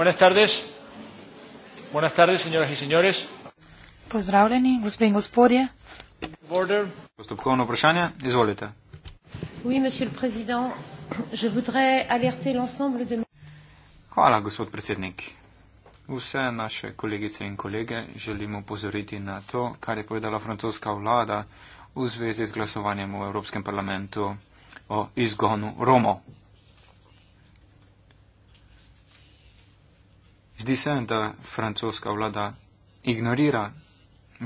Buenas tardes. Buenas tardes, señoras y señores. Pozdravljeni, gospe in gospodje. Border. Postopkovno vprašanje, izvolite. Oui, monsieur le président, je voudrais alerter l'ensemble de Hvala, gospod predsednik. Vse naše kolegice in kolege želimo upozoriti na to, kar je povedala francoska vlada v zvezi z glasovanjem v Evropskem parlamentu o izgonu Romov. Zdi se, da francoska vlada ignorira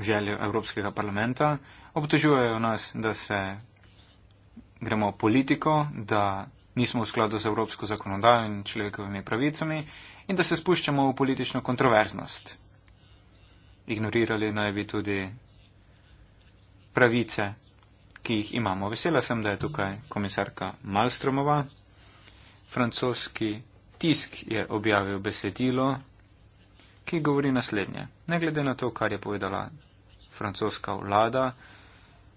željo Evropskega parlamenta, obtožujejo nas, da se gremo politiko, da nismo v skladu z evropsko zakonodajo in človekovimi pravicami in da se spuščamo v politično kontroverznost. Ignorirali naj bi tudi pravice, ki jih imamo. Vesela sem, da je tukaj komisarka Malstromova. Francoski tisk je objavil besedilo ki govori naslednje. Ne glede na to, kar je povedala francoska vlada,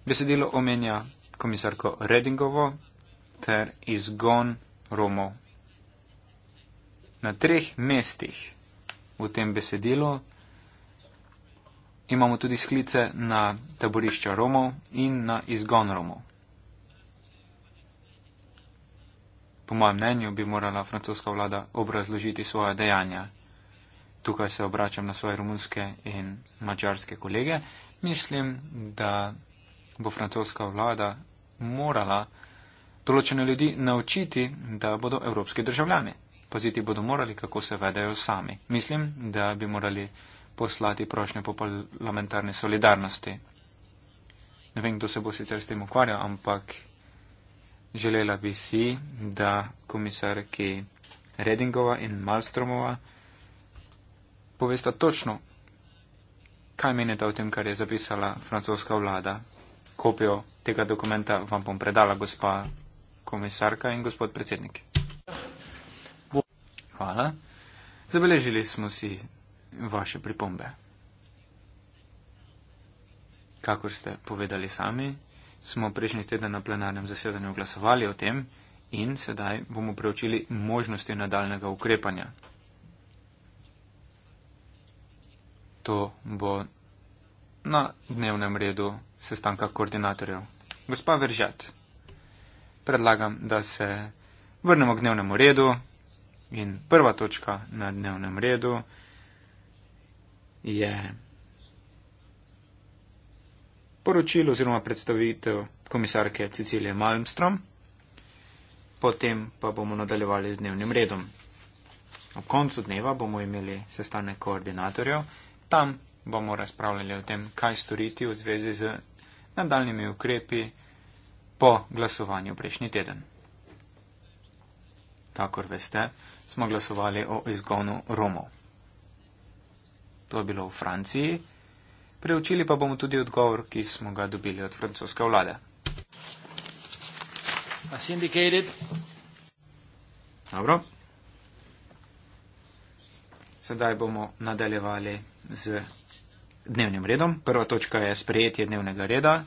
besedilo omenja komisarko Redingovo ter izgon Romov. Na treh mestih v tem besedilu imamo tudi sklice na taborišča Romov in na izgon Romov. Po mojem mnenju bi morala francoska vlada obrazložiti svoje dejanja tukaj se obračam na svoje rumunske in mačarske kolege, mislim, da bo francoska vlada morala določene ljudi naučiti, da bodo evropski državljani. Paziti bodo morali, kako se vedejo sami. Mislim, da bi morali poslati prošnje po parlamentarni solidarnosti. Ne vem, kdo se bo sicer s tem ukvarjal, ampak želela bi si, da komisarki Redingova in Malstromova povesta točno, kaj menite o tem, kar je zapisala francoska vlada. Kopijo tega dokumenta vam bom predala gospa komisarka in gospod predsednik. Hvala. Zabeležili smo si vaše pripombe. Kakor ste povedali sami, smo prejšnji teden na plenarnem zasedanju glasovali o tem in sedaj bomo preučili možnosti nadaljnega ukrepanja. to bo na dnevnem redu sestanka koordinatorjev. Gospa Veržat, predlagam, da se vrnemo k dnevnemu redu in prva točka na dnevnem redu je poročilo oziroma predstavitev komisarke Cecilije Malmstrom, potem pa bomo nadaljevali z dnevnim redom. Ob koncu dneva bomo imeli sestanek koordinatorjev. Tam bomo razpravljali o tem, kaj storiti v zvezi z nadaljnimi ukrepi po glasovanju prejšnji teden. Kakor veste, smo glasovali o izgonu Romov. To je bilo v Franciji. Preučili pa bomo tudi odgovor, ki smo ga dobili od francoske vlade. Dobro. Sedaj bomo nadaljevali z dnevnim redom. Prva točka je sprejetje dnevnega reda.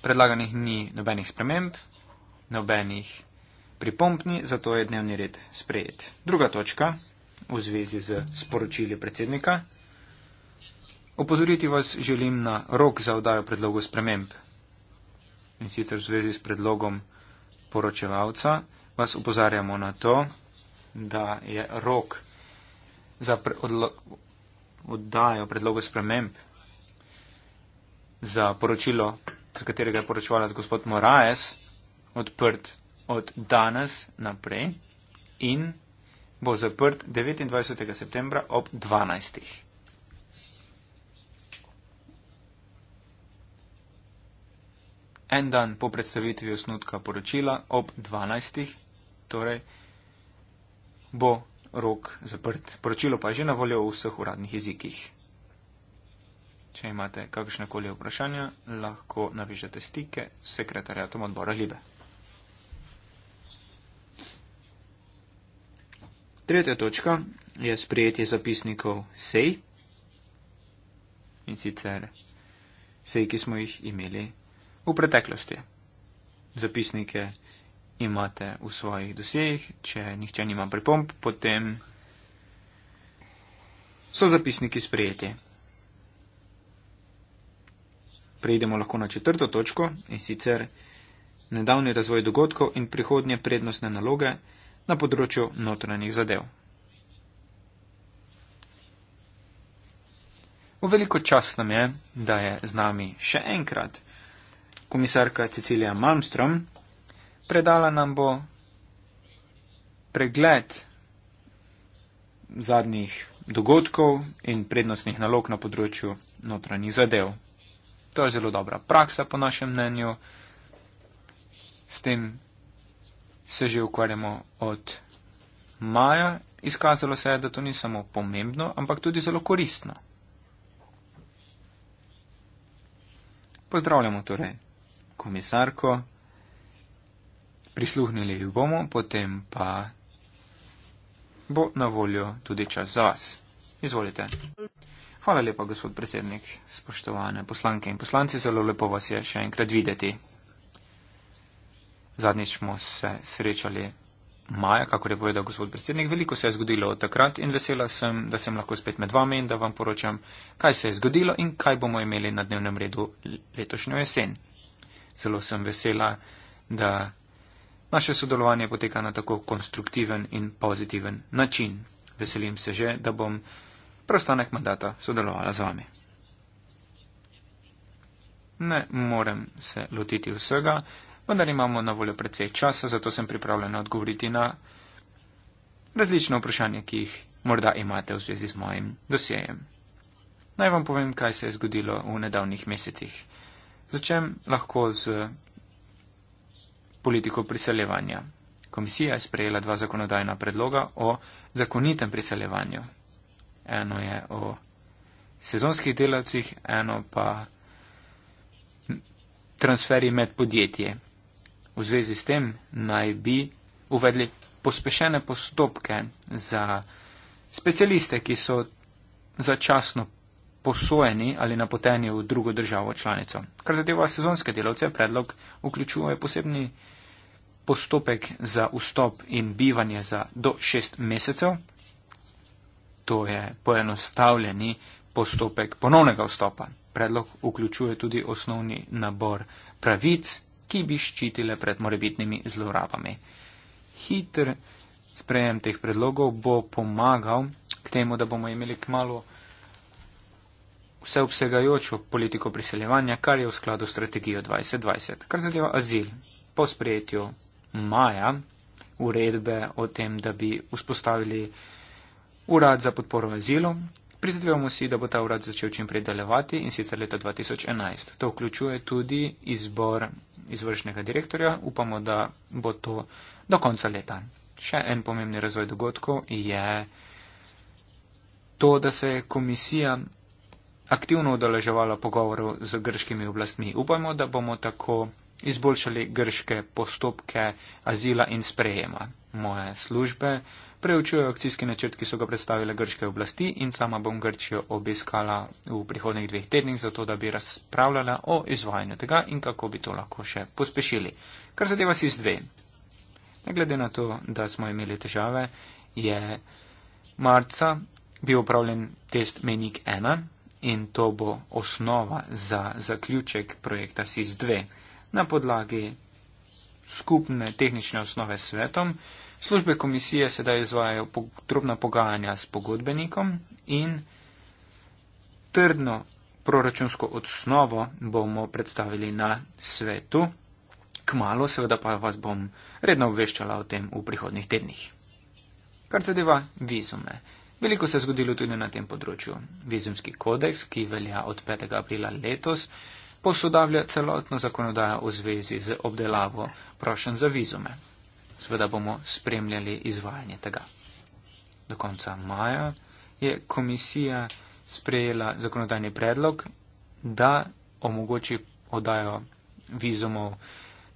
Predlaganih ni nobenih sprememb, nobenih pripompni, zato je dnevni red sprejet. Druga točka v zvezi z sporočili predsednika. Opozoriti vas želim na rok za odajo predlogu sprememb. In sicer v zvezi s predlogom poročevalca vas opozarjamo na to, da je rok za oddajo predlogov sprememb za poročilo, za katerega je poročovala z gospod Moraes, odprt od danes naprej in bo zaprt 29. septembra ob 12. En dan po predstavitvi osnutka poročila ob 12. torej bo rok zaprt. Poročilo pa je že na voljo v vseh uradnih jezikih. Če imate kakšne koli vprašanja, lahko navižete stike s sekretarjatom odbora Libe. Tretja točka je sprejetje zapisnikov sej in sicer sej, ki smo jih imeli v preteklosti. Zapisnike imate v svojih dosjejih. Če nihče nima pripomp, potem so zapisniki sprejeti. Prejdemo lahko na četrto točko in sicer nedavni razvoj dogodkov in prihodnje prednostne naloge na področju notranjih zadev. V veliko čast nam je, da je z nami še enkrat komisarka Cecilija Malmström, predala nam bo pregled zadnjih dogodkov in prednostnih nalog na področju notranjih zadev. To je zelo dobra praksa, po našem mnenju. S tem se že ukvarjamo od maja. Izkazalo se je, da to ni samo pomembno, ampak tudi zelo koristno. Pozdravljamo torej komisarko prisluhnili bomo, potem pa bo na voljo tudi čas za vas. Izvolite. Hvala lepa, gospod predsednik, spoštovane poslanke in poslanci, zelo lepo vas je še enkrat videti. Zadnjič smo se srečali maja, kako je povedal gospod predsednik, veliko se je zgodilo od takrat in vesela sem, da sem lahko spet med vami in da vam poročam, kaj se je zgodilo in kaj bomo imeli na dnevnem redu letošnjo jesen. Zelo sem vesela, da Naše sodelovanje poteka na tako konstruktiven in pozitiven način. Veselim se že, da bom preostanek mandata sodelovala z vami. Ne morem se lotiti vsega, vendar imamo na voljo precej časa, zato sem pripravljena odgovoriti na različne vprašanja, ki jih morda imate v zvezi z mojim dosjejem. Naj vam povem, kaj se je zgodilo v nedavnih mesecih. Začem lahko z politiko priseljevanja. Komisija je sprejela dva zakonodajna predloga o zakonitem priseljevanju. Eno je o sezonskih delavcih, eno pa transferi med podjetje. V zvezi s tem naj bi uvedli pospešene postopke za specialiste, ki so začasno posojeni ali napoteni v drugo državo članico. Kar zadeva sezonske delavce, predlog vključuje posebni postopek za vstop in bivanje za do šest mesecev. To je poenostavljeni postopek ponovnega vstopa. Predlog vključuje tudi osnovni nabor pravic, ki bi ščitile pred morebitnimi zlorabami. Hitr sprejem teh predlogov bo pomagal k temu, da bomo imeli k malu vseobsegajočo politiko priseljevanja, kar je v skladu s strategijo 2020, kar zadeva azil. Po sprejetju maja uredbe o tem, da bi vzpostavili urad za podporo azilu, prizadevamo si, da bo ta urad začel čim prej delovati in sicer leta 2011. To vključuje tudi izbor izvršnega direktorja. Upamo, da bo to do konca leta. Še en pomembni razvoj dogodkov je to, da se je komisija aktivno udeleževala pogovorov z grškimi oblastmi. Upajmo, da bomo tako izboljšali grške postopke azila in sprejema. Moje službe preučujejo akcijski načrt, ki so ga predstavile grške oblasti in sama bom Grčijo obiskala v prihodnih dveh tednih, zato da bi razpravljala o izvajanju tega in kako bi to lahko še pospešili. Kar zadeva si z dve. Ne glede na to, da smo imeli težave, je marca bil upravljen test Menik 1, in to bo osnova za zaključek projekta SIS-2. Na podlagi skupne tehnične osnove s svetom, službe komisije sedaj izvajajo podrobna pogajanja s pogodbenikom in trdno proračunsko osnovo bomo predstavili na svetu. Kmalo seveda pa vas bom redno obveščala o tem v prihodnih tednih. Kar zadeva vizume. Veliko se je zgodilo tudi na tem področju. Vizumski kodeks, ki velja od 5. aprila letos, posodablja celotno zakonodajo v zvezi z obdelavo prošen za vizume. Sveda bomo spremljali izvajanje tega. Do konca maja je komisija sprejela zakonodajni predlog, da omogoči odajo vizumov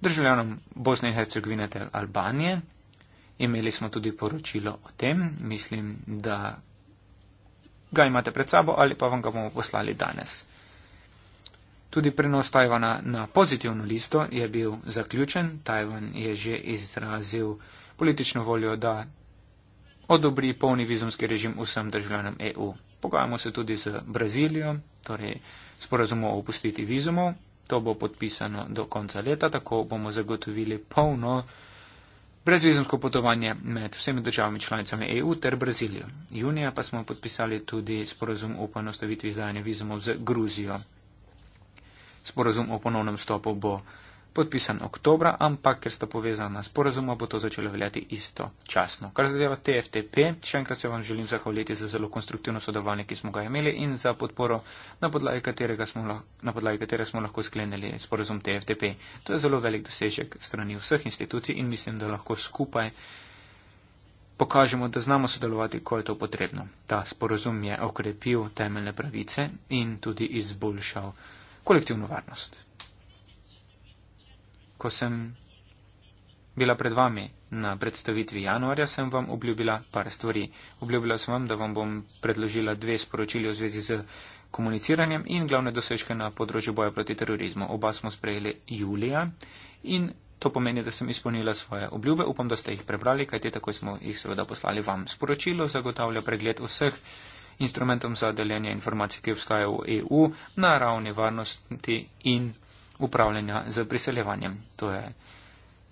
državljanom Bosne in Hercegovine ter Albanije. Imeli smo tudi poročilo o tem, mislim, da ga imate pred sabo ali pa vam ga bomo poslali danes. Tudi prenos Tajvana na pozitivno listo je bil zaključen. Tajvan je že izrazil politično voljo, da odobri polni vizumski režim vsem državljanom EU. Pogajamo se tudi z Brazilijo, torej sporazumo o opustiti vizumov. To bo podpisano do konca leta, tako bomo zagotovili polno brezvizumsko potovanje med vsemi državami članicami EU ter Brazilijo. Junija pa smo podpisali tudi sporozum o ponostavitvi izdajanja vizumov z Gruzijo. Sporozum o ponovnem stopu bo podpisan oktobra, ampak ker sta povezana sporazuma, bo to začelo veljati istočasno. Kar zadeva TFTP, še enkrat se vam želim zahvaliti za zelo konstruktivno sodelovanje, ki smo ga imeli in za podporo, na podlagi katerega smo, na podlagi katerega smo lahko sklenili sporazum TFTP. To je zelo velik dosežek strani vseh institucij in mislim, da lahko skupaj pokažemo, da znamo sodelovati, ko je to potrebno. Ta sporazum je okrepil temeljne pravice in tudi izboljšal kolektivno varnost ko sem bila pred vami na predstavitvi januarja, sem vam obljubila par stvari. Obljubila sem vam, da vam bom predložila dve sporočili v zvezi z komuniciranjem in glavne dosežke na področju boja proti terorizmu. Oba smo sprejeli julija in to pomeni, da sem izpolnila svoje obljube. Upam, da ste jih prebrali, kajte tako smo jih seveda poslali vam. Sporočilo zagotavlja pregled vseh instrumentom za deljenje informacij, ki obstajajo v EU na ravni varnosti in upravljanja z priseljevanjem. To je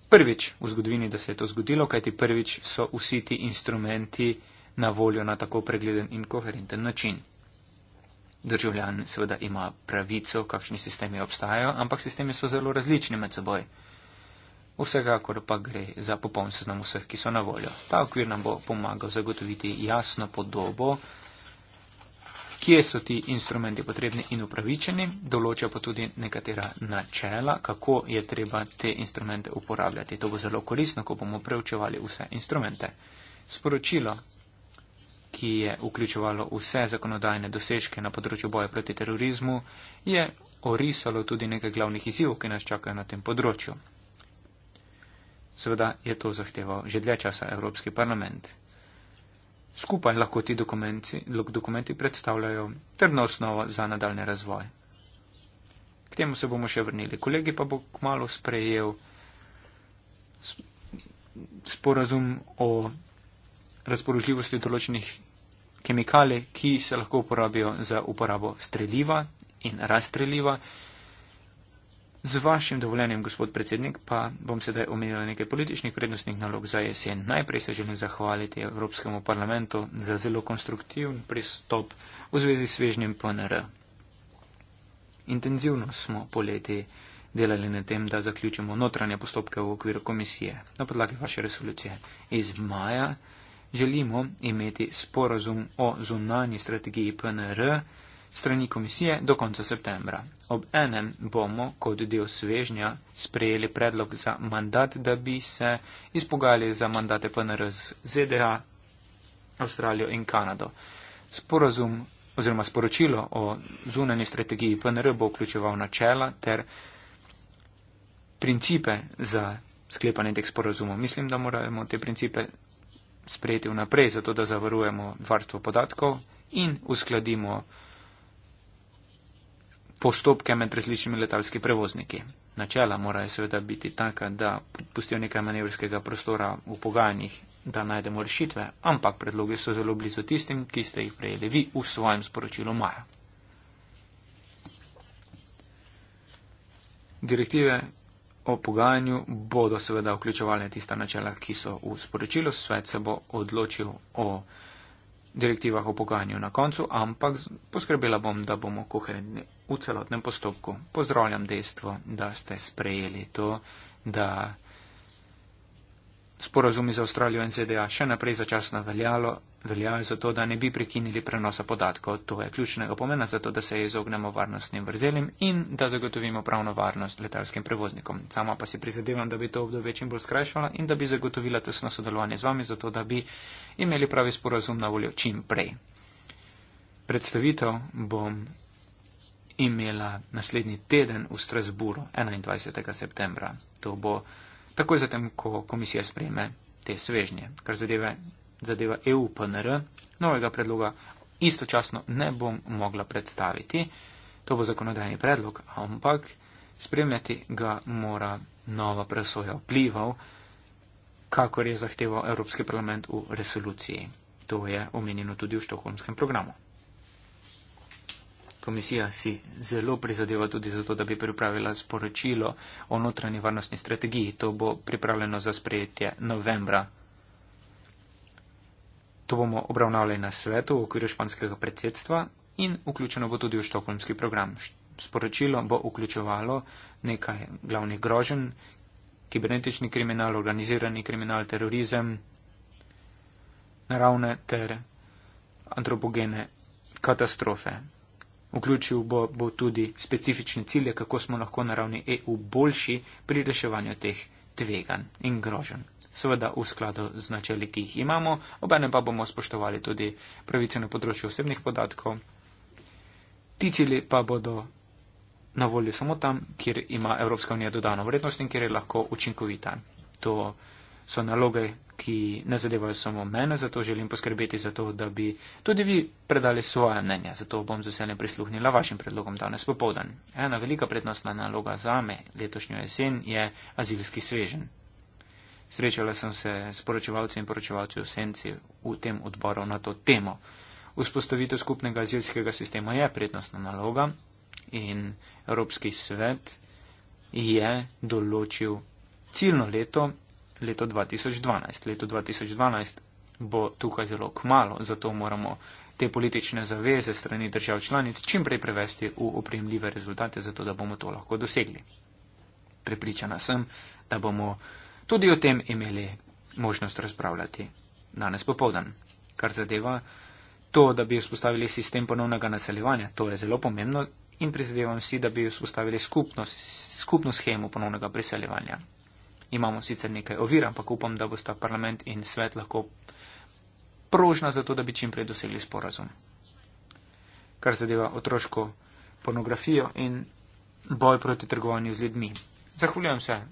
prvič v zgodovini, da se je to zgodilo, kajti prvič so vsi ti instrumenti na voljo na tako pregleden in koherenten način. Državljan seveda ima pravico, kakšni sistemi obstajajo, ampak sistemi so zelo različni med seboj. Vsekakor pa gre za popoln seznam vseh, ki so na voljo. Ta okvir nam bo pomagal zagotoviti jasno podobo, kje so ti instrumenti potrebni in upravičeni, določa pa tudi nekatera načela, kako je treba te instrumente uporabljati. To bo zelo korisno, ko bomo preučevali vse instrumente. Sporočilo, ki je vključevalo vse zakonodajne dosežke na področju boja proti terorizmu, je orisalo tudi nekaj glavnih izzivov, ki nas čakajo na tem področju. Seveda je to zahteval že dlje časa Evropski parlament. Skupaj lahko ti dokumenti, dokumenti predstavljajo trdno osnovo za nadaljne razvoj. K temu se bomo še vrnili. Kolegi pa bo kmalo sprejel sporazum o razpoložljivosti določenih kemikalij, ki se lahko uporabijo za uporabo streljiva in razstreljiva. Z vašim dovoljenjem, gospod predsednik, pa bom sedaj omenila nekaj političnih prednostnih nalog za jesen. Najprej se želim zahvaliti Evropskemu parlamentu za zelo konstruktivn pristop v zvezi s svežnjem PNR. Intenzivno smo poleti delali na tem, da zaključimo notranje postopke v okviru komisije. Na podlagi vaše resolucije iz maja želimo imeti sporozum o zunanji strategiji PNR strani komisije do konca septembra. Ob enem bomo kot del svežnja sprejeli predlog za mandat, da bi se izpogajali za mandate PNR z ZDA, Avstralijo in Kanado. Sporazum oziroma sporočilo o zunanji strategiji PNR bo vključeval načela ter principe za sklepanje teh sporozumov. Mislim, da moramo te principe sprejeti vnaprej, zato da zavarujemo varstvo podatkov in uskladimo postopke med različnimi letalskimi prevozniki. Načela morajo seveda biti taka, da pustijo nekaj manevrskega prostora v pogajanjih, da najdemo rešitve, ampak predloge so zelo blizu tistim, ki ste jih prejeli vi v svojem sporočilu maja. Direktive o pogajanju bodo seveda vključevale tista načela, ki so v sporočilu. Svet se bo odločil o direktivah o poganju na koncu, ampak poskrbela bom, da bomo kuhali v celotnem postopku. Pozdravljam dejstvo, da ste sprejeli to, da Sporazumi za Avstralijo in ZDA še naprej začasno veljalo, veljajo zato, da ne bi prekinili prenosa podatkov. To je ključnega pomena zato, da se izognemo varnostnim vrzelim in da zagotovimo pravno varnost letalskim prevoznikom. Sama pa si prizadevam, da bi to obdobje čim bolj skrajšala in da bi zagotovila tesno sodelovanje z vami zato, da bi imeli pravi sporazum na voljo čim prej. Predstavitev bom imela naslednji teden v Strasburu 21. septembra. To bo takoj zatem, ko komisija sprejme te svežnje, kar zadeva, zadeva EU-PNR, novega predloga istočasno ne bom mogla predstaviti. To bo zakonodajni predlog, ampak spremljati ga mora nova presoja vplival, kakor je zahteval Evropski parlament v resoluciji. To je omenjeno tudi v štokholmskem programu. Komisija si zelo prizadeva tudi za to, da bi pripravila sporočilo o notranji varnostni strategiji. To bo pripravljeno za sprejetje novembra. To bomo obravnavali na svetu v okviru španskega predsedstva in vključeno bo tudi v štokholmski program. Sporočilo bo vključevalo nekaj glavnih grožen, kibernetični kriminal, organizirani kriminal, terorizem, naravne ter antropogene katastrofe. Vključil bo, bo tudi specifične cilje, kako smo lahko na ravni EU boljši pri reševanju teh tvegan in grožen. Seveda v skladu z načeli, ki jih imamo, obene pa bomo spoštovali tudi pravice na področju osebnih podatkov. Ti cilji pa bodo na voljo samo tam, kjer ima Evropska unija dodano vrednost in kjer je lahko učinkovita. To so naloge, ki ne zadevajo samo mene, zato želim poskrbeti za to, da bi tudi vi predali svoje mnenje. Zato bom z veseljem prisluhnila vašim predlogom danes popovdan. Ena velika prednostna naloga za me letošnjo jesen je azilski svežen. Srečala sem se s poročevalci in poročevalci v senci v tem odboru na to temo. Vzpostavitev skupnega azilskega sistema je prednostna naloga in Evropski svet je določil ciljno leto leto 2012. Leto 2012 bo tukaj zelo kmalo, zato moramo te politične zaveze strani držav članic čim prej prevesti v upremljive rezultate, zato da bomo to lahko dosegli. Prepričana sem, da bomo tudi o tem imeli možnost razpravljati danes popovdan. Kar zadeva to, da bi vzpostavili sistem ponovnega naseljevanja, to je zelo pomembno in prizadevam si, da bi vzpostavili skupno, skupno schemo ponovnega priseljevanja. Imamo sicer nekaj ovir, ampak upam, da bosta parlament in svet lahko prožna za to, da bi čim prej dosegli sporazum. Kar zadeva otroško pornografijo in boj proti trgovanju z ljudmi. Zahvaljujem se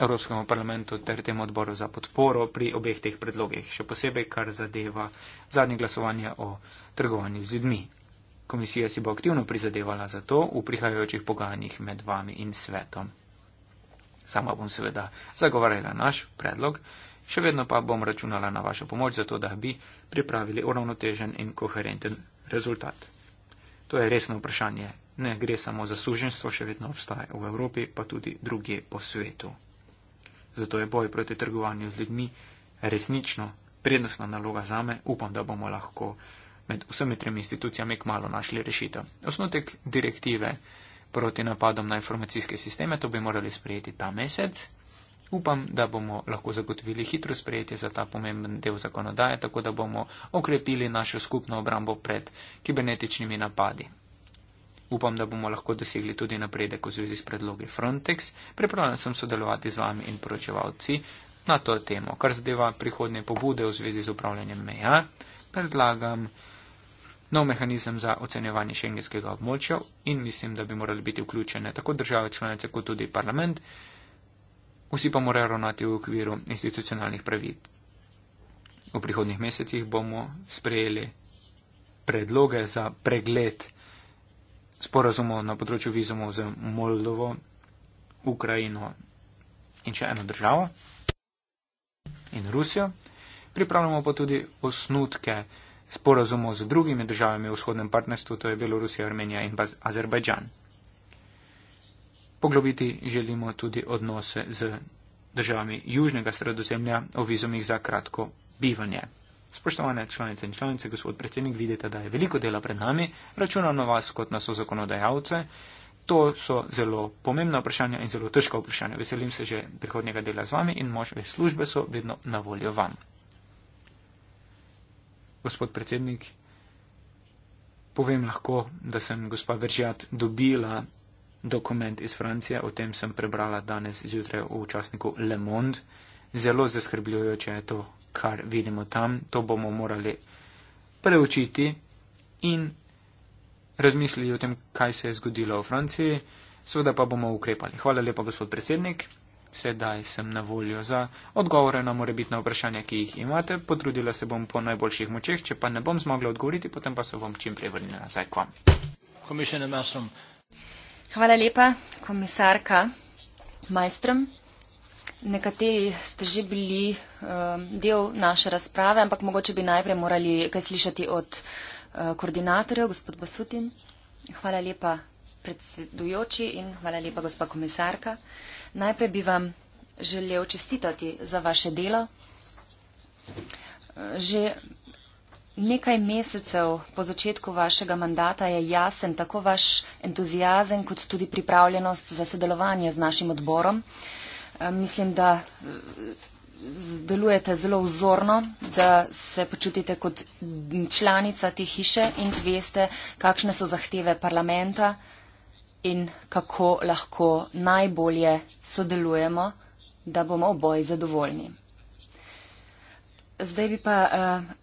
Evropskemu parlamentu ter temu odboru za podporo pri obeh teh predlogih, še posebej kar zadeva zadnje glasovanje o trgovanju z ljudmi. Komisija si bo aktivno prizadevala za to v prihajajočih pogajanjih med vami in svetom. Sama bom seveda zagovarjala naš predlog, še vedno pa bom računala na vašo pomoč, zato da bi pripravili uravnotežen in koherenten rezultat. To je resno vprašanje. Ne gre samo za suženstvo, še vedno obstaja v Evropi, pa tudi druge po svetu. Zato je boj proti trgovanju z ljudmi resnično prednostna naloga zame. Upam, da bomo lahko med vsemi tremi institucijami kmalo našli rešitev. Osnotek direktive proti napadom na informacijske sisteme, to bi morali sprejeti ta mesec. Upam, da bomo lahko zagotovili hitro sprejetje za ta pomemben del zakonodaje, tako da bomo okrepili našo skupno obrambo pred kibernetičnimi napadi. Upam, da bomo lahko dosegli tudi napredek v zvezi s predlogi Frontex. Pripravljen sem sodelovati z vami in poročevalci na to temo. Kar zadeva prihodne pobude v zvezi z upravljanjem meja, predlagam nov mehanizem za ocenjevanje šengenskega območja in mislim, da bi morali biti vključene tako države članice kot tudi parlament. Vsi pa morajo ravnati v okviru institucionalnih pravid. V prihodnih mesecih bomo sprejeli predloge za pregled sporazumov na področju vizumov z Moldovo, Ukrajino in še eno državo in Rusijo. Pripravljamo pa tudi osnutke sporazumov z drugimi državami v vzhodnem partnerstvu, to je Belorusija, Armenija in Azerbajdžan. Poglobiti želimo tudi odnose z državami južnega sredozemlja o vizumih za kratko bivanje. Spoštovane članice in članice, gospod predsednik, vidite, da je veliko dela pred nami, računam na vas kot na so zakonodajalce. To so zelo pomembna vprašanja in zelo težka vprašanja. Veselim se že prihodnjega dela z vami in moške službe so vedno na voljo vam gospod predsednik, povem lahko, da sem gospa Veržjat dobila dokument iz Francije, o tem sem prebrala danes zjutraj v časniku Le Monde. Zelo zaskrbljujoče je to, kar vidimo tam, to bomo morali preučiti in razmisliti o tem, kaj se je zgodilo v Franciji, seveda pa bomo ukrepali. Hvala lepa, gospod predsednik. Sedaj sem na voljo za odgovore na morebitne vprašanja, ki jih imate. Potrudila se bom po najboljših močeh, če pa ne bom zmogla odgovoriti, potem pa se bom čim prej vrnila nazaj k vam. Hvala lepa, komisarka Majstrom. Nekateri ste že bili um, del naše razprave, ampak mogoče bi najprej morali kaj slišati od uh, koordinatorjev, gospod Basutin. Hvala lepa predsedujoči in hvala lepa, gospa komisarka. Najprej bi vam želel čestitati za vaše delo. Že nekaj mesecev po začetku vašega mandata je jasen tako vaš entuzijazem kot tudi pripravljenost za sodelovanje z našim odborom. Eh, mislim, da eh, delujete zelo vzorno, da se počutite kot članica te hiše in veste, kakšne so zahteve parlamenta in kako lahko najbolje sodelujemo, da bomo oboji zadovoljni. Zdaj bi pa eh,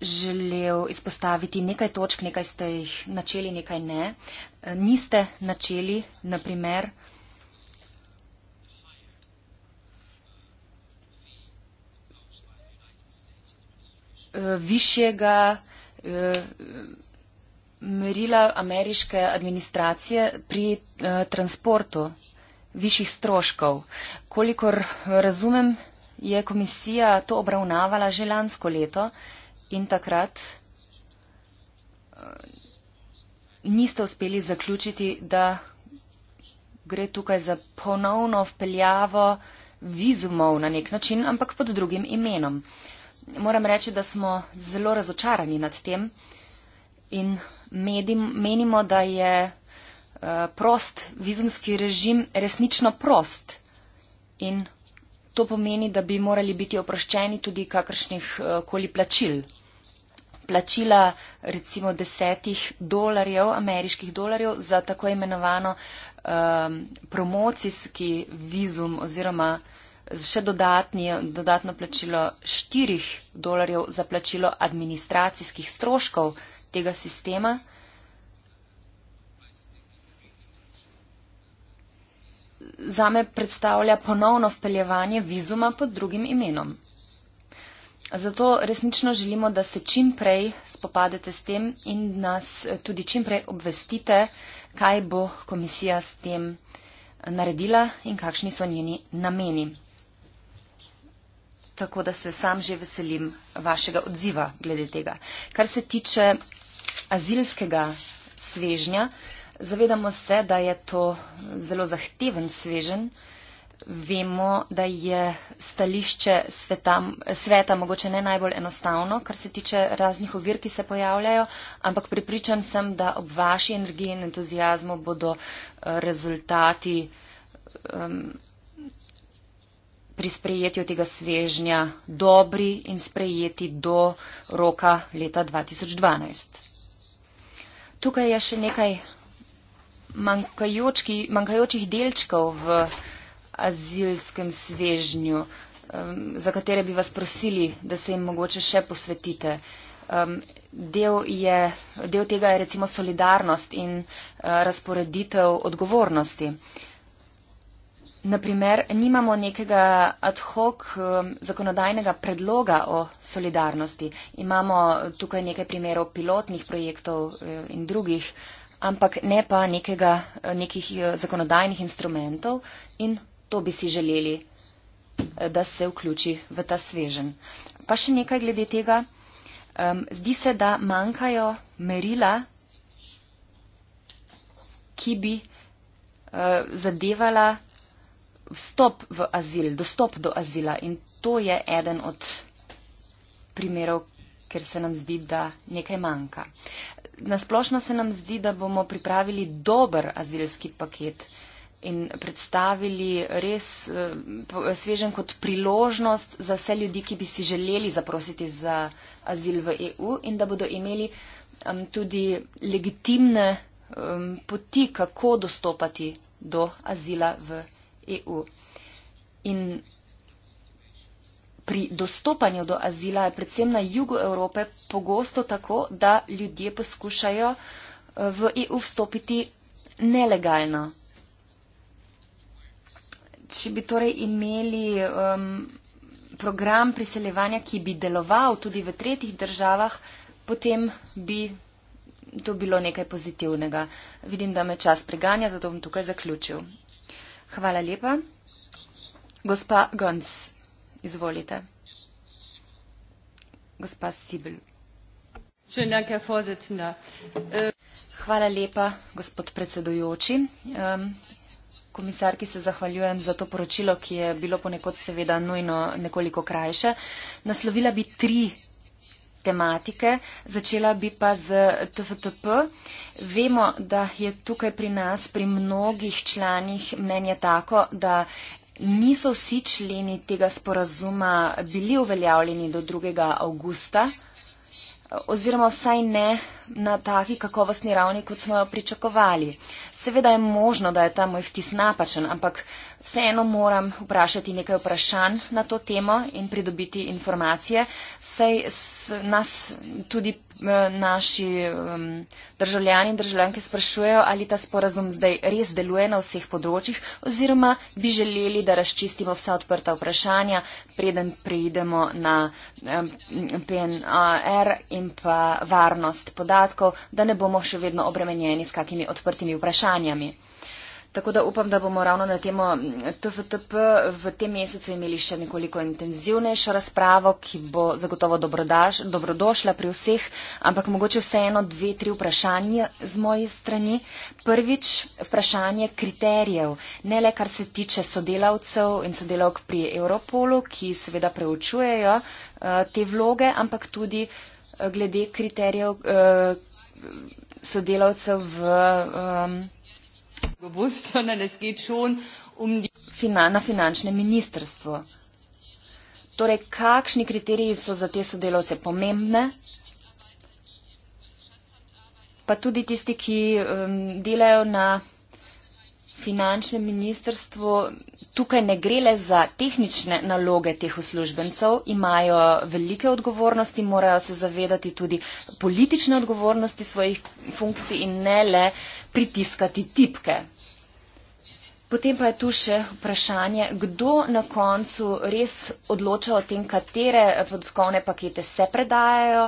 želel izpostaviti nekaj točk, nekaj ste jih načeli, nekaj ne. Eh, niste načeli, naprimer, eh, višjega merila ameriške administracije pri eh, transportu višjih stroškov. Kolikor razumem, je komisija to obravnavala že lansko leto in takrat eh, niste uspeli zaključiti, da gre tukaj za ponovno vpeljavo vizumov na nek način, ampak pod drugim imenom. Moram reči, da smo zelo razočarani nad tem in medim, menimo, da je eh, prost vizumski režim resnično prost. In to pomeni, da bi morali biti oproščeni tudi kakršnih eh, koli plačil. Plačila recimo desetih dolarjev, ameriških dolarjev za tako imenovano um, promocijski vizum oziroma še dodatni, dodatno plačilo 4 dolarjev za plačilo administracijskih stroškov tega sistema. Zame predstavlja ponovno vpeljevanje vizuma pod drugim imenom. Zato resnično želimo, da se čim prej spopadete s tem in nas tudi čim prej obvestite, kaj bo komisija s tem naredila in kakšni so njeni nameni tako da se sam že veselim vašega odziva glede tega. Kar se tiče azilskega svežnja, zavedamo se, da je to zelo zahteven svežen. Vemo, da je stališče sveta, sveta mogoče ne najbolj enostavno, kar se tiče raznih ovir, ki se pojavljajo, ampak pripričan sem, da ob vaši energiji in entuzijazmu bodo eh, rezultati um, pri sprejetju tega svežnja dobri in sprejeti do roka leta 2012. Tukaj je še nekaj manjkajočih delčkov v azilskem svežnju, um, za katere bi vas prosili, da se jim mogoče še posvetite. Um, del, je, del tega je recimo solidarnost in uh, razporeditev odgovornosti. Uh, naprimer, nimamo nekega ad hoc um, zakonodajnega predloga o solidarnosti. Imamo tukaj nekaj primerov pilotnih projektov uh, in drugih, ampak ne pa nekega, uh, nekih uh, zakonodajnih instrumentov in to bi si želeli, da se vključi v ta svežen. Pa še nekaj glede tega. Um, zdi se, da manjkajo merila, ki bi zadevala vstop v azil, dostop do azila. In to je eden od primerov, ker se nam zdi, da nekaj manjka. Nasplošno se nam zdi, da bomo pripravili dober azilski paket in predstavili res eh, svežen kot priložnost za vse ljudi, ki bi si želeli zaprositi za azil v EU in da bodo imeli tudi legitimne poti, kako dostopati do azila v EU. EU. In pri dostopanju do azila je predvsem na jugu Evrope pogosto tako, da ljudje poskušajo eh, v EU vstopiti nelegalno. Če bi torej imeli um, program priseljevanja, ki bi deloval tudi v tretjih državah, potem bi to bilo nekaj pozitivnega. Vidim, da me čas preganja, zato bom tukaj zaključil. Hvala lepa. Gospa Gons, izvolite. Gospa Sibel. Äh, Hvala lepa, gospod predsedujoči. Komisarki se zahvaljujem za to poročilo, ki je bilo ponekod seveda nujno nekoliko krajše. Naslovila bi tri tematike, začela bi pa z TFTP. Vemo, da je tukaj pri nas, pri mnogih članih mnenje tako, da niso vsi členi tega sporazuma bili uveljavljeni do 2. augusta oziroma vsaj ne na taki kakovostni ravni, kot smo jo pričakovali. Seveda je možno, da je ta moj vtis napačen, ampak vseeno moram vprašati nekaj vprašanj na to temo in pridobiti informacije, saj nas tudi eh, naši državljani in državljanke sprašujejo, ali ta sporazum zdaj res deluje na vseh področjih oziroma bi želeli, da razčistimo vsa odprta vprašanja, preden prejdemo na PNR in pa varnost podatkov, da ne bomo še vedno obremenjeni s kakimi odprtimi vprašanjami. Tako da upam, da bomo ravno na temo TFTP v tem mesecu imeli še nekoliko intenzivnejšo razpravo, ki bo zagotovo dobrodaš, dobrodošla pri vseh, ampak mogoče vseeno dve, tri vprašanje z moje strani. Prvič vprašanje kriterijev, ne le kar se tiče sodelavcev in sodelavk pri Europolu, ki seveda preučujejo eh, te vloge, ampak tudi eh, glede kriterijev eh, sodelavcev v bewusst, sondern es geht schon um die Finan finančne ministrstvo. Torej, kakšni kriteriji so za te sodelavce pomembne? Pa tudi tisti, ki um, delajo na finančnem ministrstvu, tukaj ne gre le za tehnične naloge teh uslužbencev, imajo velike odgovornosti, morajo se zavedati tudi politične odgovornosti svojih funkcij in ne le uh, pritiskati tipke. Potem pa je tu še vprašanje, kdo na koncu res odloča o tem, katere podatkovne pakete se predajajo,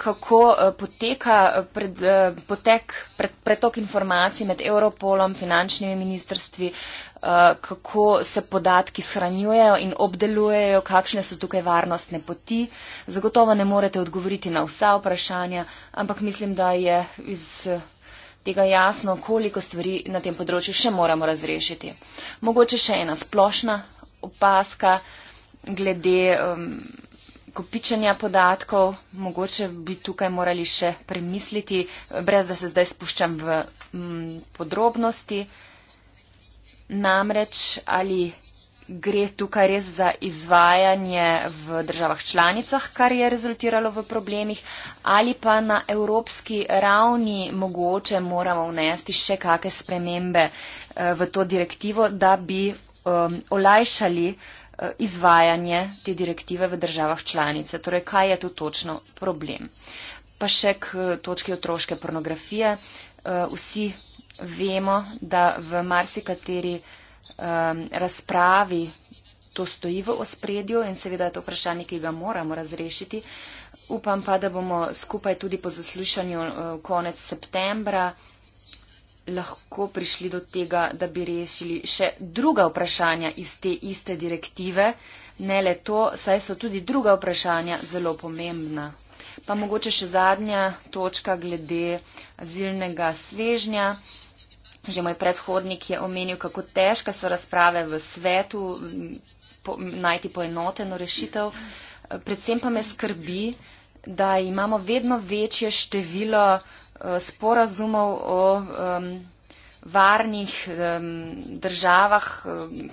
kako eh, poteka eh, pred, eh, potek, pred, pretok informacij med Europolom, finančnimi ministrstvi, kako se podatki shranjujejo in obdelujejo, kakšne so tukaj varnostne poti. Zagotovo ne morete odgovoriti na vsa vprašanja, ampak mislim, da je iz tega jasno, koliko stvari na tem področju še moramo razrešiti. Mogoče še ena splošna opaska glede um, kopičanja podatkov, mogoče bi tukaj morali še premisliti, brez da se zdaj spuščam v m, mm, podrobnosti. Namreč ali gre tukaj res za izvajanje v državah članicah, kar je rezultiralo v problemih, ali pa na evropski ravni mogoče moramo vnesti še kakšne spremembe eh, v to direktivo, da bi um, olajšali eh, izvajanje te direktive v državah članice. Torej, kaj je tu to točno problem? Pa še k eh, točki otroške pornografije. Vsi vemo, da v marsikateri uh, um, razpravi to stoji v ospredju in seveda je to vprašanje, ki ga moramo razrešiti. Upam pa, da bomo skupaj tudi po zaslušanju uh, konec septembra lahko prišli do tega, da bi rešili še druga vprašanja iz te iste direktive. Ne le to, saj so tudi druga vprašanja zelo pomembna. Pa mogoče še zadnja točka glede azilnega svežnja. Že moj predhodnik je omenil, kako težke so razprave v svetu, po, najti poenoteno rešitev. Predvsem pa me skrbi, da imamo vedno večje število uh, sporazumov o um, varnih um, državah,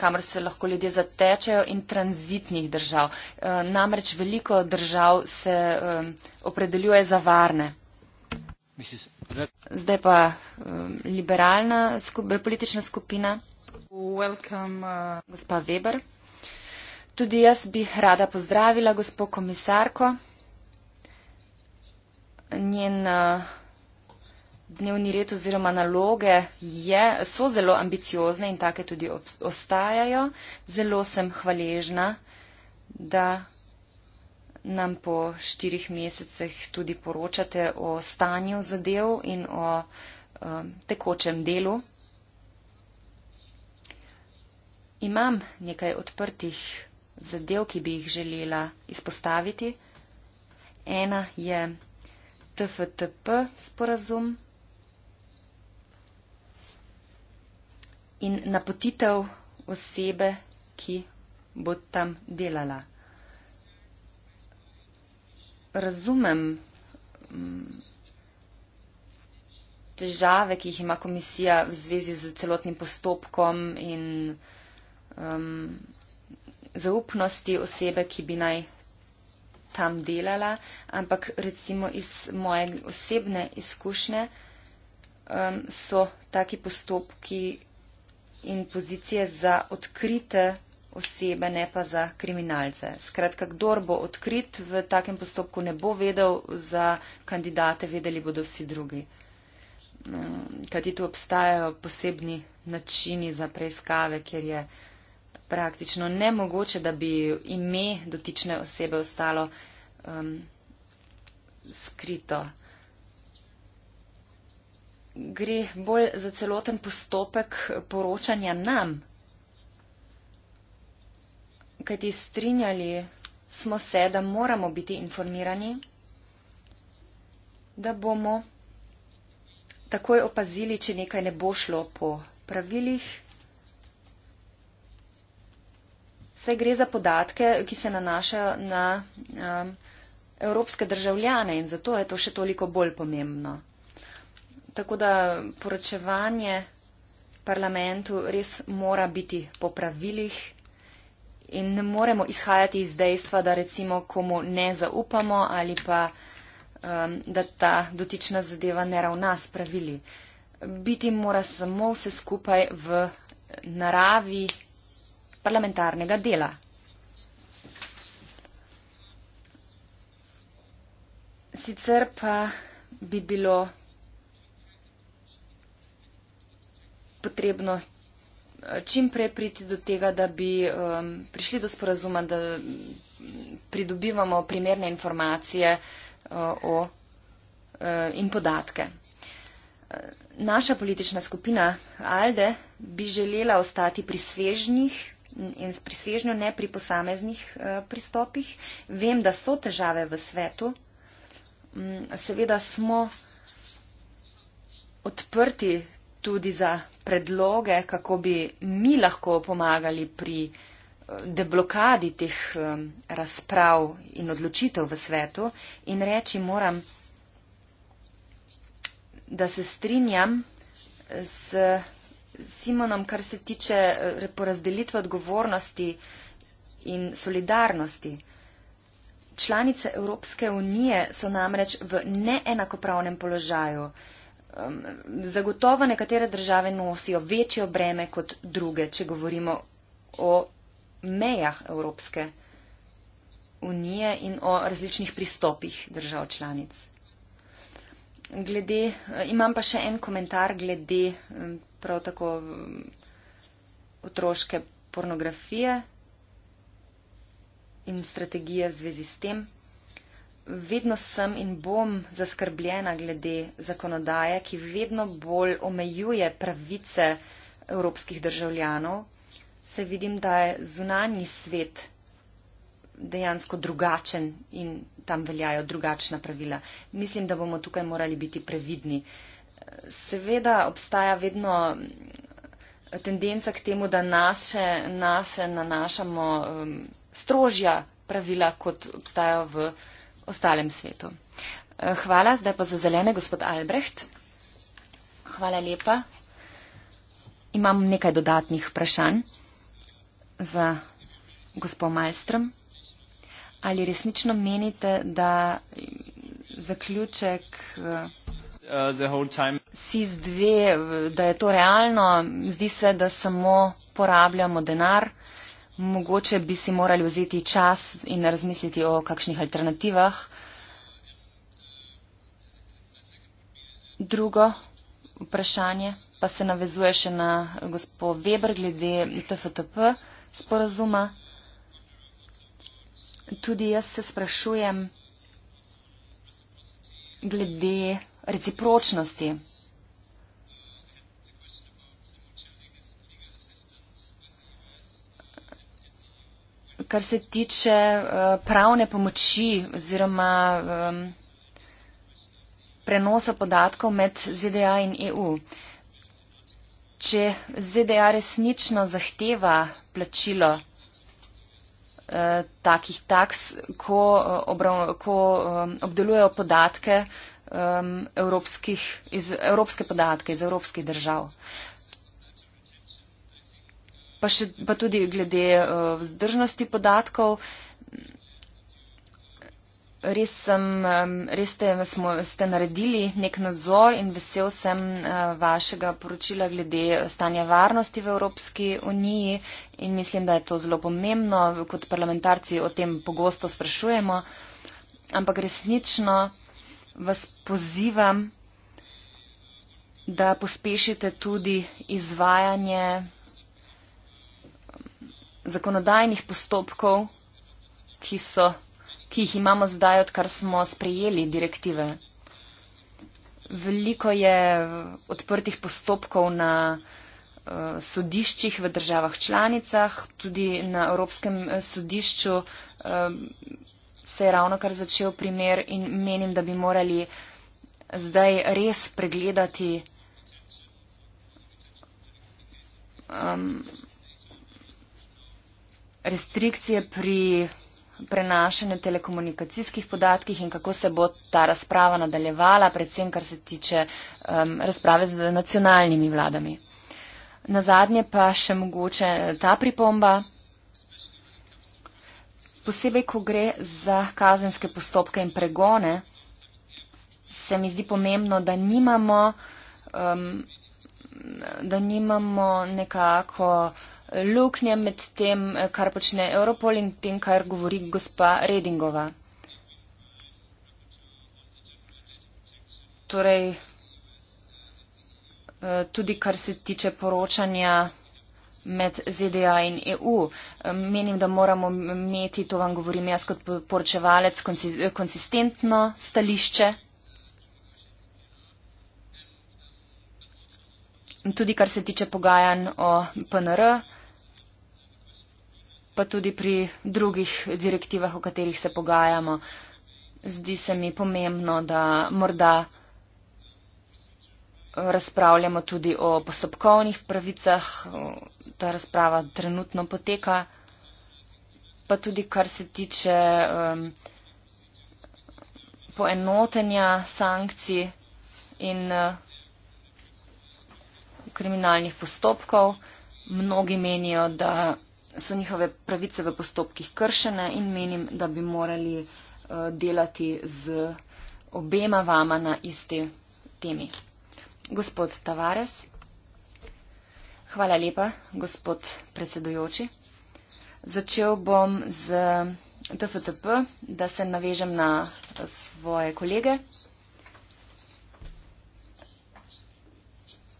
kamor se lahko ljudje zatečejo in tranzitnih držav. Uh, namreč veliko držav se um, opredeljuje za varne. Zdaj pa um, liberalna skup, politična skupina. Welcome, uh... Gospa Weber. Tudi jaz bi rada pozdravila gospo komisarko. Njen uh, dnevni red oziroma naloge je, so zelo ambiciozne in take tudi ob, ostajajo. Zelo sem hvaležna, da nam po štirih mesecih tudi poročate o stanju zadev in o um, tekočem delu. Imam nekaj odprtih zadev, ki bi jih želela izpostaviti. Ena je TFTP sporazum in napotitev osebe, ki bo tam delala razumem mm, težave, ki jih ima komisija v zvezi z celotnim postopkom in um, zaupnosti osebe, ki bi naj tam delala, ampak recimo iz moje osebne izkušnje um, so taki postopki in pozicije za odkrite osebe, ne pa za kriminalce. Skratka, kdor bo odkrit v takem postopku, ne bo vedel za kandidate, vedeli bodo vsi drugi. Mm, kajti tu obstajajo posebni načini za preiskave, kjer je praktično nemogoče, da bi ime dotične osebe ostalo um, skrito. Gre bolj za celoten postopek poročanja nam, kajti strinjali smo se, da moramo biti informirani, da bomo takoj opazili, če nekaj ne bo šlo po pravilih. Saj gre za podatke, ki se nanašajo na um, evropske državljane in zato je to še toliko bolj pomembno. Tako da poročevanje parlamentu res mora biti po pravilih in ne moremo izhajati iz dejstva, da recimo komu ne zaupamo ali pa um, da ta dotična zadeva ne ravna s pravili. Biti mora samo vse skupaj v naravi parlamentarnega dela. Sicer pa bi bilo potrebno čim prej priti do tega, da bi um, prišli do sporazuma, da pridobivamo primerne informacije uh, o, uh, in podatke. Naša politična skupina ALDE bi želela ostati pri svežnih in pri svežnju, ne pri posameznih uh, pristopih. Vem, da so težave v svetu. Um, seveda smo odprti tudi za predloge, kako bi mi lahko pomagali pri eh, deblokadi teh eh, razprav in odločitev v svetu. In reči moram, da se strinjam z Simonom, kar se tiče eh, porazdelitve odgovornosti in solidarnosti. Članice Evropske unije so namreč v neenakopravnem položaju um, zagotovo nekatere države nosijo večje breme kot druge, če govorimo o mejah Evropske unije in o različnih pristopih držav članic. Glede, eh, imam pa še en komentar glede um, prav tako um, otroške pornografije in strategije v zvezi s tem vedno sem in bom zaskrbljena glede zakonodaje, ki vedno bolj omejuje pravice evropskih državljanov. Se vidim, da je zunanji svet dejansko drugačen in tam veljajo drugačna pravila. Mislim, da bomo tukaj morali biti previdni. Seveda obstaja vedno tendenca k temu, da naše, naše nanašamo um, strožja pravila, kot obstajajo v uh, ostalem svetu. Eh, hvala, zdaj pa za zelene, gospod Albrecht. Hvala lepa. Imam nekaj dodatnih vprašanj za gospod Malstrom. Ali resnično menite, da zaključek uh, SIS-2, da je to realno, zdi se, da samo porabljamo denar? mogoče bi si morali vzeti čas in razmisliti o kakšnih alternativah. Drugo vprašanje pa se navezuje še na gospod Weber glede TFTP sporazuma. Tudi jaz se sprašujem glede recipročnosti kar se tiče eh, pravne pomoči oziroma prenosa podatkov med ZDA in EU. Če ZDA resnično zahteva plačilo eh, takih taks, ko, eh, ko obdelujejo podatke evropskih, iz, evropske podatke iz evropskih držav pa, še, pa tudi glede eh, vzdržnosti podatkov. Res, sem, res ste, smo, ste naredili nek nadzor in vesel sem eh, vašega poročila glede stanja varnosti v Evropski uniji in mislim, da je to zelo pomembno, kot parlamentarci o tem pogosto sprašujemo, ampak resnično vas pozivam, da pospešite tudi izvajanje zakonodajnih postopkov, ki, so, ki jih imamo zdaj, odkar smo sprejeli direktive. Veliko je odprtih postopkov na uh, sodiščih v državah članicah, tudi na Evropskem eh, sodišču uh, se je ravno kar začel primer in menim, da bi morali zdaj res pregledati um, restrikcije pri prenašanju telekomunikacijskih podatkih in kako se bo ta razprava nadaljevala, predvsem kar se tiče um, razprave z nacionalnimi vladami. Na zadnje pa še mogoče eh, ta pripomba. Posebej, ko gre za kazenske postopke in pregone, se mi zdi pomembno, da nimamo, um, da nimamo nekako uh, luknje med tem, kar počne Europol in tem, kar govori gospa Redingova. Torej, eh, tudi kar se tiče poročanja med ZDA in EU. Eh, menim, da moramo imeti, to vam govorim jaz kot poročevalec, konsistentno stališče. In tudi kar se tiče pogajanj o PNR pa tudi pri drugih direktivah, o katerih se pogajamo. Zdi se mi pomembno, da morda razpravljamo tudi o postopkovnih pravicah, ta razprava trenutno poteka, pa tudi kar se tiče um, poenotenja sankcij in uh, kriminalnih postopkov. Mnogi menijo, da so njihove pravice v postopkih kršene in menim, da bi morali eh, delati z obema vama na iste temi. Gospod Tavares. Hvala lepa, gospod predsedujoči. Začel bom z TFTP, da se navežem na eh, svoje kolege.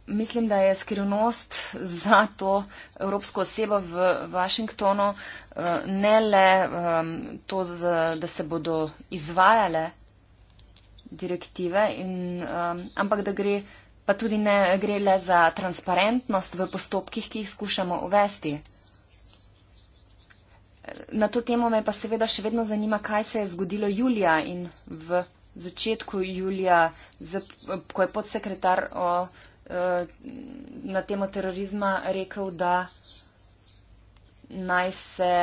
mislim, da je skrivnost za to evropsko osebo v Washingtonu eh, ne le ehm, to, da se bodo izvajale direktive, in, ehm, ampak da gre pa tudi ne gre le za transparentnost v postopkih, ki jih skušamo uvesti. Na to temo me pa seveda še vedno zanima, kaj se je zgodilo julija in v začetku julija, ko je podsekretar o Eh, na temo terorizma rekel, da naj se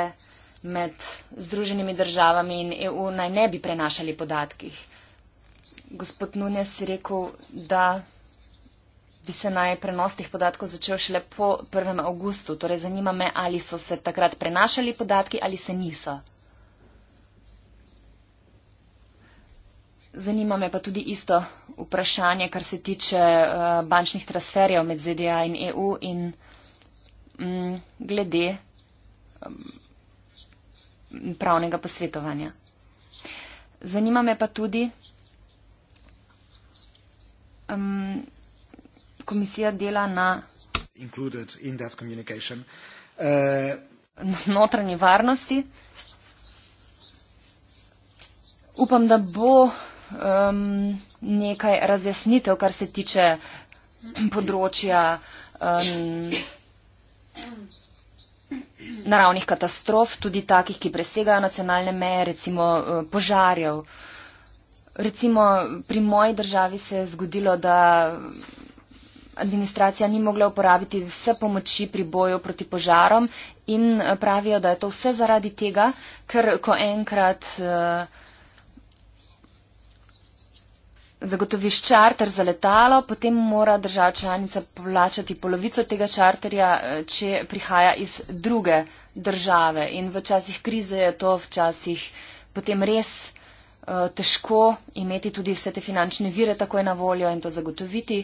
med Združenimi državami in EU naj ne bi prenašali podatkih. Gospod Nunes je rekel, da bi se naj prenos teh podatkov začel šele po 1. avgustu. Torej zanima me, ali so se takrat prenašali podatki ali se niso. Zanima me pa tudi isto vprašanje, kar se tiče uh, bančnih transferjev med ZDA in EU in mm, glede um, pravnega posvetovanja. Zanima me pa tudi, um, komisija dela na in uh... notranji varnosti. Upam, da bo um, nekaj razjasnitev, kar se tiče področja um, naravnih katastrof, tudi takih, ki presegajo nacionalne meje, recimo uh, požarjev. Recimo pri moji državi se je zgodilo, da administracija ni mogla uporabiti vse pomoči pri boju proti požarom in eh, pravijo, da je to vse zaradi tega, ker ko enkrat uh, zagotoviš čarter za letalo, potem mora država članica plačati polovico tega čarterja, eh, če prihaja iz druge države. In v časih krize je to včasih potem res uh, težko imeti tudi vse te finančne vire takoj na voljo in to zagotoviti.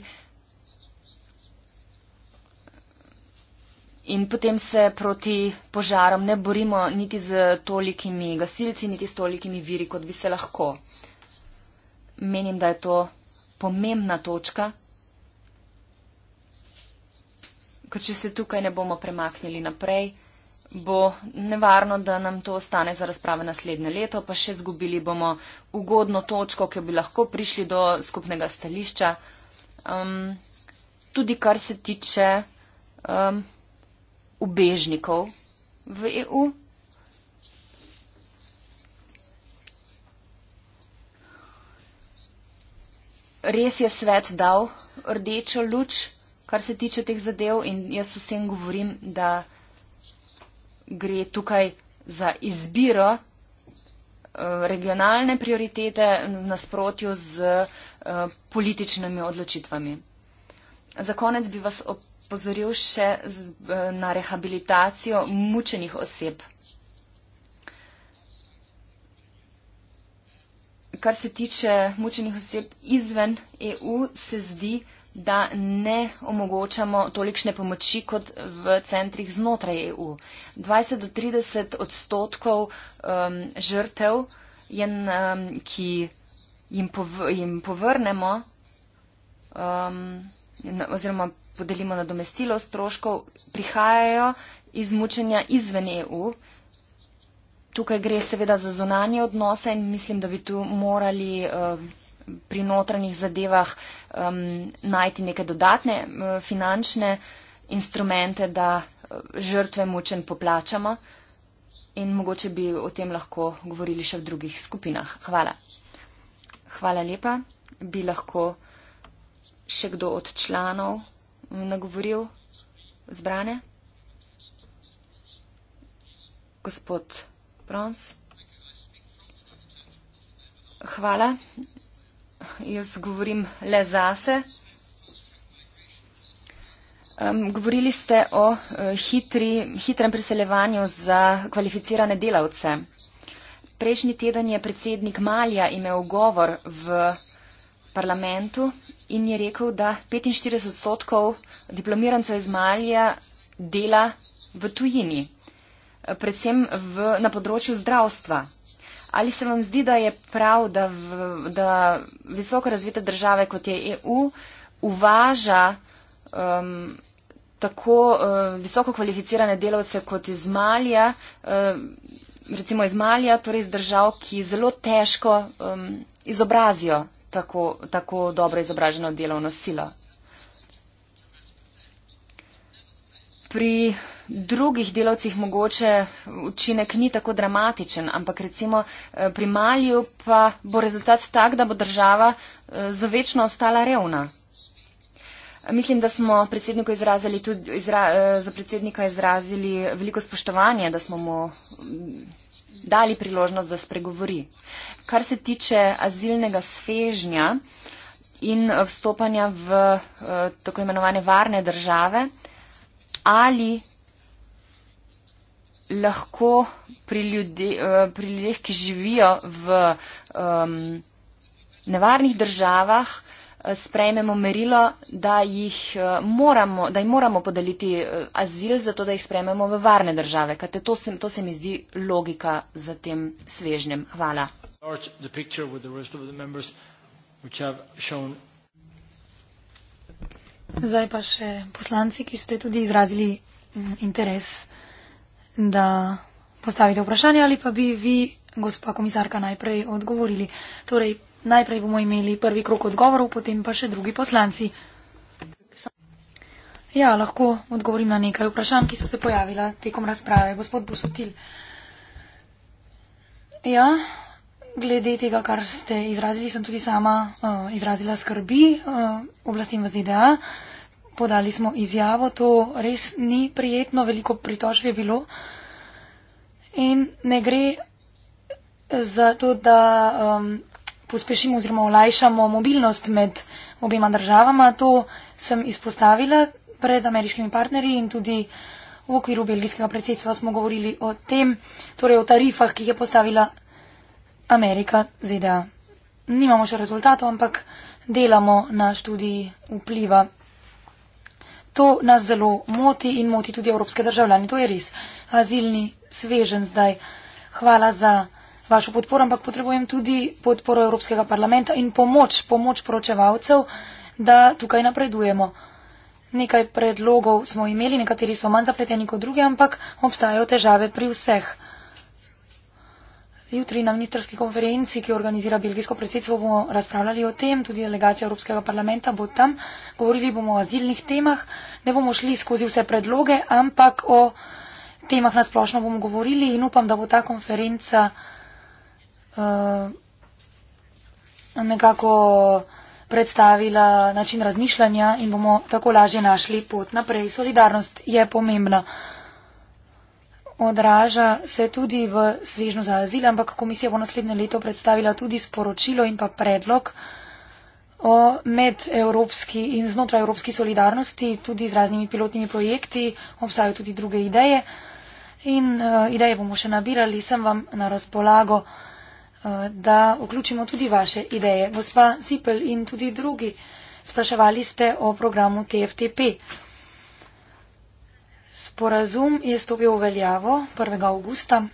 In potem se proti požarom ne borimo niti z tolikimi gasilci, niti s tolikimi viri, kot bi se lahko menim, da je to pomembna točka, ker če se tukaj ne bomo premaknili naprej, bo nevarno, da nam to ostane za razprave naslednje leto, pa še zgubili bomo ugodno točko, ki bi lahko prišli do skupnega stališča. Um, tudi kar se tiče um, ubežnikov v EU. res je svet dal rdečo luč, kar se tiče teh zadev in jaz vsem govorim, da gre tukaj za izbiro eh, regionalne prioritete v nasprotju z eh, političnimi odločitvami. Za konec bi vas opozoril še eh, na rehabilitacijo mučenih oseb. kar se tiče mučenih oseb izven EU, se zdi, da ne omogočamo tolikšne pomoči kot v centrih znotraj EU. 20 do 30 odstotkov um, žrtev, je, um, ki jim, pov, jim povrnemo um, oziroma podelimo nadomestilo stroškov, prihajajo iz mučenja izven EU tukaj gre seveda za zunanje odnose in mislim, da bi tu morali eh, pri notranjih zadevah najti neke dodatne eh, finančne instrumente, da eh, žrtve mučen poplačamo in mogoče bi o tem lahko govorili še v drugih skupinah. Hvala. Hvala lepa. Bi lahko še kdo od članov mm, nagovoril zbrane? Gospod. Brons. Hvala. Jaz govorim le zase. Um, govorili ste o uh, hitri, hitrem priseljevanju za kvalificirane delavce. Prejšnji teden je predsednik Malja imel govor v parlamentu in je rekel, da 45 odstotkov diplomirancev iz Malja dela v tujini predvsem v, na področju zdravstva. Ali se vam zdi, da je prav, da, v, da visoko razvite države, kot je EU, uvaža um, tako uh, visoko kvalificirane delavce kot iz Malja, uh, recimo iz Malja, torej iz držav, ki zelo težko um, izobrazijo tako, tako dobro izobraženo delovno silo? Pri drugih delavcih mogoče učinek ni tako dramatičen, ampak recimo eh, pri Malju pa bo rezultat tak, da bo država eh, za večno ostala revna. Mislim, da smo predsedniku izrazili tudi, izra, eh, za predsednika izrazili veliko spoštovanje, da smo mu mm, dali priložnost, da spregovori. Kar se tiče azilnega svežnja in vstopanja v tako imenovane varne države, ali lahko pri, ljudi, eh, pri ljudeh, ki živijo v um, nevarnih državah, eh, sprejmemo merilo, da jih eh, moramo, da jim moramo podeliti azil, zato da jih sprejmemo v varne države. Kajte, to, se, to se mi zdi logika za tem svežnjem. Hvala. Zdaj pa še poslanci, ki ste tudi izrazili mm, interes da postavite vprašanje ali pa bi vi, gospa komisarka, najprej odgovorili. Torej, najprej bomo imeli prvi krok odgovorov, potem pa še drugi poslanci. Ja, lahko odgovorim na nekaj vprašanj, ki so se pojavila tekom razprave. Gospod Busotil. Ja, glede tega, kar ste izrazili, sem tudi sama uh, izrazila skrbi uh, eh, oblastim v ZDA. Uh, podali smo izjavo, to res ni prijetno, veliko pritožb je bilo. In ne gre za to, da um, pospešimo oziroma olajšamo mobilnost med obema državama. To sem izpostavila pred ameriškimi partnerji in tudi v okviru belgijskega predsedstva smo govorili o tem, torej o tarifah, ki jih je postavila Amerika ZDA. Nimamo še rezultatov, ampak delamo na študiji vpliva To nas zelo moti in moti tudi evropske državljane. To je res. Azilni svežen zdaj. Hvala za vašo podporo, ampak potrebujem tudi podporo Evropskega parlamenta in pomoč, pomoč poročevalcev, da tukaj napredujemo. Nekaj predlogov smo imeli, nekateri so manj zapleteni kot drugi, ampak obstajajo težave pri vseh. Jutri na ministerski konferenci, ki organizira belgijsko predsedstvo, bomo razpravljali o tem, tudi delegacija Evropskega parlamenta bo tam. Govorili bomo o azilnih temah, ne bomo šli skozi vse predloge, ampak o temah nasplošno bomo govorili in upam, da bo ta konferenca uh, nekako predstavila način razmišljanja in bomo tako lažje našli pot naprej. Solidarnost je pomembna. Uh, odraža se tudi v svežnju za azil, ampak komisija bo naslednje leto predstavila tudi sporočilo in pa predlog o medevropski in znotraj evropski solidarnosti, tudi z raznimi pilotnimi projekti, obstajajo tudi druge ideje. In uh, ideje bomo še nabirali, sem vam na razpolago, uh, da vključimo tudi vaše ideje. Gospa Zipel in tudi drugi spraševali ste o programu TFTP. Sporazum je stopil v veljavo 1. augusta.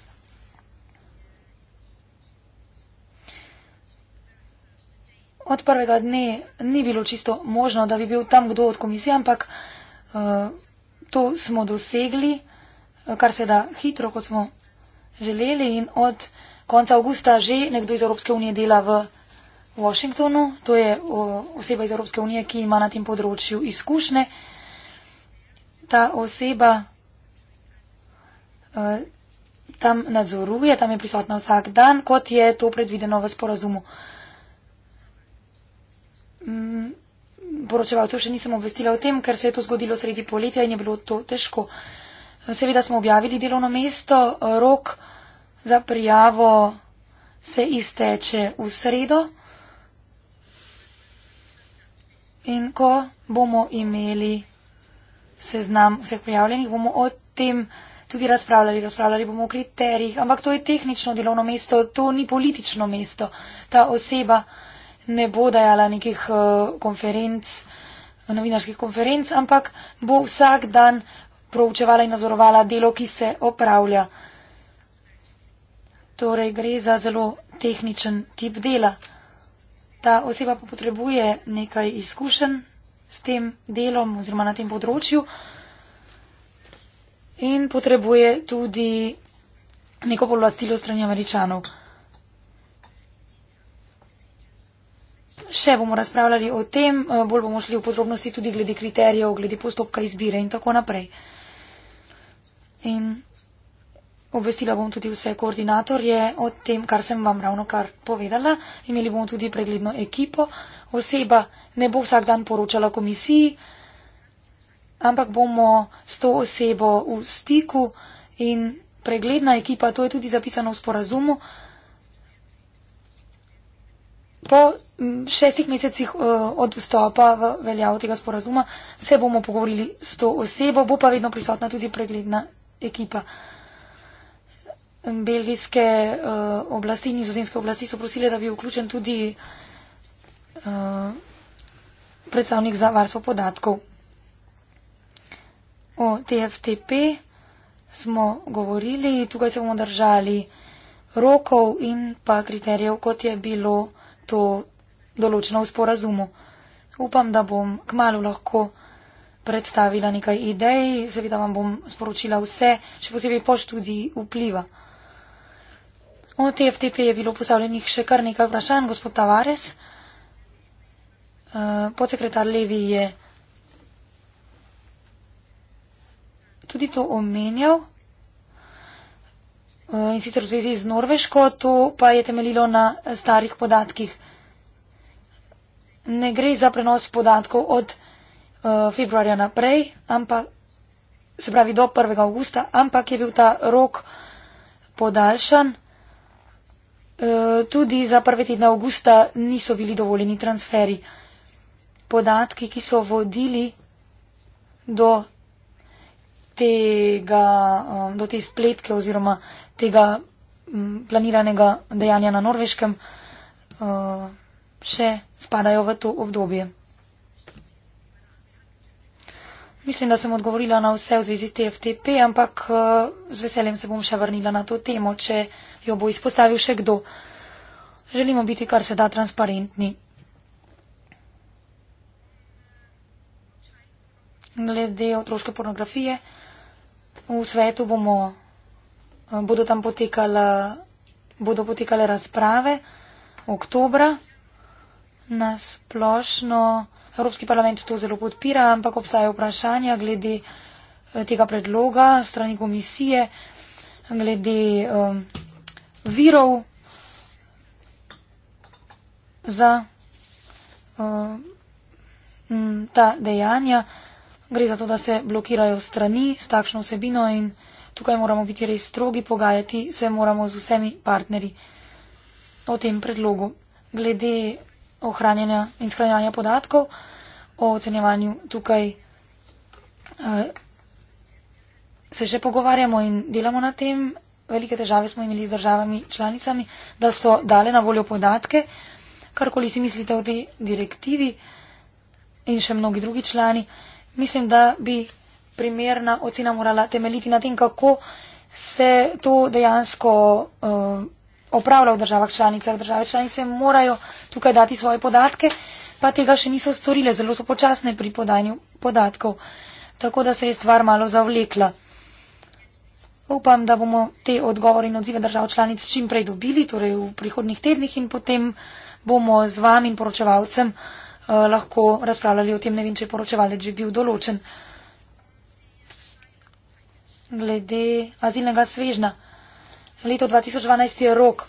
Od prvega dne ni bilo čisto možno, da bi bil tam kdo od komisije, ampak eh, to smo dosegli, eh, kar se da hitro, kot smo želeli. In od konca augusta že nekdo iz Evropske unije dela v Washingtonu. To je oseba iz Evropske unije, ki ima na tem področju izkušnje ta oseba uh, tam nadzoruje, tam je prisotna vsak dan, kot je to predvideno v sporazumu. Mm, poročevalcev še nisem obvestila o tem, ker se je to zgodilo sredi poletja in je bilo to težko. Seveda smo objavili delovno mesto, rok za prijavo se izteče v sredo. In ko bomo imeli seznam vseh prijavljenih, bomo o tem tudi razpravljali. Razpravljali bomo o kriterijih, ampak to je tehnično delovno mesto, to ni politično mesto. Ta oseba ne bo dajala nekih uh, konferenc, novinarskih konferenc, ampak bo vsak dan proučevala in nazorovala delo, ki se opravlja. Torej gre za zelo tehničen tip dela. Ta oseba pa potrebuje nekaj izkušenj s tem delom oziroma na tem področju in potrebuje tudi neko povlastilo strani američanov. Še bomo razpravljali o tem, eh, bolj bomo šli v podrobnosti tudi glede kriterijev, glede postopka izbire in tako naprej. In obvestila bom tudi vse koordinatorje o tem, kar sem vam ravno kar povedala. Imeli bomo tudi pregledno ekipo, oseba, ne bo vsak dan poročala komisiji, ampak bomo s to osebo v stiku in pregledna ekipa, to je tudi zapisano v sporazumu, po šestih mesecih eh, od vstopa v veljavo tega sporazuma se bomo pogovorili s to osebo, bo pa vedno prisotna tudi pregledna ekipa. Belgijske uh, oblasti in izuzemske oblasti so prosile, da bi vključen tudi uh, predstavnik za varstvo podatkov. O TFTP smo govorili, tukaj se bomo držali rokov in pa kriterijev, kot je bilo to določeno v sporazumu. Upam, da bom kmalo lahko predstavila nekaj idej, seveda vam bom sporočila vse, še posebej po študiji vpliva. O TFTP je bilo postavljenih še kar nekaj vprašanj, gospod Tavares. Eh, podsekretar Levi je tudi to omenjal eh, in sicer v zvezi z Norveško, to pa je temeljilo na starih podatkih. Ne gre za prenos podatkov od eh, februarja naprej, ampak, se pravi do 1. augusta, ampak je bil ta rok podaljšan. Tudi za prve tedne avgusta niso bili dovoljeni transferi podatki, ki so vodili do, tega, um, do te spletke oziroma tega mm, planiranega dejanja na norveškem, uh, še spadajo v to obdobje. Mislim, da sem odgovorila na vse v zvezi TFTP, ampak uh, z veseljem se bom še vrnila na to temo, če jo bo izpostavil še kdo. Želimo biti kar se da transparentni. glede otroške pornografije. V svetu bomo, eh, bodo tam potekala, bodo potekale razprave oktobra. Na splošno Evropski parlament to zelo podpira, ampak obstajajo vprašanja glede eh, tega predloga strani komisije, glede um, virov za um, ta dejanja gre za to, da se blokirajo strani s takšno vsebino in tukaj moramo biti res strogi, pogajati se moramo z vsemi partnerji o tem predlogu. Glede ohranjanja in shranjevanja podatkov o ocenjevanju tukaj eh, se še pogovarjamo in delamo na tem. Velike težave smo imeli z državami članicami, da so dale na voljo podatke, karkoli si mislite o tej direktivi in še mnogi drugi člani mislim, da bi primerna ocena morala temeljiti na tem, kako se to dejansko uh, opravlja v državah članicah. Države članice morajo tukaj dati svoje podatke, pa tega še niso storile, zelo so počasne pri podanju podatkov, tako da se je stvar malo zavlekla. Upam, da bomo te odgovore in odzive držav članic čim prej dobili, torej v prihodnih tednih in potem bomo z vami in poročevalcem uh, Eh, lahko razpravljali o tem, ne vem, če je poročevalec že bil določen. Glede azilnega svežna. Leto 2012 je rok.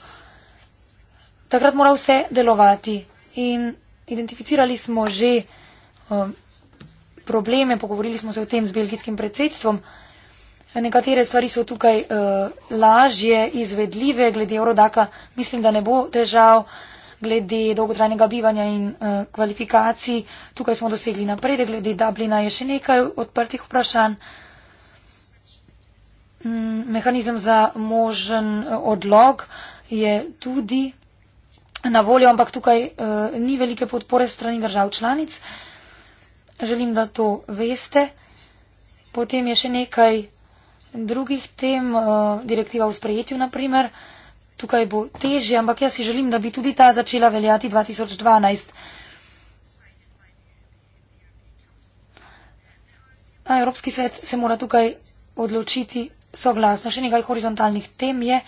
Takrat mora vse delovati in identificirali smo že um, probleme, pogovorili smo se o tem z belgijskim predsedstvom. Nekatere stvari so tukaj uh, lažje, izvedljive glede Eurodaka. Mislim, da ne bo težav. Uh, glede dolgotrajnega bivanja in uh, kvalifikacij. Tukaj smo dosegli napredek, glede Dublina je še nekaj odprtih vprašanj. Mm, mehanizem za možen eh, odlog je tudi na voljo, ampak tukaj uh, ni velike podpore strani držav članic. Želim, da to veste. Potem je še nekaj drugih tem, uh, direktiva o sprejetju, naprimer. Uh, tukaj bo težje, ampak jaz si želim, da bi tudi ta začela veljati 2012. A Evropski svet se mora tukaj odločiti soglasno. Še nekaj horizontalnih tem je.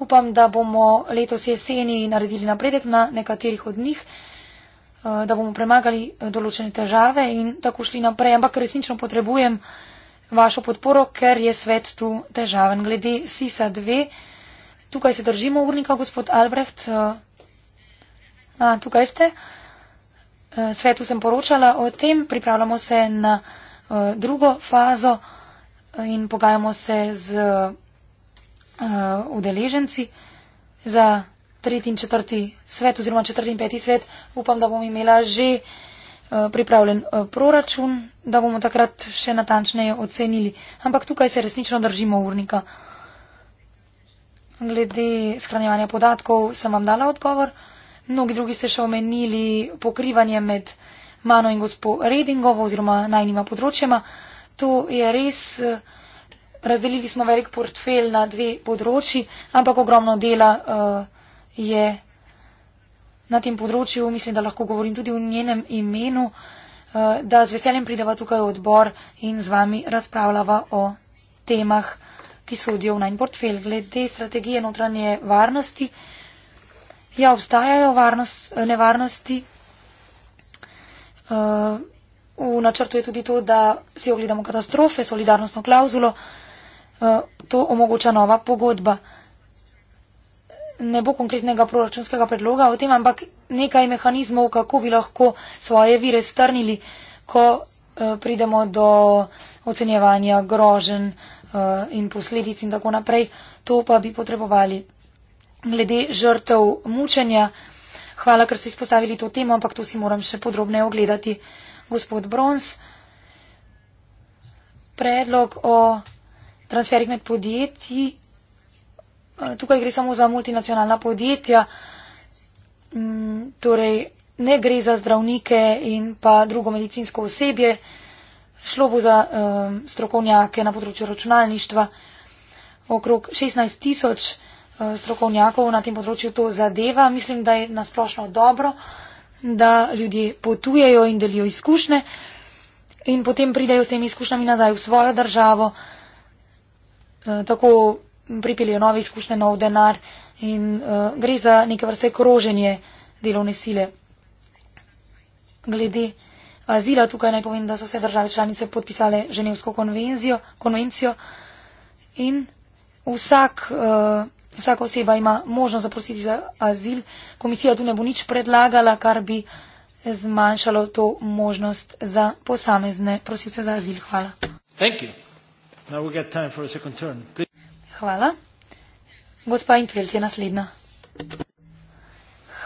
Upam, da bomo letos jeseni naredili napredek na nekaterih od njih, eh, da bomo premagali eh, določene težave in tako šli naprej. Ampak resnično potrebujem vašo podporo, ker je svet tu težaven. Glede SISA 2. Tukaj se držimo urnika, gospod Albrecht. Eh, a, tukaj ste. Eh, svetu sem poročala o tem, pripravljamo se na eh, drugo fazo in pogajamo se z udeleženci za tretji in četrti svet oziroma četrti in peti svet. Upam, da bom imela že pripravljen proračun, da bomo takrat še natančneje ocenili. Ampak tukaj se resnično držimo urnika glede shranjevanja podatkov, sem vam dala odgovor. Mnogi drugi ste še omenili pokrivanje med mano in gospod Redingovo oziroma najnima področjema. To je res, eh, razdelili smo velik portfel na dve področji, ampak ogromno dela uh, je na tem področju. Mislim, da lahko govorim tudi v njenem imenu, uh, da z veseljem prideva tukaj v odbor in z vami razpravljava o temah ki sodijo v najn portfelj. Glede strategije notranje varnosti, ja, obstajajo varnost, nevarnosti. Eh, v načrtu je tudi to, da si ogledamo katastrofe, solidarnostno klauzulo. Eh, to omogoča nova pogodba. Ne bo konkretnega proračunskega predloga o tem, ampak nekaj mehanizmov, kako bi lahko svoje vire strnili, ko eh, pridemo do ocenjevanja groženj uh, in posledic in tako naprej. To pa bi potrebovali. Glede žrtev mučenja, hvala, ker ste izpostavili to temo, ampak to si moram še podrobneje ogledati. Gospod Brons, predlog o transferih med podjetji. Eh, tukaj gre samo za multinacionalna podjetja, mm, torej ne gre za zdravnike in pa drugo medicinsko osebje, šlo bo za um, strokovnjake na področju računalništva. Okrog 16 tisoč uh, strokovnjakov na tem področju to zadeva. Mislim, da je nasplošno dobro, da ljudje potujejo in delijo izkušnje in potem pridajo s temi izkušnjami nazaj v svojo državo. Uh, tako pripeljejo nove izkušnje, nov denar in uh, gre za neke vrste kroženje delovne sile. Glede azila. Tukaj naj povem, da so vse države članice podpisale Ženevsko konvencijo, konvencijo in vsak, uh, vsaka oseba ima možnost zaprositi za azil. Komisija tu ne bo nič predlagala, kar bi zmanjšalo to možnost za posamezne prosilce za azil. Hvala. Hvala. Gospa Intveld je naslednja.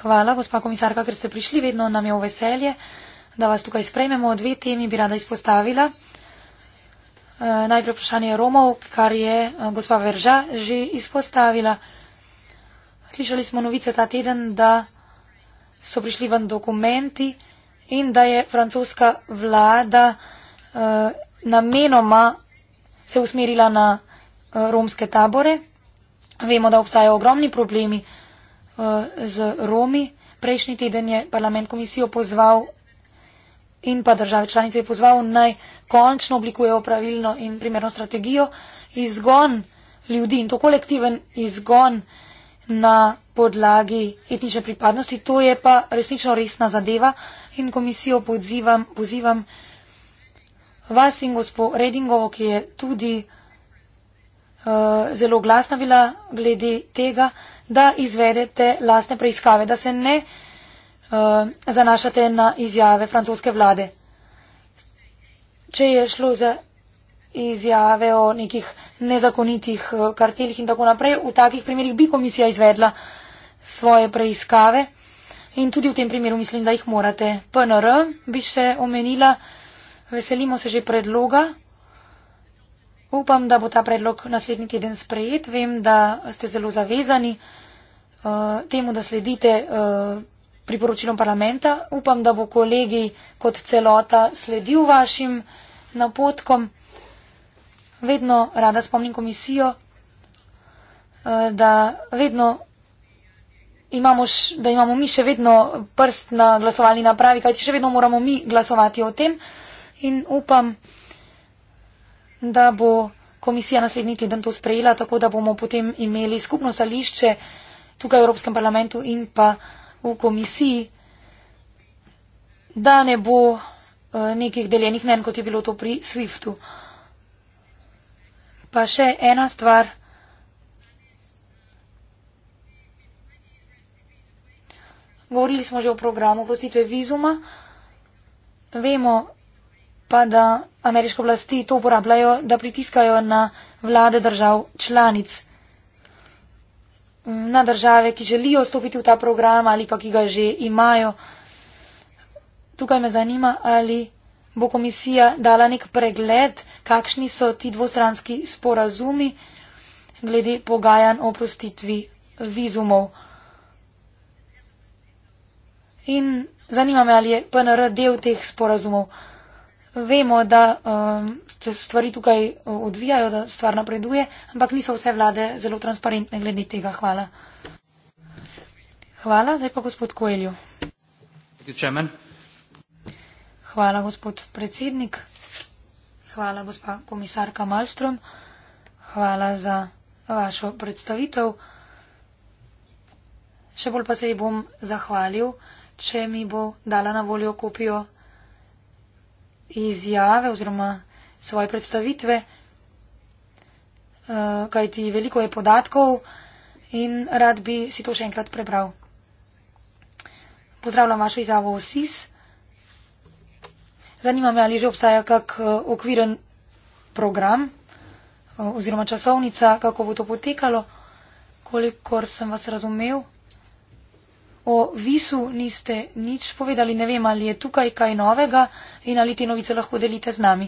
Hvala, gospa komisarka, ker ste prišli, vedno nam je v veselje da vas tukaj sprejmemo. Dve temi bi rada izpostavila. E, najprej vprašanje Romov, kar je e, gospa Verža že izpostavila. Slišali smo novice ta teden, da so prišli ven dokumenti in da je francoska vlada e, namenoma se usmerila na romske tabore. Vemo, da obstajajo ogromni problemi z Romi. Prejšnji teden je parlament komisijo pozval in pa države članice je pozval naj končno oblikujejo pravilno in primerno strategijo. Izgon ljudi in to kolektiven izgon na podlagi etnične pripadnosti, to je pa resnično resna zadeva in komisijo pozivam, pozivam vas in gospod Redingovo, ki je tudi uh, zelo glasna bila glede tega, da izvedete lastne preiskave, da se ne. Eh, zanašate na izjave francoske vlade. Če je šlo za izjave o nekih nezakonitih eh, kartelih in tako naprej, v takih primerjih bi komisija izvedla svoje preiskave in tudi v tem primeru mislim, da jih morate. PNR bi še omenila, veselimo se že predloga. Upam, da bo ta predlog naslednji teden sprejet. Vem, da ste zelo zavezani uh, temu, da sledite. Uh, priporočilom parlamenta. Upam, da bo kolegi kot celota sledil vašim napotkom. Vedno rada spomnim komisijo, eh, da vedno. Imamo š, da imamo mi še vedno prst na glasovalni napravi, kajti še vedno moramo mi glasovati o tem in upam, da bo komisija naslednji teden to sprejela, tako da bomo potem imeli skupno stališče tukaj v Evropskem parlamentu in pa v komisiji, da ne bo eh, nekih deljenih mnen, kot je bilo to pri SWIFT-u. Pa še ena stvar. Govorili smo že o programu oprostitve vizuma. Vemo pa, da ameriške oblasti to uporabljajo, da pritiskajo na vlade držav članic na države, ki želijo vstopiti v ta program ali pa ki ga že imajo. Tukaj me zanima, ali bo komisija dala nek pregled, kakšni so ti dvostranski sporazumi glede pogajanj o prostitvi vizumov. In zanima me, ali je PNR del teh sporazumov vemo, da um, se um, stvari tukaj uh, odvijajo, da stvar napreduje, ampak niso vse vlade zelo transparentne glede tega. Hvala. Hvala. Zdaj pa gospod Koelju. Hvala, gospod predsednik. Hvala, gospa komisarka Malstrom. Hvala za vašo predstavitev. Še bolj pa se ji bom zahvalil, če mi bo dala na voljo kopijo izjave oziroma svoje predstavitve, eh, kajti veliko je podatkov in rad bi si to še enkrat prebral. Pozdravljam vašo izjavo v SIS. Zanima me, ali že obstaja kak eh, okviren program eh, oziroma časovnica, kako bo to potekalo, kolikor sem vas razumel. O visu niste nič povedali, ne vem, ali je tukaj kaj novega in ali te novice lahko delite z nami.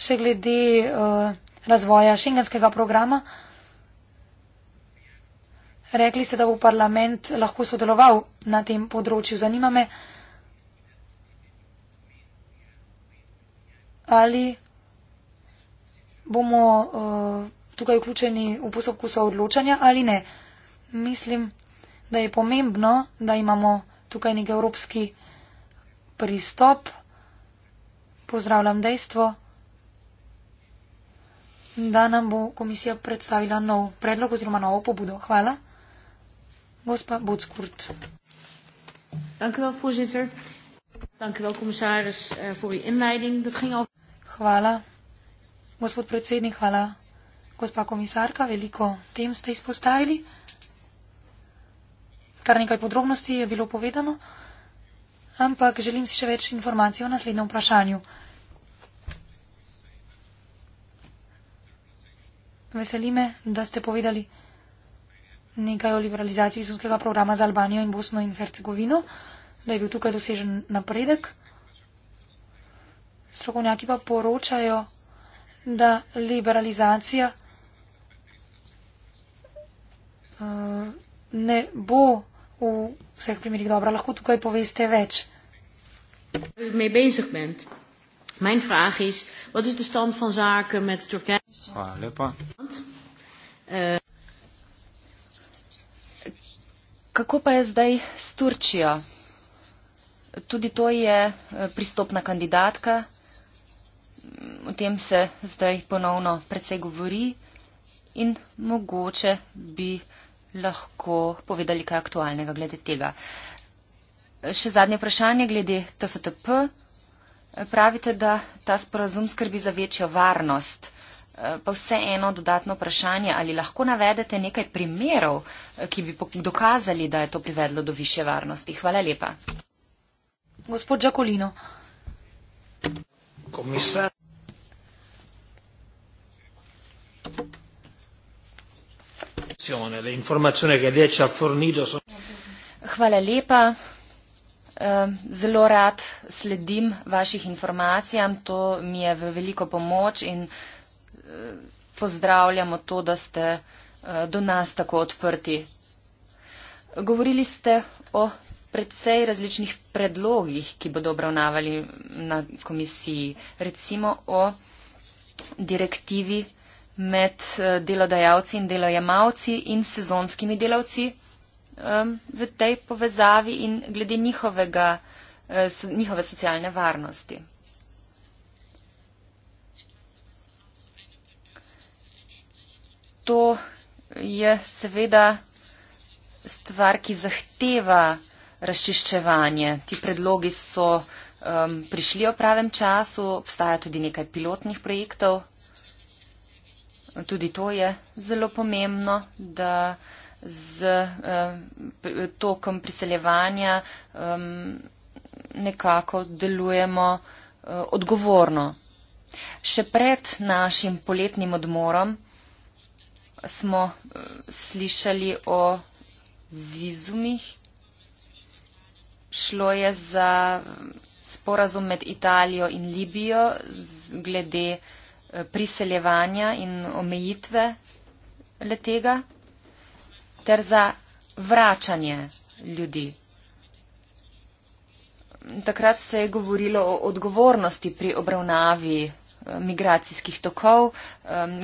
Še glede uh, razvoja šengenskega programa. Rekli ste, da bo parlament lahko sodeloval na tem področju. Zanima me, ali bomo uh, tukaj vključeni v posobku soodločanja ali ne. Mislim, da je pomembno, da imamo tukaj nek evropski pristop. Pozdravljam dejstvo, da nam bo komisija predstavila nov predlog oziroma novo pobudo. Hvala. Gospa Budskurt. Eh, hvala, gospod predsednik, hvala, gospa komisarka. Veliko tem ste izpostavili. Kar nekaj podrobnosti je bilo povedano, ampak želim si še več informacij o naslednjem vprašanju. Veseli me, da ste povedali nekaj o liberalizaciji vizumskega programa za Albanijo in Bosno in Hercegovino, da je bil tukaj dosežen napredek. Strokovnjaki pa poročajo, da liberalizacija uh, ne bo v vseh primerih dobro. Lahko tukaj poveste več. Hvala lepa. Eh, kako pa je zdaj s Turčijo? Tudi to je eh, pristopna kandidatka. O tem se zdaj ponovno predvsej govori in mogoče bi lahko povedali kaj aktualnega glede tega. Še zadnje vprašanje glede TFTP. Pravite, da ta sporazum skrbi za večjo varnost. Eh, pa vse eno dodatno vprašanje, ali lahko navedete nekaj primerov, eh, ki bi dokazali, da je to privedlo do više varnosti. Hvala lepa. Gospod Giacolino. Komisar. informazione. Le informazioni che lei ci ha fornito sono. Hvala lepa. Ehm, zelo rad sledim vaših informacijam. To mi je v veliko pomoč in eh, pozdravljamo to, da ste eh, do nas tako odprti. Govorili ste o predvsej različnih predlogih, ki bodo obravnavali na komisiji. Recimo o direktivi med eh, delodajalci in delojemalci in sezonskimi delavci um, v tej povezavi in glede njihovega, uh, njihove socialne varnosti. To je seveda stvar, ki zahteva razčiščevanje. Ti predlogi so um, prišli v pravem času, obstaja tudi nekaj pilotnih projektov. Tudi to je zelo pomembno, da z eh, tokom priseljevanja eh, nekako delujemo eh, odgovorno. Še pred našim poletnim odmorom smo eh, slišali o vizumih. Šlo je za eh, sporazum med Italijo in Libijo glede eh, priseljevanja in omejitve letega ter za vračanje ljudi. Takrat se je govorilo o odgovornosti pri obravnavi eh, migracijskih tokov,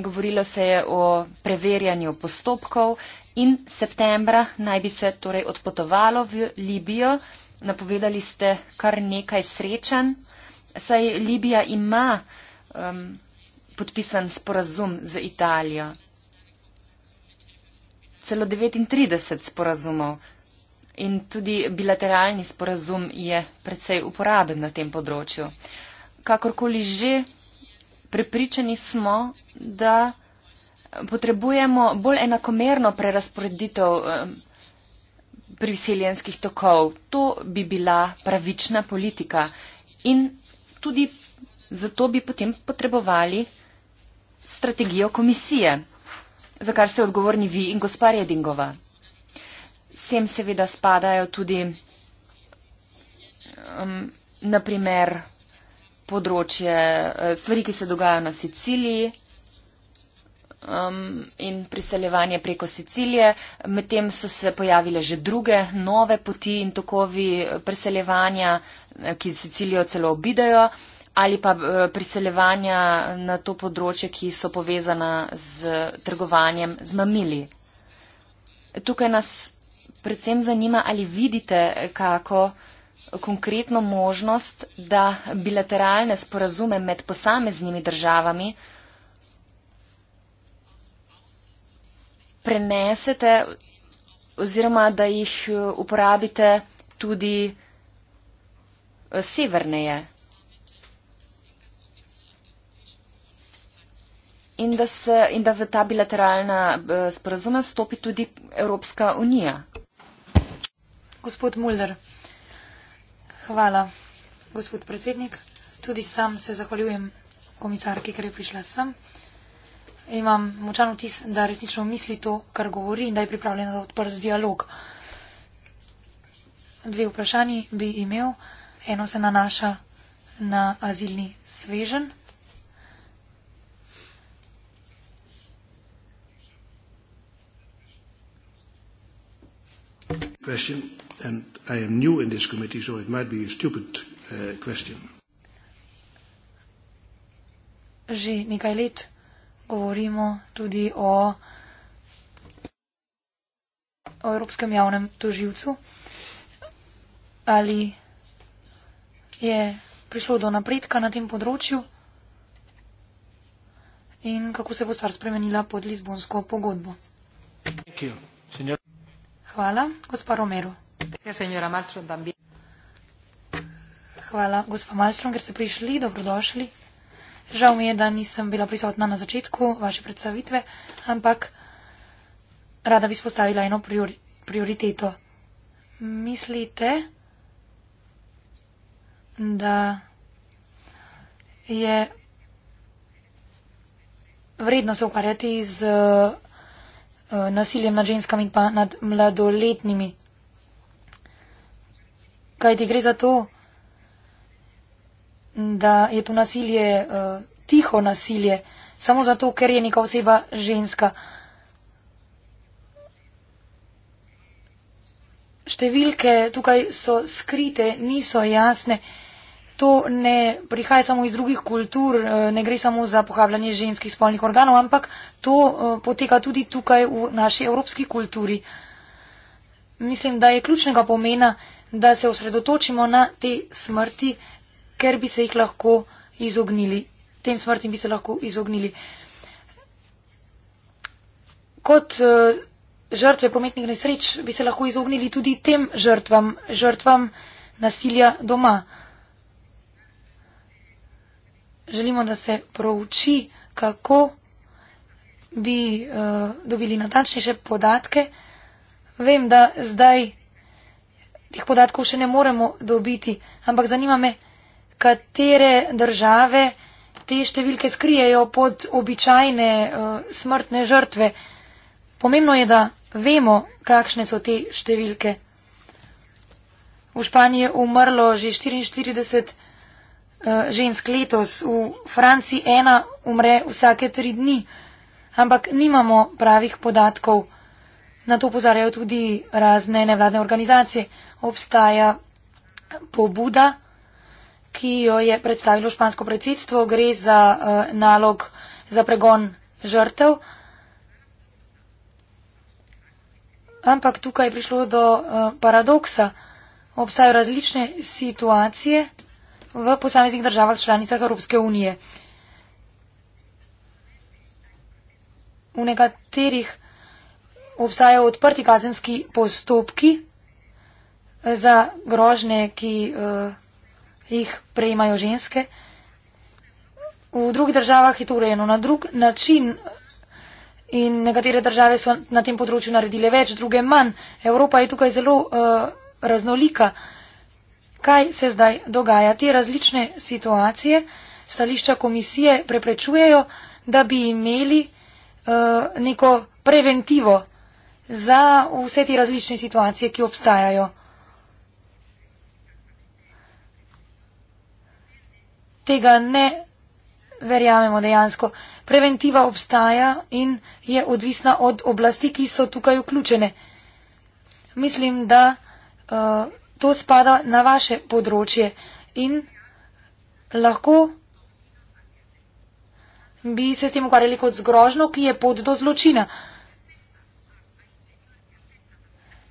govorilo se je o preverjanju postopkov in septembra naj bi se torej odpotovalo v Libijo. Napovedali ste kar nekaj srečanj, saj Libija ima um, podpisan sporazum z Italijo. Celo 39 sporazumov in tudi bilateralni sporazum je predvsej uporaben na tem področju. Kakorkoli že, prepričani smo, da potrebujemo bolj enakomerno prerasporeditev priseljenskih tokov. To bi bila pravična politika in tudi zato bi potem potrebovali strategijo komisije, za kar ste odgovorni vi in gospa Redingova. Sem seveda spadajo tudi um, naprimer področje eh, stvari, ki se dogajajo na Siciliji um, in priseljevanje preko Sicilije. Medtem so se pojavile že druge nove poti in tokovi eh, priseljevanja, eh, ki Sicilijo celo obidajo. Um, ali pa eh, priseljevanja na to področje, ki so povezana z trgovanjem z mamili. Tukaj nas predvsem zanima, ali vidite kako konkretno možnost, da bilateralne sporazume med posameznimi državami prenesete oziroma da jih eh, uporabite tudi eh, severneje. in da, se, in da v ta bilateralna eh, sporazume vstopi tudi Evropska unija. Gospod Mulder, hvala. Gospod predsednik, tudi sam se zahvaljujem komisarki, ker je prišla sem. Imam močan vtis, da resnično misli to, kar govori in da je pripravljena za odprt dialog. Dve vprašanji bi imel. Eno se nanaša na azilni svežen. question, and I am new in this committee, so it might be a stupid uh, question. Že nekaj let govorimo tudi o, o Evropskem javnem toživcu. Ali je prišlo do napredka na tem področju in kako se bo stvar spremenila pod Lizbonsko pogodbo? Thank you, Hvala. Gospa Romero. Ja, Hvala, gospa Malstrom, ker ste prišli. Dobrodošli. Žal mi je, da nisem bila prisotna na začetku vaše predstavitve, ampak rada bi spostavila eno priori prioriteto. Mislite, da je vredno se ukvarjati z Eh, nasiljem nad ženskami in pa nad mladoletnimi. Kaj ti gre za to, da je to nasilje eh, tiho nasilje, samo zato, ker je neka oseba ženska. Številke tukaj so skrite, niso jasne to ne prihaja samo iz drugih kultur, eh, ne gre samo za pohabljanje ženskih spolnih organov, ampak to eh, poteka tudi tukaj v naši evropski kulturi. Mislim, da je ključnega pomena, da se osredotočimo na te smrti, ker bi se jih lahko izognili. Tem smrtim bi se lahko izognili. Kot eh, žrtve prometnih nesreč bi se lahko izognili tudi tem žrtvam, žrtvam nasilja doma želimo, da se prouči, kako bi uh, dobili natančnejše podatke. Vem, da zdaj teh podatkov še ne moremo dobiti, ampak zanima me, katere države te številke skrijejo pod običajne uh, smrtne žrtve. Pomembno je, da vemo, kakšne so te številke. V Španiji je umrlo že 44. Eh, žensk letos, v Franciji ena umre vsake tri dni, ampak nimamo pravih podatkov. Na to pozarjajo tudi razne nevladne organizacije. Obstaja pobuda, ki jo je predstavilo špansko predsedstvo, gre za uh, nalog za pregon žrtev. Ampak tukaj je prišlo do uh, paradoksa. Obstajajo različne situacije в посамезних държавах членицах Европейской Унии. У некоторых обстоят отпорти казанские поступки за грожне, ки их приемаю женские. V drugih državah je to urejeno na drug način in nekatere države so na tem področju naredile več, druge manj. Evropa je tukaj zelo uh, raznolika. Uh, kaj se zdaj dogaja. Te različne situacije, stališča komisije preprečujejo, da bi imeli uh, neko preventivo za vse te različne situacije, ki obstajajo. Tega ne verjamemo dejansko. Preventiva obstaja in je odvisna od oblasti, ki so tukaj vključene. Mislim, da uh, to spada na vaše področje in lahko bi se s tem ukvarjali kot zgrožno, ki je pot do zločina.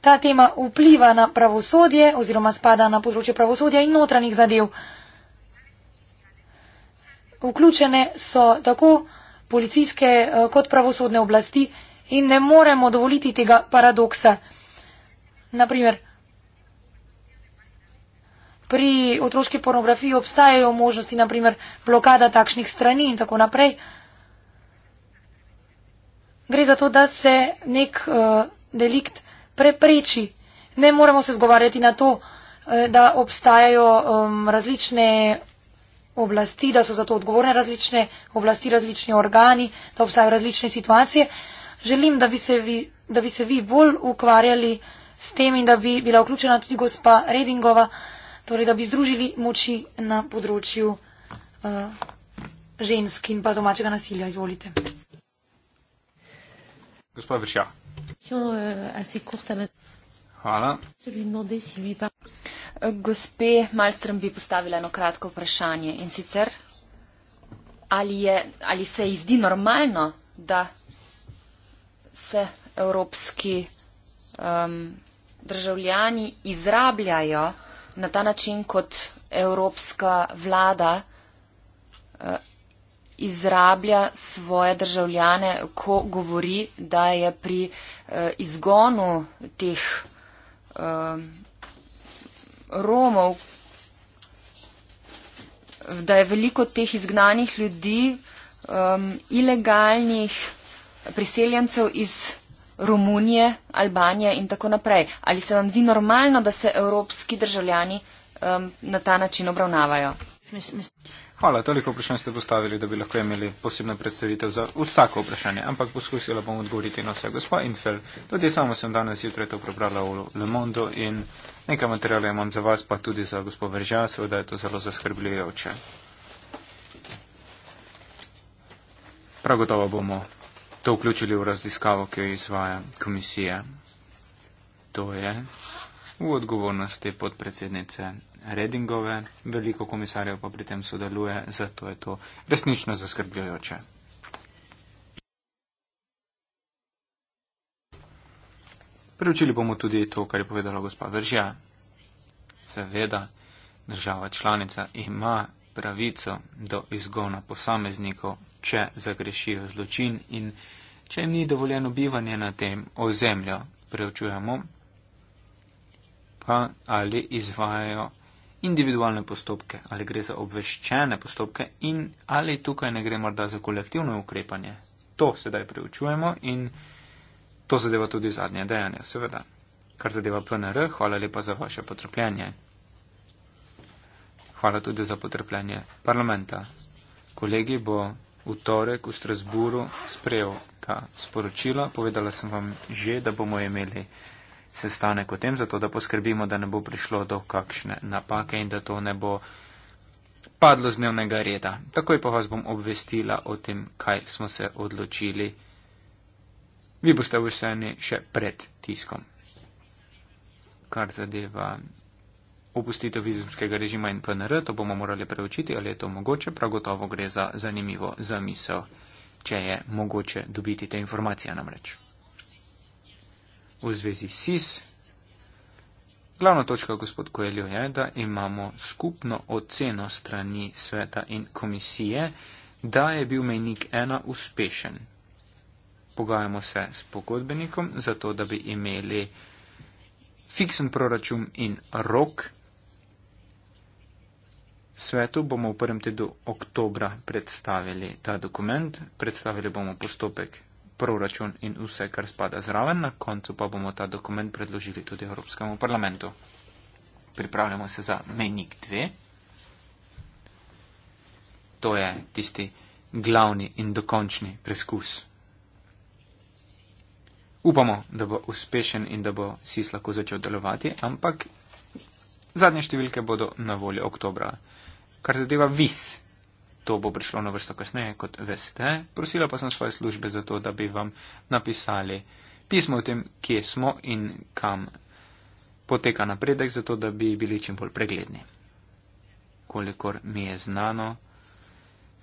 Ta tema vpliva na pravosodje oziroma spada na področje pravosodja in notranjih zadev. Vključene so tako policijske eh, kot pravosodne oblasti in ne moremo dovoliti tega paradoksa. Naprimer, pri otroški pornografiji obstajajo možnosti, naprimer blokada takšnih strani in tako naprej. Gre za to, da se nek uh, delikt prepreči. Ne moramo se zgovarjati na to, eh, da obstajajo um, različne oblasti, da so za to odgovorne različne oblasti, različni organi, da obstajajo različne situacije. Želim, da bi se vi, da bi se vi bolj ukvarjali s tem in da bi bila vključena tudi gospa Redingova torej, da bi združili moči na področju uh, žensk in pa domačega nasilja. Izvolite. Gospod Vršja. Hvala. Gospe Malstrom bi postavila eno kratko vprašanje in sicer ali, je, ali se ji zdi normalno, da se evropski um, državljani izrabljajo na ta način kot evropska vlada eh, izrablja svoje državljane, ko govori, da je pri eh, izgonu teh eh, Romov, da je veliko teh izgnanih ljudi, ilegalnih priseljencev iz Romov, Romunije, Albanije in tako naprej. Ali se vam zdi normalno, da se evropski državljani um, na ta način obravnavajo? Hvala, toliko vprašanj ste postavili, da bi lahko imeli posebno predstavitev za vsako vprašanje, ampak poskusila bom odgovoriti na vse. Gospod Infel, tudi sama sem danes jutraj to prebrala v Le Monde in nekaj materijala imam za vas, pa tudi za gospod Veržja, seveda je to zelo zaskrbljujoče. Prav gotovo bomo to vključili v raziskavo, ki jo izvaja komisija. To je v odgovornosti podpredsednice Redingove, veliko komisarjev pa pri tem sodeluje, zato je to resnično zaskrbljujoče. Preučili bomo tudi to, kar je povedala gospa Veržja. Seveda, država članica ima pravico do izgona posameznikov, če zagrešijo zločin in zločin če jim ni dovoljeno bivanje na tem ozemlju, preučujemo, pa ali izvajajo individualne postopke, ali gre za obveščene postopke in ali tukaj ne gre morda za kolektivno ukrepanje. To sedaj preučujemo in to zadeva tudi zadnje dejanje, seveda. Kar zadeva PNR, hvala lepa za vaše potrpljenje. Hvala tudi za potrpljenje parlamenta. Kolegi bo v torek v Strasburu sprejel ta sporočila. Povedala sem vam že, da bomo imeli sestanek o tem, zato da poskrbimo, da ne bo prišlo do kakšne napake in da to ne bo padlo z dnevnega reda. Takoj pa vas bom obvestila o tem, kaj smo se odločili. Vi boste obveščeni še pred tiskom, kar zadeva opustitev vizumskega režima in PNR, to bomo morali preučiti, ali je to mogoče, prav gotovo gre za zanimivo zamisel, če je mogoče dobiti te informacije namreč. V zvezi SIS, glavna točka, gospod Koeljo, je, da imamo skupno oceno strani sveta in komisije, da je bil menik ena uspešen. Pogajamo se s pogodbenikom, zato da bi imeli fiksen proračun in rok svetu bomo v prvem tednu oktobra predstavili ta dokument, predstavili bomo postopek proračun in vse, kar spada zraven, na koncu pa bomo ta dokument predložili tudi Evropskemu parlamentu. Pripravljamo se za menik 2. To je tisti glavni in dokončni preskus. Upamo, da bo uspešen in da bo SIS lahko začel delovati, ampak zadnje številke bodo na voljo oktobra kar zadeva vis. To bo prišlo na vrsto kasneje, kot veste. Prosila pa sem svoje službe za to, da bi vam napisali pismo o tem, kje smo in kam poteka napredek, zato da bi bili čim bolj pregledni. Kolikor mi je znano,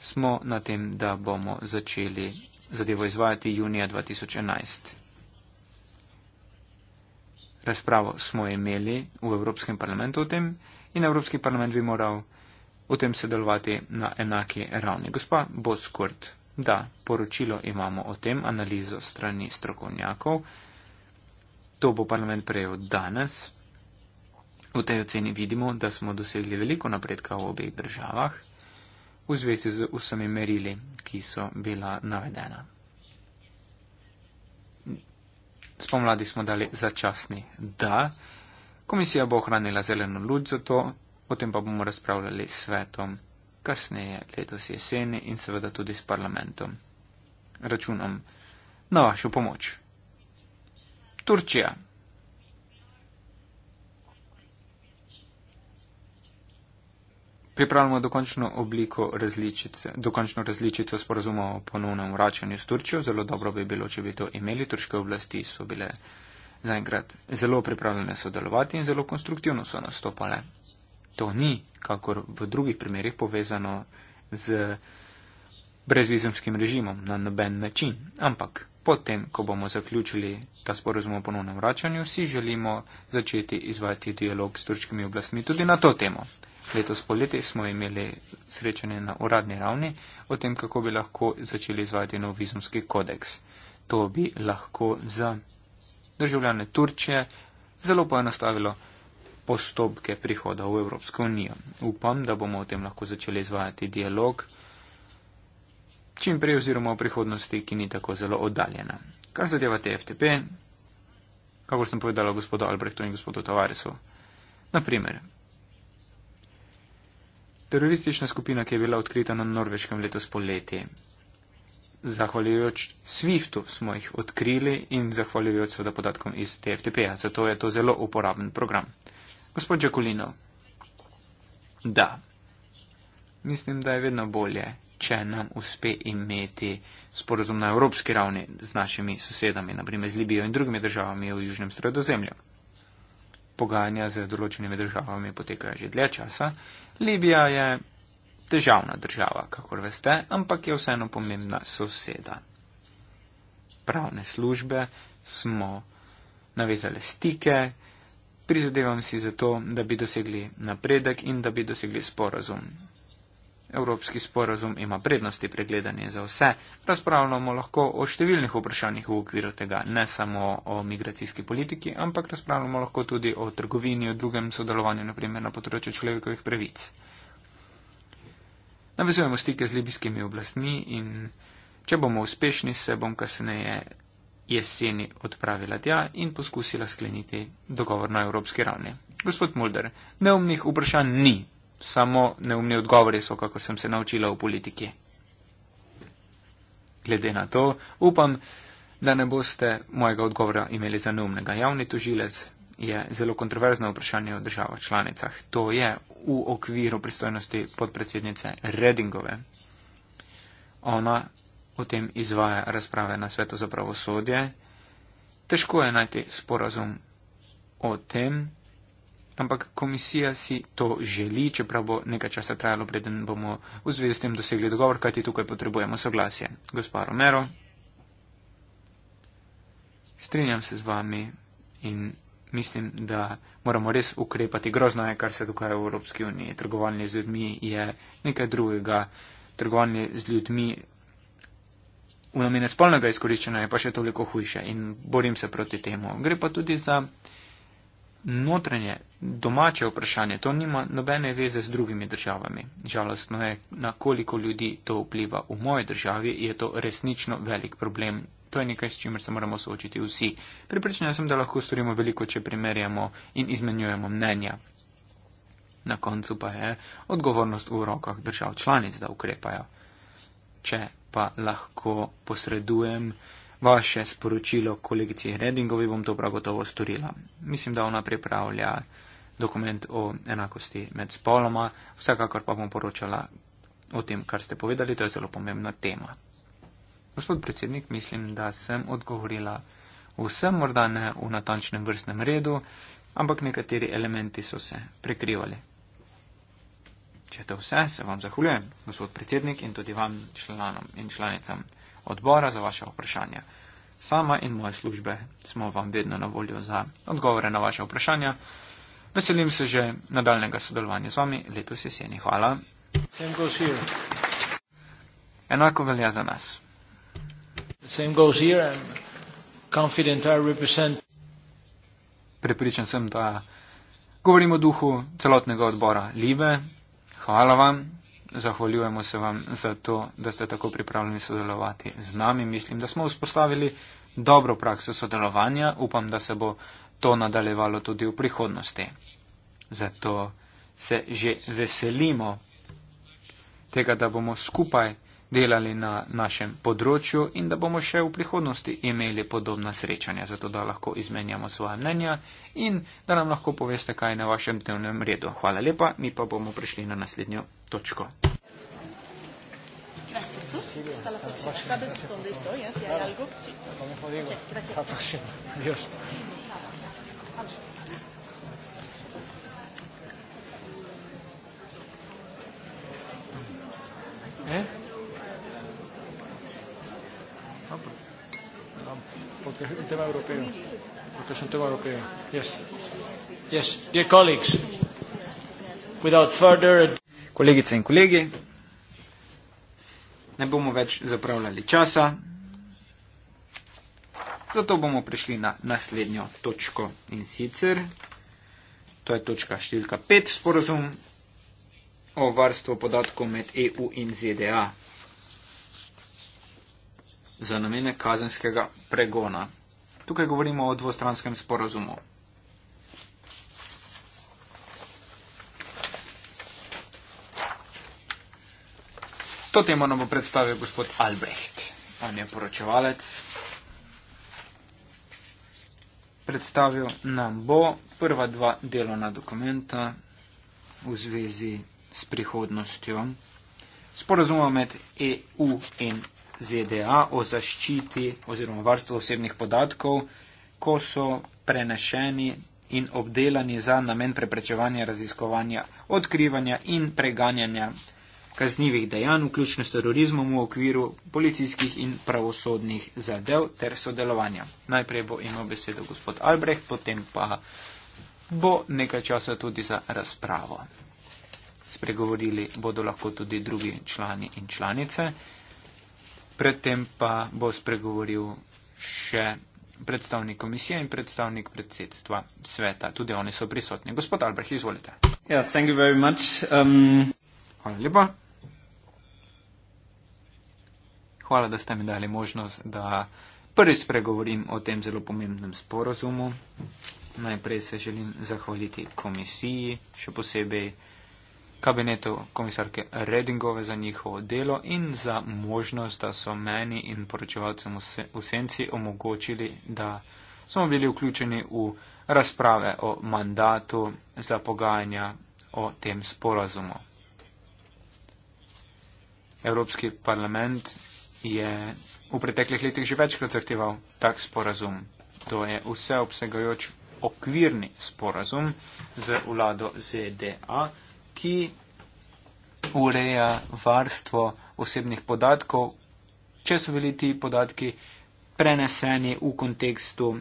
smo na tem, da bomo začeli zadevo izvajati junija 2011. Razpravo smo imeli v Evropskem parlamentu o tem in Evropski parlament bi moral v tem sodelovati na enaki ravni. Gospa Boskurt, da, poročilo imamo o tem, analizo strani strokovnjakov. To bo parlament prejel danes. V tej oceni vidimo, da smo dosegli veliko napredka v obeh državah v zvezi z vsemi merili, ki so bila navedena. Spomladi smo dali začasni da. Komisija bo ohranila zeleno luč za to, potem pa bomo razpravljali s svetom, kasneje letos jeseni in seveda tudi s parlamentom. Računam na vašo pomoč. Turčija. Pripravljamo dokončno obliko različice, dokončno različico sporazuma o ponovnem vračanju s Turčijo. Zelo dobro bi bilo, če bi to imeli. Turške oblasti so bile zaenkrat zelo pripravljene sodelovati in zelo konstruktivno so nastopale to ni, kakor v drugih primerjih, povezano z brezvizumskim režimom na noben način. Ampak potem, ko bomo zaključili ta sporozum o ponovnem vračanju, si želimo začeti izvajati dialog s turškimi oblastmi tudi na to temo. Letos poleti smo imeli srečanje na uradni ravni o tem, kako bi lahko začeli izvajati nov vizumski kodeks. To bi lahko za državljane Turčije zelo poenostavilo postopke prihoda v Evropsko unijo. Upam, da bomo o tem lahko začeli izvajati dialog čim prej oziroma v prihodnosti, ki ni tako zelo oddaljena. Kar zadeva TFTP, kako sem povedala gospodu Albrechtu in gospodu Tavaresu, naprimer, teroristična skupina, ki je bila odkrita na norveškem letos poleti, zahvaljujoč SWIFT-u smo jih odkrili in zahvaljujoč seveda podatkom iz TFTP-a, zato je to zelo uporaben program. Gospod Džakulinov. Da. Mislim, da je vedno bolje, če nam uspe imeti sporozum na evropski ravni z našimi sosedami, naprimer z Libijo in drugimi državami v Južnem sredozemlju. Pogajanja z določenimi državami potekajo že dlje časa. Libija je težavna država, kakor veste, ampak je vseeno pomembna soseda. Pravne službe smo navezali stike, Prizadevam si za to, da bi dosegli napredek in da bi dosegli sporazum. Evropski sporazum ima prednosti pregledanje za vse, razpravljamo lahko o številnih vprašanjih v okviru tega, ne samo o migracijski politiki, ampak razpravljamo lahko tudi o trgovini, o drugem sodelovanju, naprimer na področju človekovih pravic. Navezujemo stike z libijskimi oblastmi in če bomo uspešni, se bom kasneje jeseni odpravila tja in poskusila skleniti dogovor na evropski ravni. Gospod Mulder, neumnih vprašanj ni, samo neumni odgovori so, kako sem se naučila v politiki. Glede na to, upam, da ne boste mojega odgovora imeli za neumnega. Javni tožilec je zelo kontroverzno vprašanje o državah članicah. To je v okviru pristojnosti podpredsednice Redingove. Ona o tem izvaja razprave na svetu za pravosodje. Težko je najti sporazum o tem, ampak komisija si to želi, čeprav bo nekaj časa trajalo, preden bomo v zvezi s tem dosegli dogovor, kajti tukaj potrebujemo soglasje. Gospa Romero, strinjam se z vami in mislim, da moramo res ukrepati. Grozno je, kar se dogaja v Evropski uniji. Trgovanje z ljudmi je nekaj drugega. Trgovanje z ljudmi v namene spolnega izkoriščanja je pa še toliko hujše in borim se proti temu. Gre pa tudi za notranje, domače vprašanje. To nima nobene veze z drugimi državami. Žalostno je, na koliko ljudi to vpliva v moji državi, je to resnično velik problem. To je nekaj, s čimer se moramo soočiti vsi. Pripričanja sem, da lahko storimo veliko, če primerjamo in izmenjujemo mnenja. Na koncu pa je odgovornost v rokah držav članic, da ukrepajo. Če pa lahko posredujem vaše sporočilo kolegici Redingovi, bom to prav gotovo storila. Mislim, da ona pripravlja dokument o enakosti med spoloma, vsekakor pa bom poročala o tem, kar ste povedali, to je zelo pomembna tema. Gospod predsednik, mislim, da sem odgovorila vsem, morda ne v natančnem vrstnem redu, ampak nekateri elementi so se prekrivali. Če je to vse, se vam zahvaljujem, gospod predsednik, in tudi vam, članom in članicam odbora, za vaše vprašanje. Sama in moje službe smo vam vedno na voljo za odgovore na vaše vprašanja. Veselim se že nadaljnega sodelovanja z vami letos jeseni. Hvala. Enako velja za nas. Prepričan sem, da govorimo o duhu celotnega odbora Libe. Hvala vam, zahvaljujemo se vam za to, da ste tako pripravljeni sodelovati z nami. Mislim, da smo vzpostavili dobro prakso sodelovanja. Upam, da se bo to nadaljevalo tudi v prihodnosti. Zato se že veselimo tega, da bomo skupaj delali na našem področju in da bomo še v prihodnosti imeli podobna srečanja, zato da lahko izmenjamo svoje mnenja in da nam lahko poveste, kaj je na vašem dnevnem redu. Hvala lepa, mi pa bomo prišli na naslednjo točko. Eh? Este es un tema europeo. Porque es un tema europeo. Yes. Yes. Dear colleagues, without further Kolegice in kolegi, ne bomo več zapravljali časa, zato bomo prišli na naslednjo točko in sicer, to je točka številka 5, sporozum o varstvu podatkov med EU in ZDA za namene kazenskega pregona. Tukaj govorimo o dvostranskem sporazumu. To temo nam bo predstavil gospod Albrecht. On je poročevalec. Predstavil nam bo prva dva delovna dokumenta v zvezi s prihodnostjo sporazuma med EU in ZDA o zaščiti oziroma varstvu osebnih podatkov, ko so prenešeni in obdelani za namen preprečevanja raziskovanja, odkrivanja in preganjanja kaznjivih dejanj, vključno s terorizmom v okviru policijskih in pravosodnih zadev ter sodelovanja. Najprej bo imel besedo gospod Albreh, potem pa bo nekaj časa tudi za razpravo. Spregovorili bodo lahko tudi drugi člani in članice. Predtem pa bo spregovoril še predstavnik komisije in predstavnik predsedstva sveta. Tudi oni so prisotni. Gospod Albrecht, izvolite. Ja, yes, um... Hvala lepa. Hvala, da ste mi dali možnost, da prvi spregovorim o tem zelo pomembnem sporozumu. Najprej se želim zahvaliti komisiji, še posebej kabinetu komisarke Redingove za njihovo delo in za možnost, da so meni in poročevalcem v senci omogočili, da smo bili vključeni v razprave o mandatu za pogajanja o tem sporazumu. Evropski parlament je v preteklih letih že večkrat zahteval tak sporazum. To je vseobsegajoč okvirni sporazum z vlado ZDA ki ureja varstvo osebnih podatkov, če so bili ti podatki preneseni v kontekstu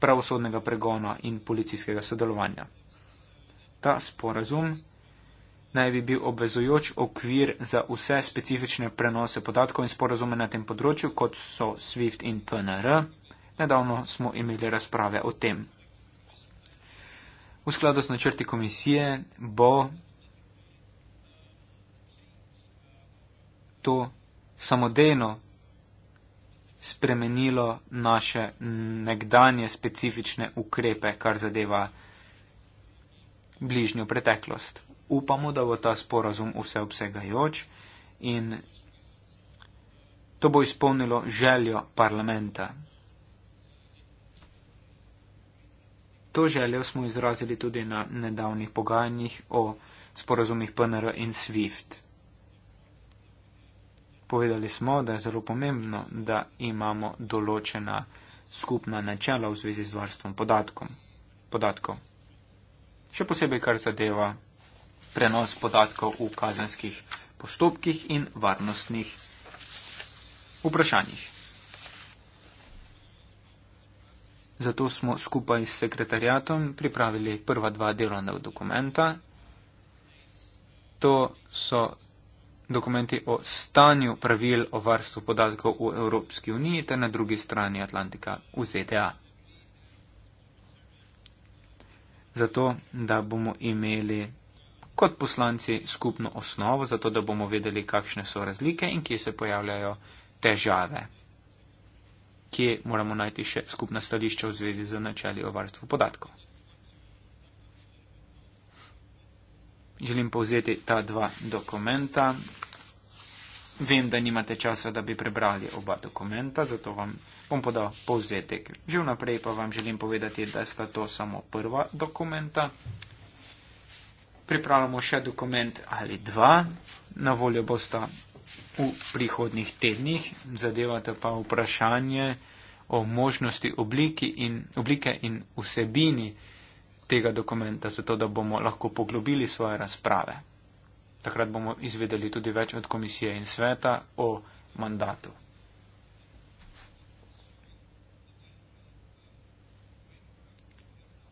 pravosodnega pregona in policijskega sodelovanja. Ta sporazum naj bi bil obvezujoč okvir za vse specifične prenose podatkov in sporazume na tem področju, kot so SWIFT in PNR. Nedavno smo imeli razprave o tem. V skladu s načrti komisije bo to samodejno spremenilo naše nekdanje specifične ukrepe, kar zadeva bližnjo preteklost. Upamo, da bo ta sporazum vseobsegajoč in to bo izpolnilo željo parlamenta. To željo smo izrazili tudi na nedavnih pogajanjih o sporazumih PNR in SWIFT. Povedali smo, da je zelo pomembno, da imamo določena skupna načela v zvezi z varstvom podatkom, podatkov. Še posebej, kar zadeva prenos podatkov v kazenskih postopkih in varnostnih vprašanjih. Zato smo skupaj s sekretarjatom pripravili prva dva delovna dokumenta. To so dokumenti o stanju pravil o varstvu podatkov v Evropski uniji ter na drugi strani Atlantika v ZDA. Zato, da bomo imeli kot poslanci skupno osnovo, zato da bomo vedeli, kakšne so razlike in kje se pojavljajo težave, kje moramo najti še skupna stališča v zvezi z načeli o varstvu podatkov. želim povzeti ta dva dokumenta. Vem, da nimate časa, da bi prebrali oba dokumenta, zato vam bom podal povzetek. Že vnaprej pa vam želim povedati, da sta to samo prva dokumenta. Pripravljamo še dokument ali dva, na voljo bosta v prihodnih tednih. Zadevate pa vprašanje o možnosti obliki in, oblike in vsebini tega dokumenta, zato da bomo lahko poglobili svoje razprave. Takrat bomo izvedeli tudi več od komisije in sveta o mandatu.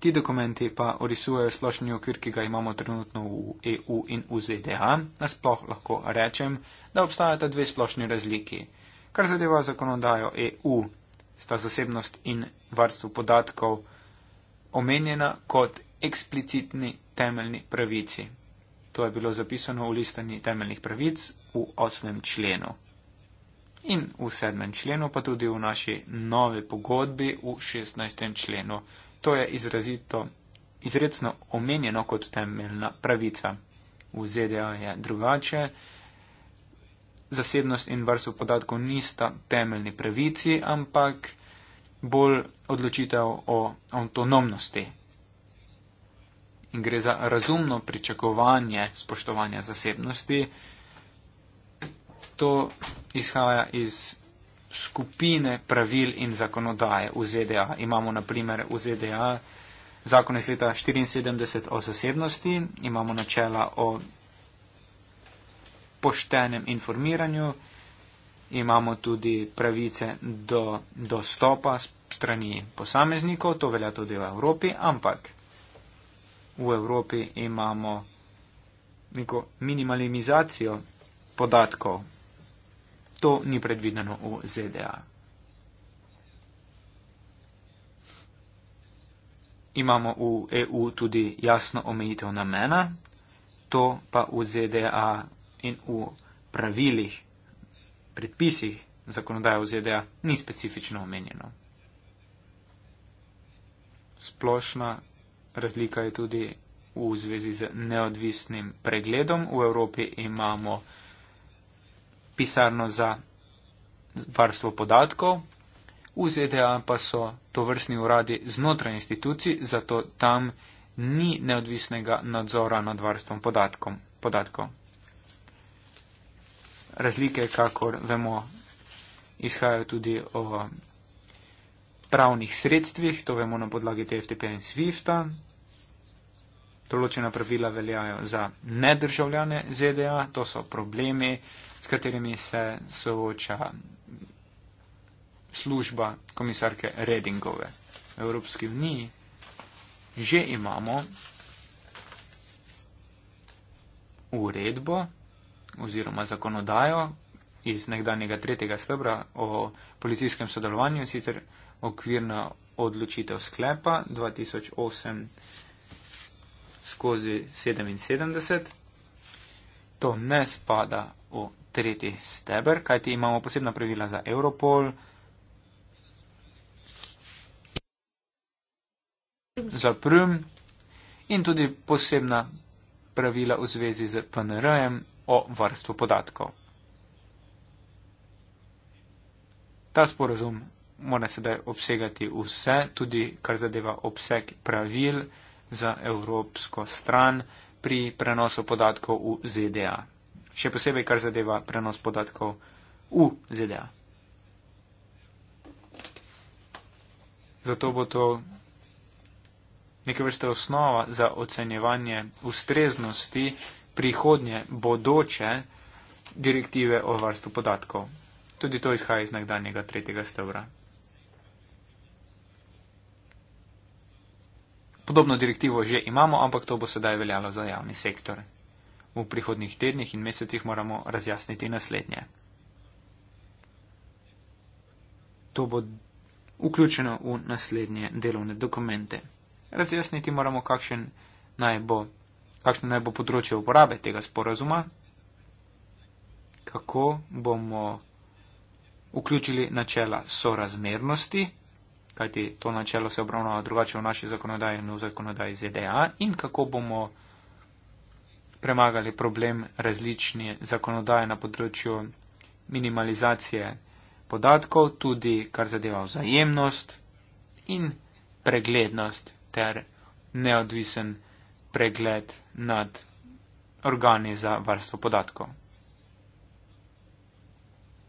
Ti dokumenti pa orisujejo splošni okvir, ki ga imamo trenutno v EU in v ZDA. Nasploh lahko rečem, da obstajata dve splošni razliki. Kar zadeva zakonodajo EU, sta zasebnost in varstvo podatkov omenjena kot eksplicitni temeljni pravici. To je bilo zapisano v listanji temeljnih pravic v 8. členu. In v 7. členu, pa tudi v naši nove pogodbi v 16. členu. To je izrazito, izredno omenjeno kot temeljna pravica. V ZDA je drugače. Zasebnost in varstvo podatkov nista temeljni pravici, ampak bolj odločitev o avtonomnosti in gre za razumno pričakovanje spoštovanja zasebnosti. To izhaja iz skupine pravil in zakonodaje v ZDA. Imamo na primer v ZDA zakon iz leta 1974 o zasebnosti, imamo načela o poštenem informiranju, imamo tudi pravice do dostopa strani posameznikov, to velja tudi v Evropi, ampak v Evropi imamo neko minimalizacijo podatkov. To ni predvideno v ZDA. Imamo v EU tudi jasno omejitev namena, to pa v ZDA in v pravilih predpisih zakonodaje v ZDA ni specifično omenjeno. Splošna razlika je tudi v zvezi z neodvisnim pregledom. V Evropi imamo pisarno za varstvo podatkov, v ZDA pa so to vrstni uradi znotraj institucij, zato tam ni neodvisnega nadzora nad varstvom podatkom, podatkov razlike, kakor vemo, izhajajo tudi o pravnih sredstvih, to vemo na podlagi TFTP in SWIFT-a. Določena pravila veljajo za nedržavljane ZDA, to so problemi, s katerimi se sooča služba komisarke Redingove. V Evropski uniji že imamo uredbo, oziroma zakonodajo iz nekdanjega tretjega stebra o policijskem sodelovanju, sicer okvirna odločitev sklepa 2008 skozi 77. To ne spada v tretji steber, kajti imamo posebna pravila za Europol, za Prüm in tudi posebna pravila v zvezi z PNR-jem o varstvu podatkov. Ta sporozum mora sedaj obsegati vse, tudi kar zadeva obseg pravil za evropsko stran pri prenosu podatkov v ZDA. Še posebej, kar zadeva prenos podatkov v ZDA. Zato bo to neke vrste osnova za ocenjevanje ustreznosti prihodnje, bodoče direktive o varstvu podatkov. Tudi to izhaja iz nekdanjega tretjega stebra. Podobno direktivo že imamo, ampak to bo sedaj veljalo za javni sektor. V prihodnih tednih in mesecih moramo razjasniti naslednje. To bo vključeno v naslednje delovne dokumente. Razjasniti moramo, kakšen naj bo kakšno naj bo področje uporabe tega sporazuma, kako bomo vključili načela sorazmernosti, kajti to načelo se obravnava drugače v naši zakonodaji in v zakonodaji ZDA, in kako bomo premagali problem različne zakonodaje na področju minimalizacije podatkov, tudi kar zadeva vzajemnost in preglednost ter neodvisen pregled nad organi za varstvo podatkov.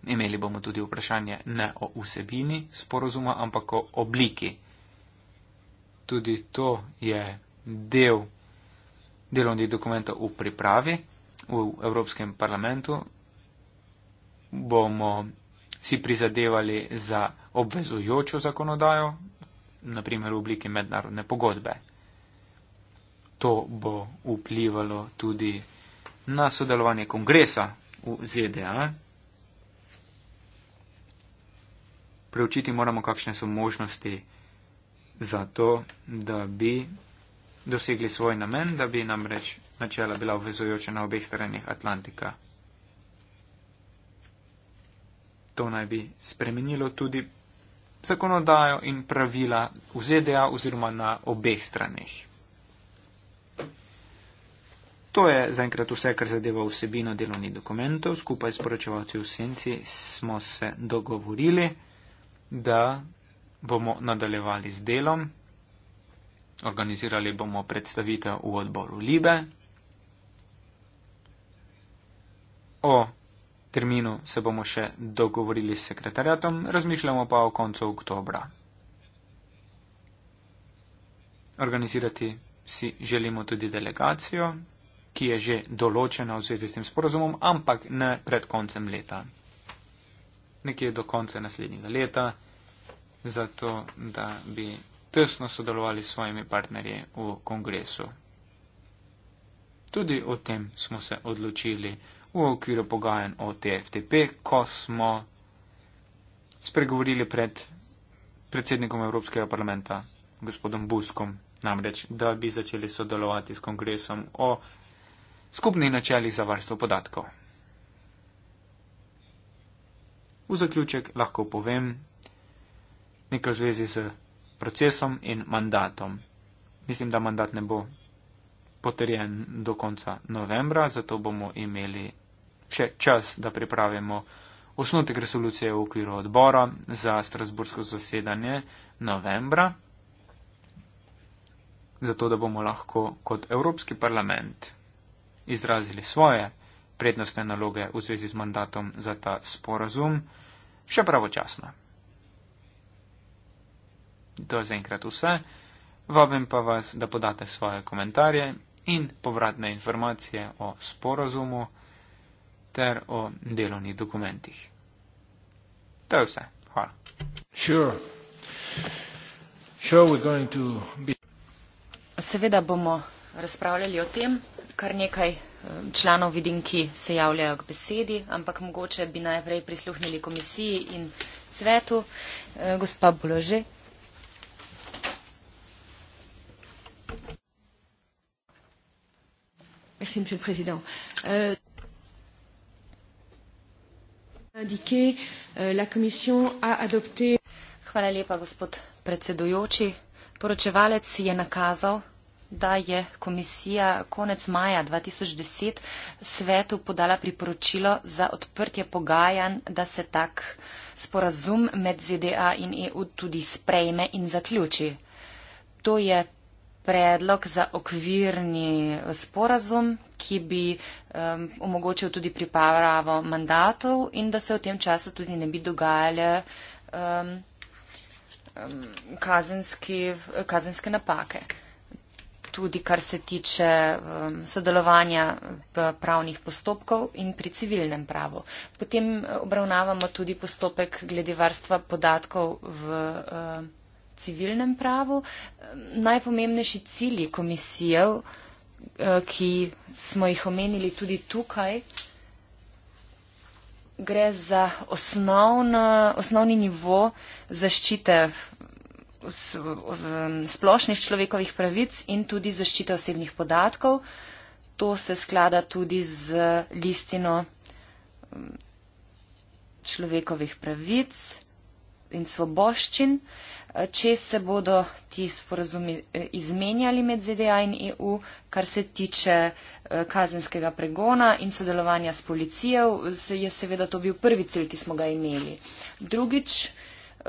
Imeli bomo tudi vprašanje ne o vsebini sporozuma, ampak o obliki. Tudi to je del delovnih dokumentov v pripravi v Evropskem parlamentu. Bomo si prizadevali za obvezujočo zakonodajo, naprimer v obliki mednarodne pogodbe to bo vplivalo tudi na sodelovanje kongresa v ZDA. Preučiti moramo, kakšne so možnosti za to, da bi dosegli svoj namen, da bi namreč načela bila obvezujoča na obeh stranih Atlantika. To naj bi spremenilo tudi zakonodajo in pravila v ZDA oziroma na obeh stranih. To je zaenkrat vse, kar zadeva vsebino delovnih dokumentov. Skupaj s poročevalci v senci smo se dogovorili, da bomo nadaljevali z delom. Organizirali bomo predstavitev v odboru Libe. O terminu se bomo še dogovorili s sekretarjatom, razmišljamo pa o koncu oktobra. Organizirati si želimo tudi delegacijo, ki je že določena v zvezi s tem sporozumom, ampak ne pred koncem leta. Nekje do konca naslednjega leta, zato da bi tesno sodelovali s svojimi partnerji v kongresu. Tudi o tem smo se odločili v okviru pogajanj o TFTP, ko smo spregovorili pred predsednikom Evropskega parlamenta, gospodom Buskom, namreč, da bi začeli sodelovati s kongresom o skupni načeli za varstvo podatkov. V zaključek lahko povem nekaj v zvezi z procesom in mandatom. Mislim, da mandat ne bo potrjen do konca novembra, zato bomo imeli še čas, da pripravimo osnutek resolucije v okviru odbora za strasbursko zasedanje novembra, zato da bomo lahko kot Evropski parlament izrazili svoje prednostne naloge v zvezi z mandatom za ta sporazum, še pravočasno. To je zaenkrat vse. Vabim pa vas, da podate svoje komentarje in povratne informacije o sporazumu ter o delovnih dokumentih. To je vse. Hvala. Sure. Sure Seveda bomo razpravljali o tem kar nekaj eh, članov vidim, ki se javljajo k besedi, ampak mogoče bi najprej prisluhnili komisiji in svetu. Eh, gospa Bolože. Merci, monsieur le Président. Euh, indiqué, euh, la Commission a adopté... Hvala lepa, gospod predsedujoči. Poročevalec je nakazal, da je komisija konec maja 2010 svetu podala priporočilo za odprtje pogajanj, da se tak sporazum med ZDA in EU tudi sprejme in zaključi. To je predlog za okvirni eh, sporazum, ki bi um, omogočil tudi pripravo mandatov in da se v tem času tudi ne bi dogajale um, um, kazenske napake tudi kar se tiče um, sodelovanja v pravnih postopkov in pri civilnem pravu. Potem eh, obravnavamo tudi postopek glede varstva podatkov v um, civilnem pravu. Najpomembnejši cilji komisije, eh, ki smo jih omenili tudi tukaj, gre za osnovno, osnovni nivo zaščite splošnih človekovih pravic in tudi zaščita osebnih podatkov. To se sklada tudi z listino človekovih pravic in svoboščin, eh, če se bodo ti sporazumi e, izmenjali med ZDA in EU, kar se tiče eh, kazenskega pregona in sodelovanja s policijo, je seveda to bil prvi cilj, ki smo ga imeli. Drugič,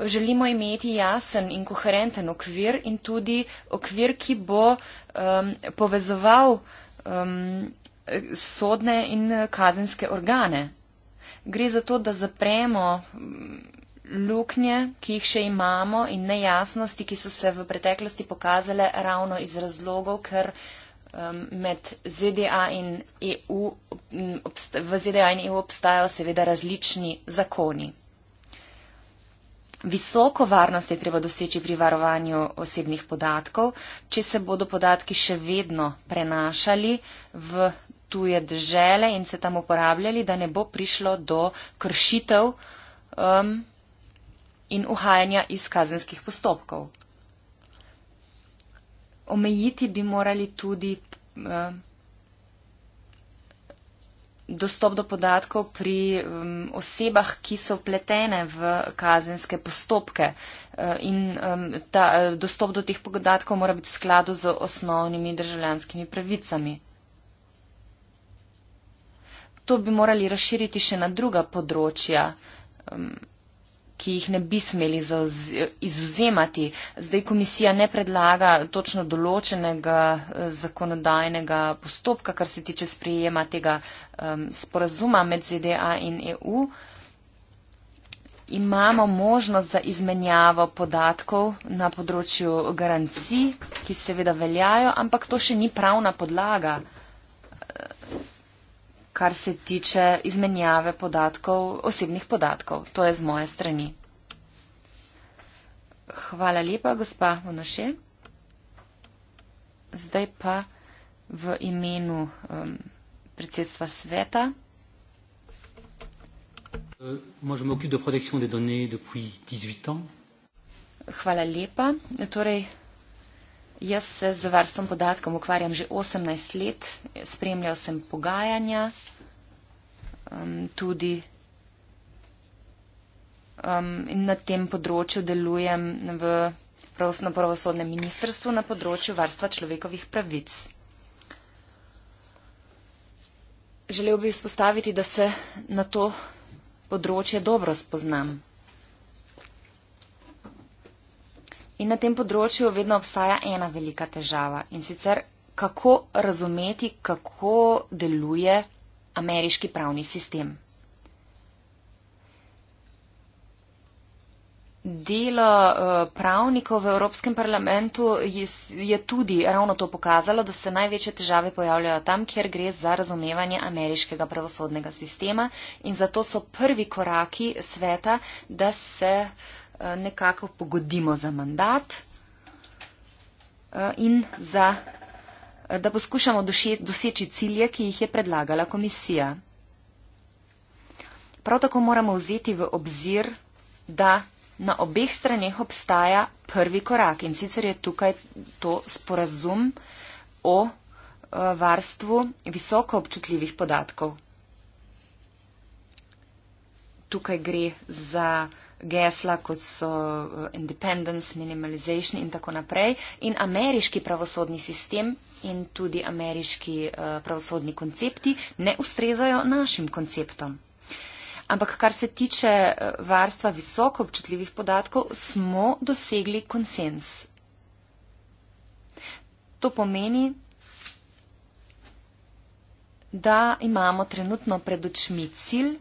želimo imeti jasen in koherenten okvir in tudi okvir, ki bo um, povezoval um, sodne in kazenske organe. Gre za to, da zapremo mm, luknje, ki jih še imamo in nejasnosti, ki so se v preteklosti pokazale ravno iz razlogov, ker um, med ZDA in EU, v ZDA in EU obstajajo seveda različni zakoni. Visoko varnost je treba doseči pri varovanju osebnih podatkov, če se bodo podatki še vedno prenašali v tuje države in se tam uporabljali, da ne bo prišlo do kršitev um, in uhajanja iz kazenskih postopkov. Omejiti bi morali tudi. Um, dostop do podatkov pri um, osebah, ki so vpletene v kazenske postopke. Uh, in um, ta, uh, dostop do teh podatkov mora biti v skladu z osnovnimi državljanskimi pravicami. To bi morali razširiti še na druga področja. Um, ki jih ne bi smeli izuzemati. Zdaj komisija ne predlaga točno določenega eh, zakonodajnega postopka, kar se tiče sprejema tega um, sporazuma med ZDA in EU. Imamo možnost za izmenjavo podatkov na področju garancij, ki seveda veljajo, ampak to še ni pravna podlaga kar se tiče izmenjave podatkov, osebnih podatkov. To je z moje strani. Hvala lepa, gospa Vnaše. Zdaj pa v imenu um, predsedstva sveta. Euh, Hvala lepa. Torej, Jaz se z varstvom podatkov ukvarjam že 18 let, spremljal sem pogajanja, um, tudi um, na tem področju delujem v, na pravosodnem ministrstvu na področju varstva človekovih pravic. Želel bi izpostaviti, da se na to področje dobro spoznam. In na tem področju vedno obstaja ena velika težava in sicer kako razumeti, kako deluje ameriški pravni sistem. Delo eh, pravnikov v Evropskem parlamentu je tudi ravno to pokazalo, da se največje težave pojavljajo tam, kjer gre za razumevanje ameriškega pravosodnega sistema in zato so prvi koraki sveta, da se. Uh, nekako pogodimo za mandat eh, in za, eh, da poskušamo doseči cilje, ki jih je predlagala komisija. Prav tako moramo vzeti v obzir, da na obeh straneh obstaja prvi korak in sicer je tukaj to sporazum o eh, varstvu visoko občutljivih podatkov. Tukaj gre za uh, gesla, kot so eh, independence, minimalization in tako naprej. In ameriški pravosodni sistem in tudi ameriški uh, pravosodni koncepti ne ustrezajo našim konceptom. Ampak kar se tiče eh, varstva visoko občutljivih podatkov, smo dosegli konsens. To pomeni, da imamo trenutno pred očmi cilj,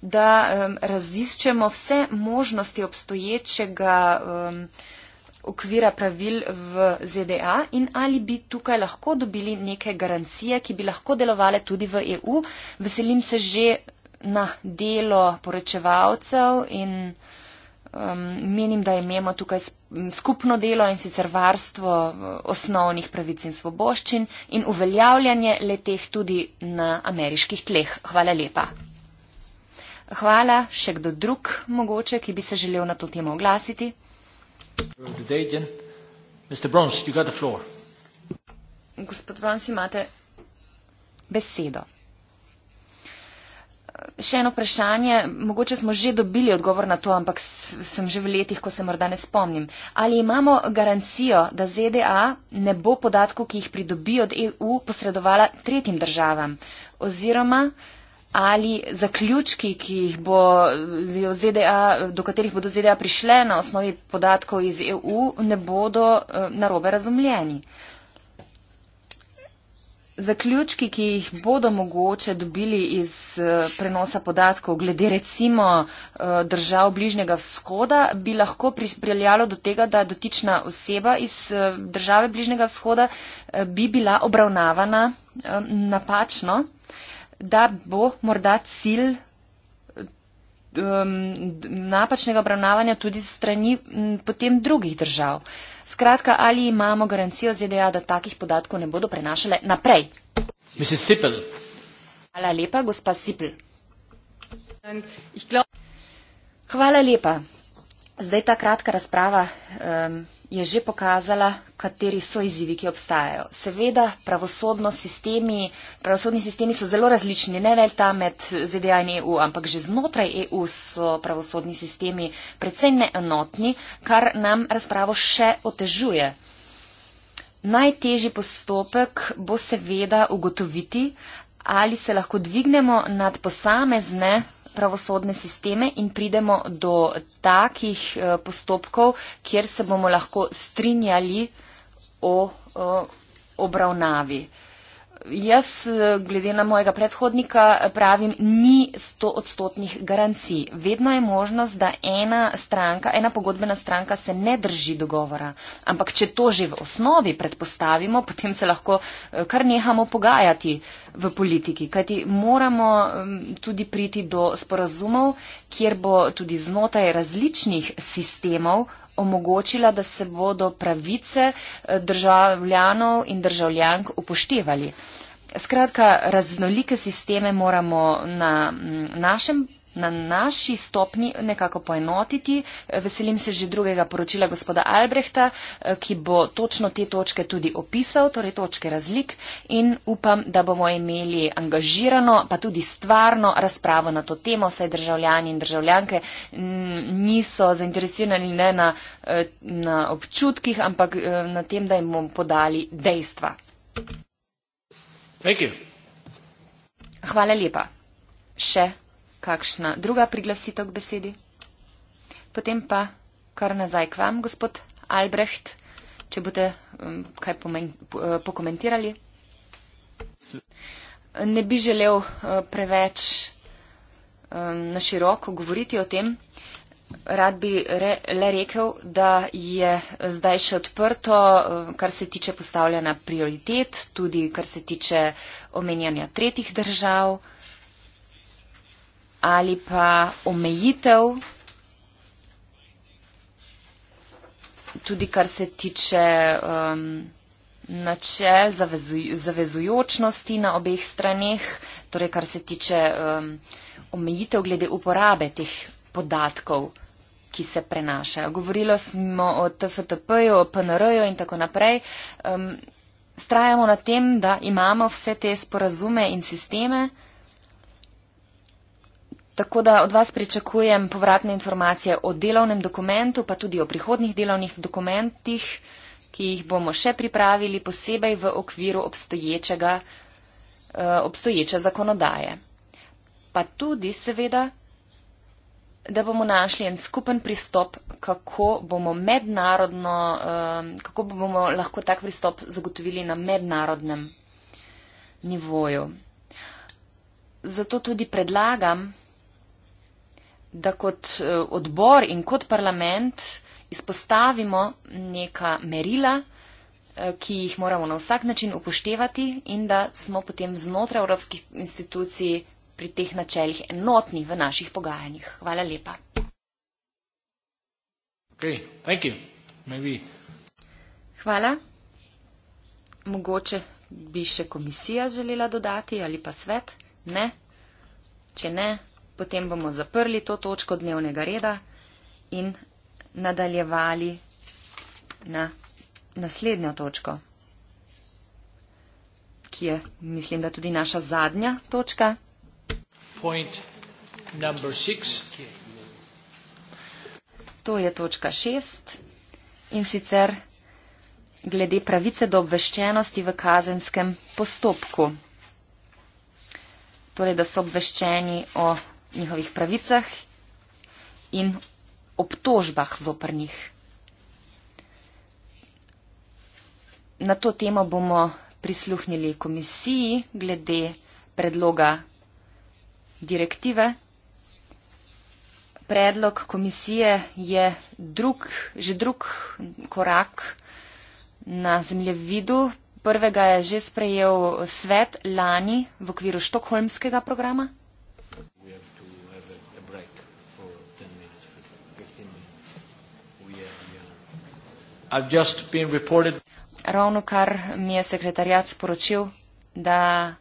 da um, raziščemo vse možnosti obstoječega um, okvira pravil v ZDA in ali bi tukaj lahko dobili neke garancije, ki bi lahko delovale tudi v EU. Veselim se že na delo poročevalcev in um, menim, da imemo tukaj skupno delo in sicer varstvo osnovnih pravic in svoboščin in uveljavljanje le teh tudi na ameriških tleh. Hvala lepa. Hvala. Še kdo drug mogoče, ki bi se želel na to temo oglasiti? Brons, Gospod Brons, imate besedo. Še eno vprašanje, mogoče smo že dobili odgovor na to, ampak sem že v letih, ko se morda ne spomnim. Ali imamo garancijo, da ZDA ne bo podatkov, ki jih pridobi od EU, posredovala tretjim državam? Oziroma, uh, ali zaključki, ZDA, do katerih bodo ZDA prišle na osnovi podatkov iz EU, ne bodo eh, narobe razumljeni. Zaključki, ki jih bodo mogoče dobili iz eh, prenosa podatkov glede recimo eh, držav Bližnjega vzhoda, bi lahko prispeljalo do tega, da dotična oseba iz države Bližnjega vzhoda bi bila obravnavana napačno da bo morda cilj um, napačnega obravnavanja tudi strani um, potem drugih držav. Skratka, ali imamo garancijo ZDA, da takih podatkov ne bodo prenašale naprej? Hvala lepa, gospa Sipl. Hvala lepa. Zdaj ta kratka razprava. Um, je že pokazala, kateri so izzivi, ki obstajajo. Seveda, sistemi, pravosodni sistemi so zelo različni, ne le ta med ZDA in EU, ampak že znotraj EU so pravosodni sistemi predvsej neenotni, kar nam razpravo še otežuje. Najtežji postopek bo seveda ugotoviti, ali se lahko dvignemo nad posamezne pravosodne sisteme in pridemo do takih eh, postopkov, kjer se bomo lahko strinjali o, o eh, obravnavi jaz, eh, glede na mojega predhodnika, pravim, ni sto odstotnih garancij. Vedno je možnost, da ena stranka, ena pogodbena stranka se ne drži dogovora. Ampak, če to že v osnovi predpostavimo, potem se lahko eh, kar nehamo pogajati v politiki. Kajti moramo mm, tudi priti do sporazumov, kjer bo tudi znotraj različnih sistemov omogočila, da se bodo pravice eh, državljanov in državljank upoštevali. Skratka, raznolike sisteme moramo na našem na naši stopni nekako poenotiti. Veselim se že drugega poročila gospoda Albrehta, eh, ki bo točno te točke tudi opisal, torej točke razlik in upam, da bomo imeli angažirano, pa tudi stvarno razpravo na to temo, saj državljani in državljanke mm, niso zainteresirani ne na, eh, na občutkih, ampak eh, na tem, da jim bomo podali dejstva. Hvala lepa. Še kakšna druga priglasitev k besedi? Potem pa kar nazaj k vam, gospod Albrecht, če boste um, kaj pomen, po, uh, pokomentirali. Ne bi želel uh, preveč um, na široko govoriti o tem. Rad bi re, le rekel, da je zdaj še odprto, eh, kar se tiče postavljanja prioritet, tudi kar se tiče omenjanja tretjih držav ali pa omejitev, tudi kar se tiče um, načel zavezuj zavezujočnosti na obeh straneh, torej kar se tiče um, omejitev glede uporabe teh podatkov, ki se prenašajo. Govorilo smo o TFTP-ju, o PNR-ju in tako naprej. Um, Strajamo na tem, da imamo vse te sporazume in sisteme, tako da od vas pričakujem povratne informacije o delovnem dokumentu, pa tudi o prihodnih delovnih dokumentih, ki jih bomo še pripravili posebej v okviru obstoječega, eh, obstoječe zakonodaje. Pa tudi seveda, da bomo našli en skupen pristop, kako bomo mednarodno, eh, kako bomo lahko tak pristop zagotovili na mednarodnem nivoju. Zato tudi predlagam, da kot eh, odbor in kot parlament izpostavimo neka merila, eh, ki jih moramo na vsak način upoštevati in da smo potem znotraj evropskih institucij pri teh načeljih enotni v naših pogajanjih. Hvala lepa. Okay, Hvala. Mogoče bi še komisija želela dodati ali pa svet? Ne. Če ne, potem bomo zaprli to točko dnevnega reda in nadaljevali na naslednjo točko, ki je, mislim, da tudi naša zadnja točka. Point number six. To je točka šest in sicer glede pravice do obveščenosti v kazenskem postopku. Torej, da so obveščeni o njihovih pravicah in obtožbah zopr njih. Na to temo bomo prisluhnili komisiji glede predloga direktive. Predlog komisije je drug, že drug korak na zemljevidu. Prvega je že sprejel svet lani v okviru štokholmskega programa. Ravno kar mi je sekretarjat sporočil, da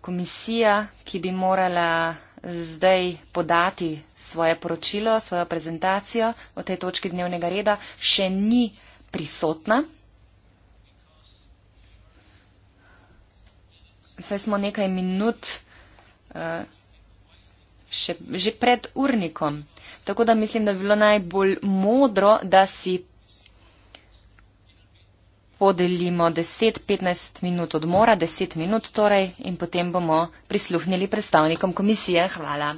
komisija, ki bi morala zdaj podati svoje poročilo, svojo prezentacijo o tej točki dnevnega reda, še ni prisotna. Saj smo nekaj minut eh, še, že pred urnikom. Tako da mislim, da bi bilo najbolj modro, da si podelimo 10-15 minut odmora, 10 minut torej, in potem bomo prisluhnili predstavnikom komisije. Hvala.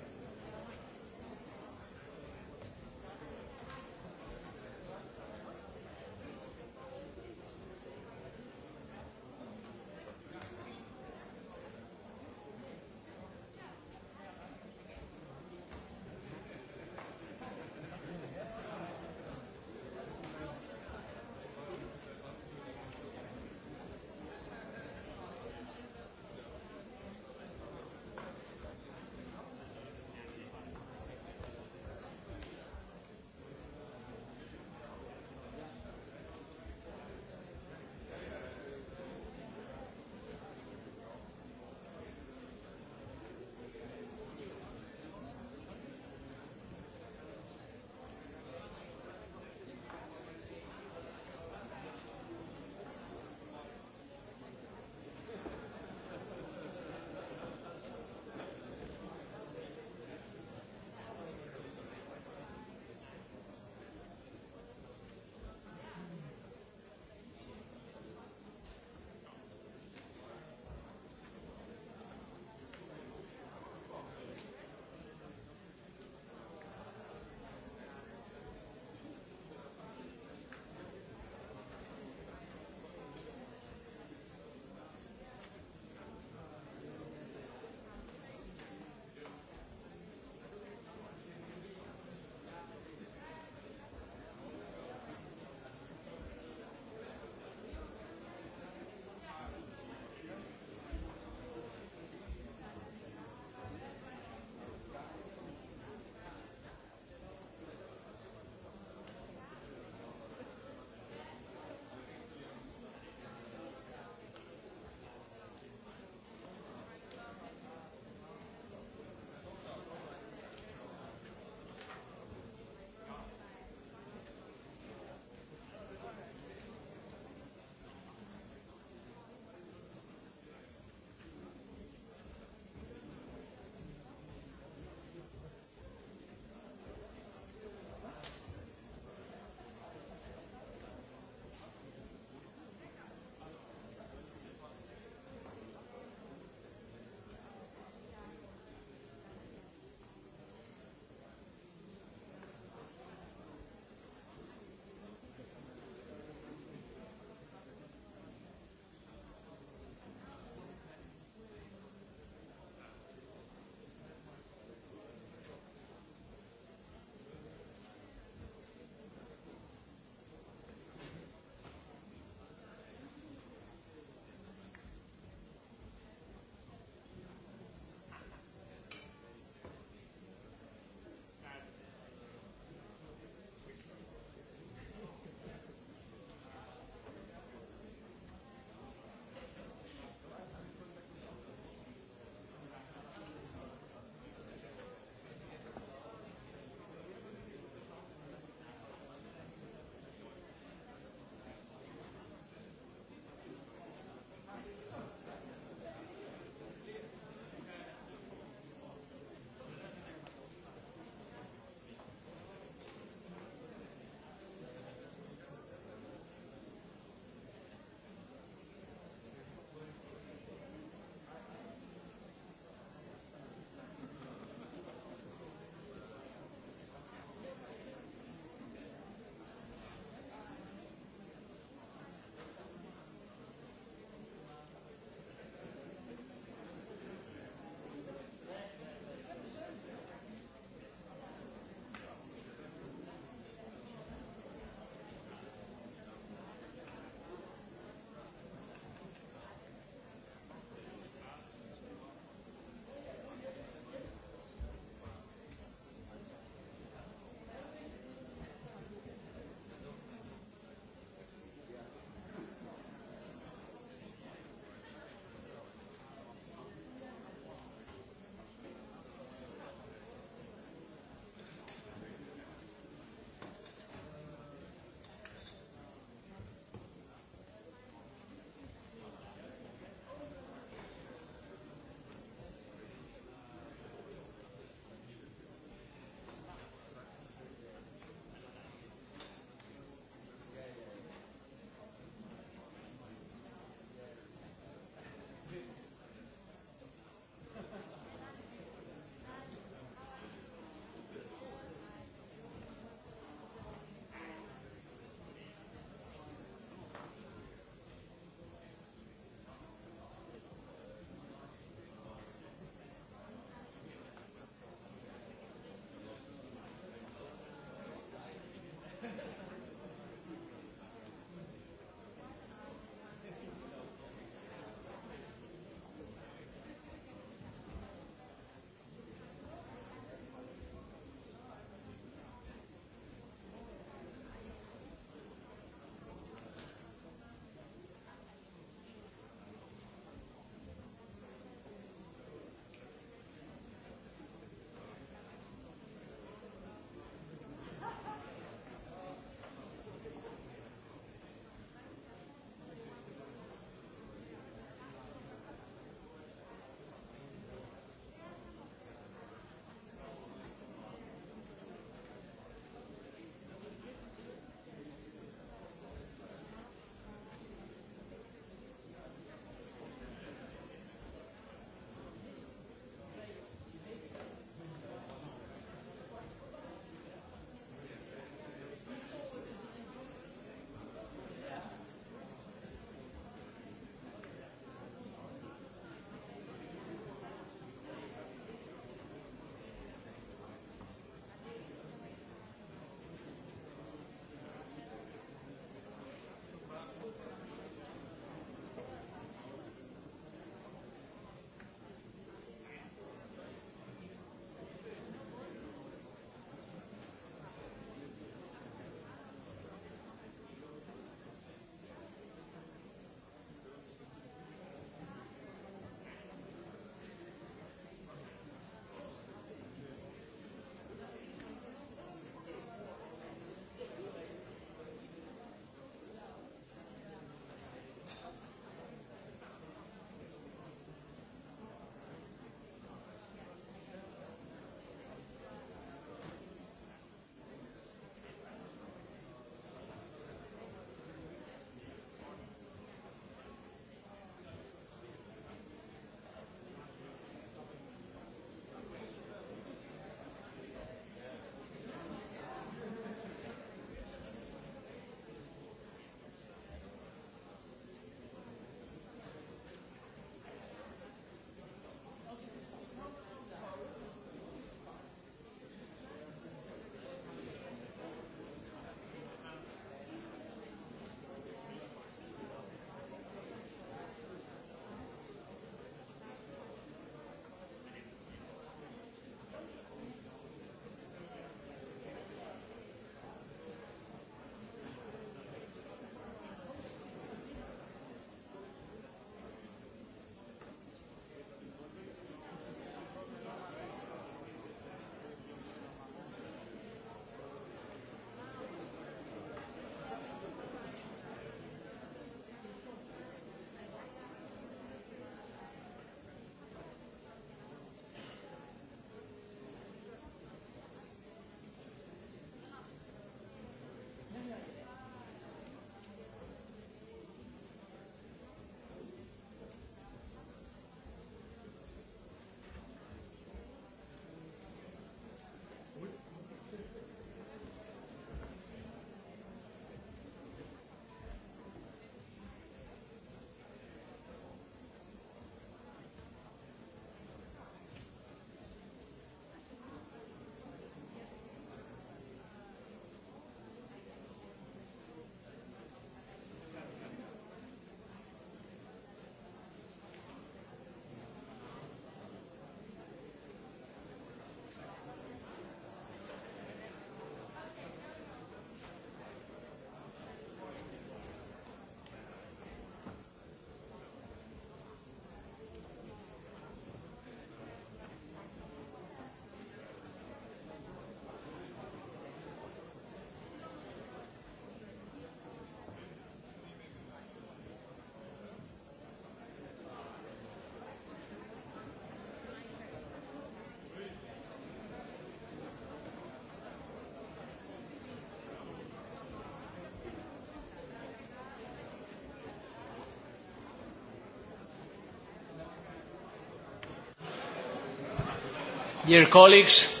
Dear colleagues,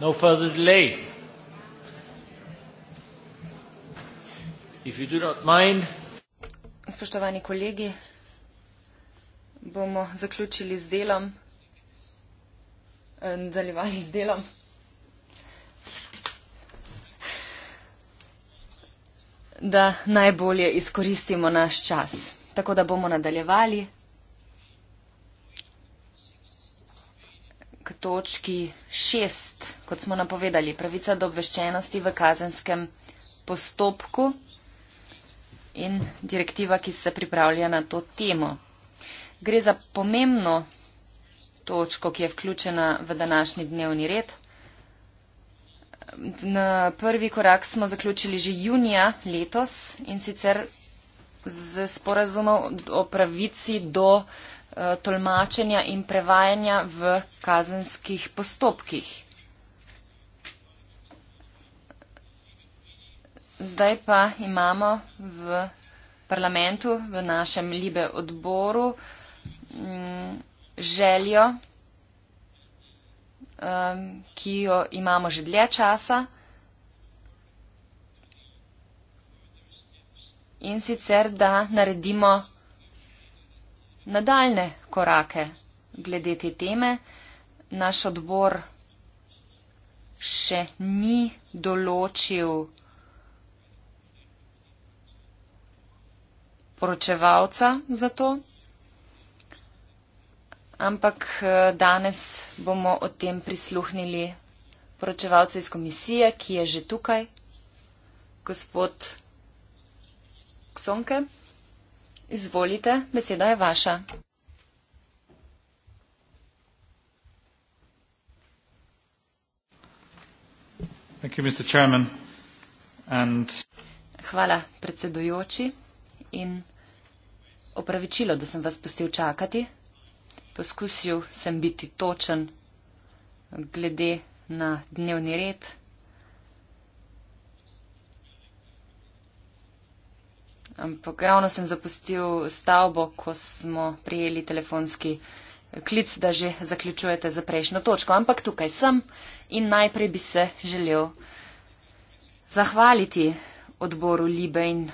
no further delay. If you do not mind. Spoštovani kolegi, bomo zaključili z delom, eh, nadaljevali z delom. da najbolje izkoristimo naš čas. Tako da bomo nadaljevali. točki šest, kot smo napovedali, pravica do obveščenosti v kazenskem postopku in direktiva, ki se pripravlja na to temo. Gre za pomembno točko, ki je vključena v današnji dnevni red. Na prvi korak smo zaključili že junija letos in sicer z sporazumom o pravici do Eh, tolmačenja in prevajanja v kazenskih postopkih. Zdaj pa imamo v parlamentu, v našem libe odboru, mm, željo, ki jo imamo že dlje časa. In sicer, da naredimo nadaljne korake glede te teme. Naš odbor še ni določil poročevalca za to, ampak eh, danes bomo o tem prisluhnili poročevalcu iz komisije, ki je že tukaj, gospod Ksonke. Izvolite, beseda je vaša. Thank you, Mr. Chairman. And... Hvala, predsedujoči, in opravičilo, da sem vas pustil čakati. Poskusil sem biti točen glede na dnevni red. Ampak ravno sem zapustil stavbo, ko smo prijeli telefonski klic, da že zaključujete za prejšnjo točko. Ampak tukaj sem in najprej bi se želel zahvaliti odboru Libe in eh,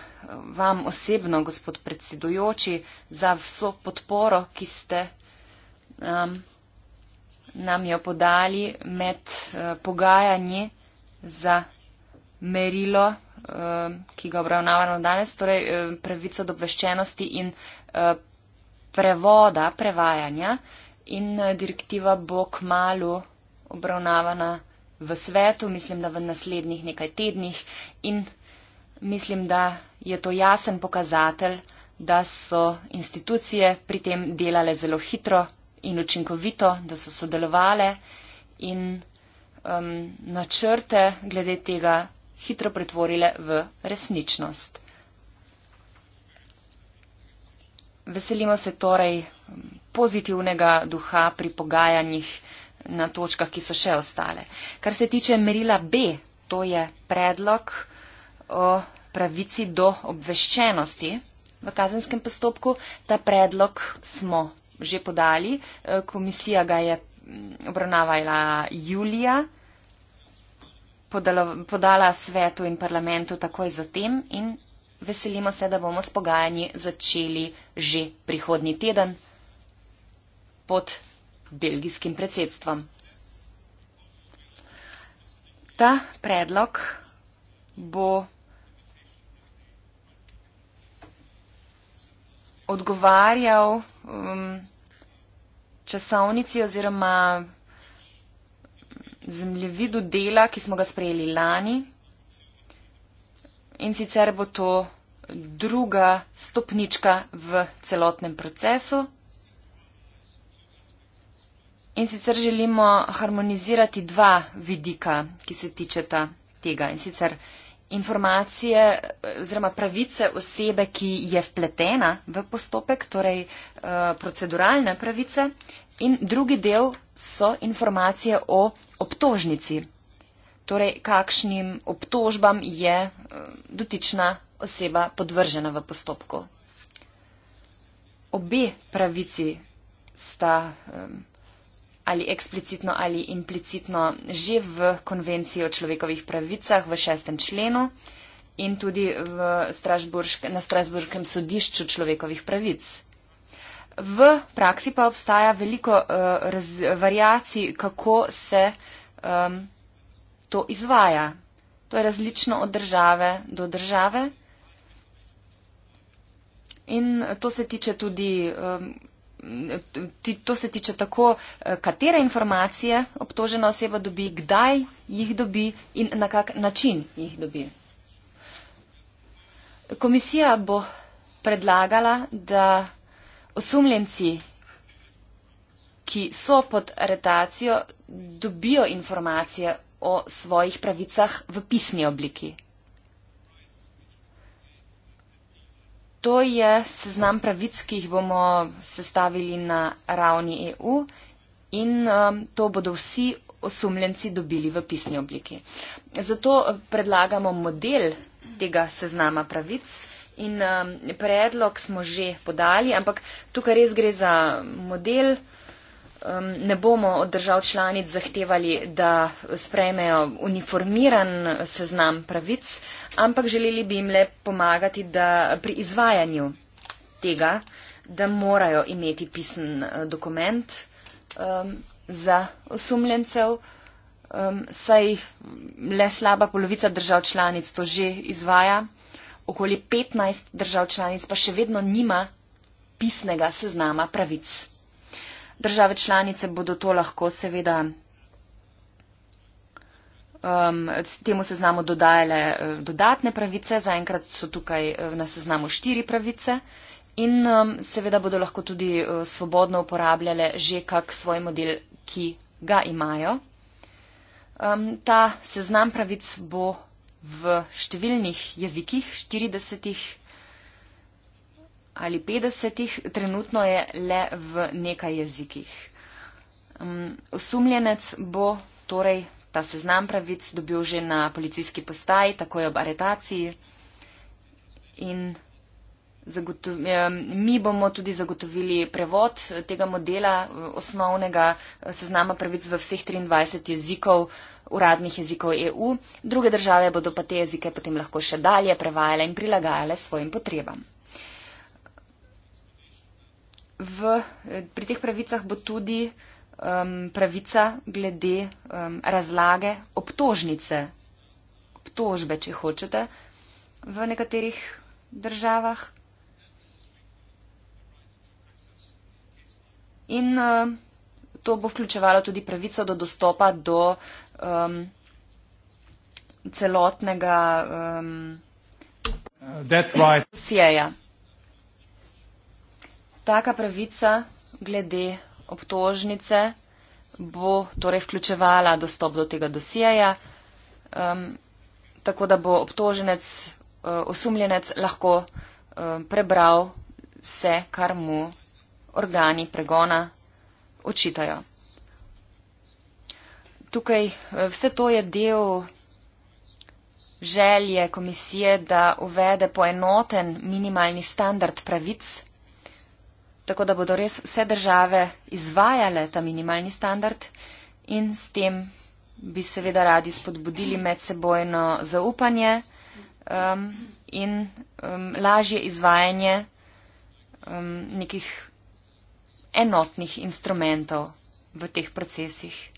vam osebno, gospod predsedujoči, za vso podporo, ki ste um, nam jo podali med uh, pogajanji za merilo Eh, ki ga obravnavamo danes, torej eh, pravica do obveščenosti in eh, prevoda, prevajanja in direktiva bo k malu obravnavana v svetu, mislim, da v naslednjih nekaj tednih in mislim, da je to jasen pokazatelj, da so institucije pri tem delale zelo hitro in učinkovito, da so sodelovale in um, načrte glede tega hitro pretvorile v resničnost. Veselimo se torej um, pozitivnega duha pri pogajanjih na točkah, ki so še ostale. Kar se tiče merila B, to je predlog o pravici do obveščenosti v kazenskem postopku. Ta predlog smo že podali, eh, komisija ga je mm, obravnavala julija podala svetu in parlamentu takoj zatem in veselimo se, da bomo s pogajanji začeli že prihodnji teden pod belgijskim predsedstvom. Ta predlog bo odgovarjal um, časovnici oziroma zemljevidu dela, ki smo ga sprejeli lani. In sicer bo to druga stopnička v celotnem procesu. In sicer želimo harmonizirati dva vidika, ki se tičeta tega. In sicer informacije oziroma pravice osebe, ki je vpletena v postopek, torej eh, proceduralne pravice. In drugi del so informacije o obtožnici, torej kakšnim obtožbam je eh, dotična oseba podvržena v postopku. Obe pravici sta eh, ali eksplicitno ali implicitno že v konvenciji o človekovih pravicah v šestem členu in tudi v Strasburg, na Strasburškem sodišču človekovih pravic. V praksi pa obstaja veliko uh, raz, variacij, kako se um, to izvaja. To je različno od države do države. In to se tiče tudi. Um, To se tiče tako, eh, katere informacije obtožena oseba dobi, kdaj jih dobi in na kak način jih dobi. Komisija bo predlagala, da osumljenci, ki so pod aretacijo, dobijo informacije o svojih pravicah v pisni obliki. To je seznam pravic, ki jih bomo sestavili na ravni EU in um, to bodo vsi osumljenci dobili v pisni obliki. Zato predlagamo model tega seznama pravic in um, predlog smo že podali, ampak tukaj res gre za model. Um, ne bomo od držav članic zahtevali, da sprejmejo uniformiran seznam pravic, ampak želeli bi jim le pomagati da, pri izvajanju tega, da morajo imeti pisen uh, dokument um, za osumljencev. Um, saj le slaba polovica držav članic to že izvaja okoli 15 držav članic pa še vedno nima pisnega seznama pravic. Države članice bodo to lahko seveda um, temu seznamu dodajale eh, dodatne pravice, zaenkrat so tukaj eh, na seznamu štiri pravice in um, seveda bodo lahko tudi uh, svobodno uporabljale že kak svoj model, ki ga imajo. Um, ta seznam pravic bo v številnih jezikih, 40 ali 50, trenutno je le v nekaj jezikih. Um, osumljenec bo torej ta seznam pravic dobil že na policijski postaji, takoj ob aretaciji. In um, mi bomo tudi zagotovili prevod tega modela uh, osnovnega uh, seznama pravic v vseh 23 jezikov uradnih jezikov EU, druge države bodo pa te jezike potem lahko še dalje prevajale in prilagajale svojim potrebam. V, pri teh pravicah bo tudi um, pravica glede um, razlage obtožnice, obtožbe, če hočete, v nekaterih državah. In um, to bo vključevalo tudi pravico do dostopa do um, celotnega dosjeja. Um, Taka pravica glede obtožnice bo torej vključevala dostop do tega dosjeja, um, tako da bo obtoženec, uh, osumljenec lahko uh, prebral vse, kar mu organi pregona očitajo. Tukaj eh, vse to je del želje komisije, da uvede poenoten minimalni standard pravic, tako da bodo res vse države izvajale ta minimalni standard in s tem bi seveda radi spodbudili medsebojno zaupanje um, in um, lažje izvajanje um, nekih enotnih instrumentov v teh procesih.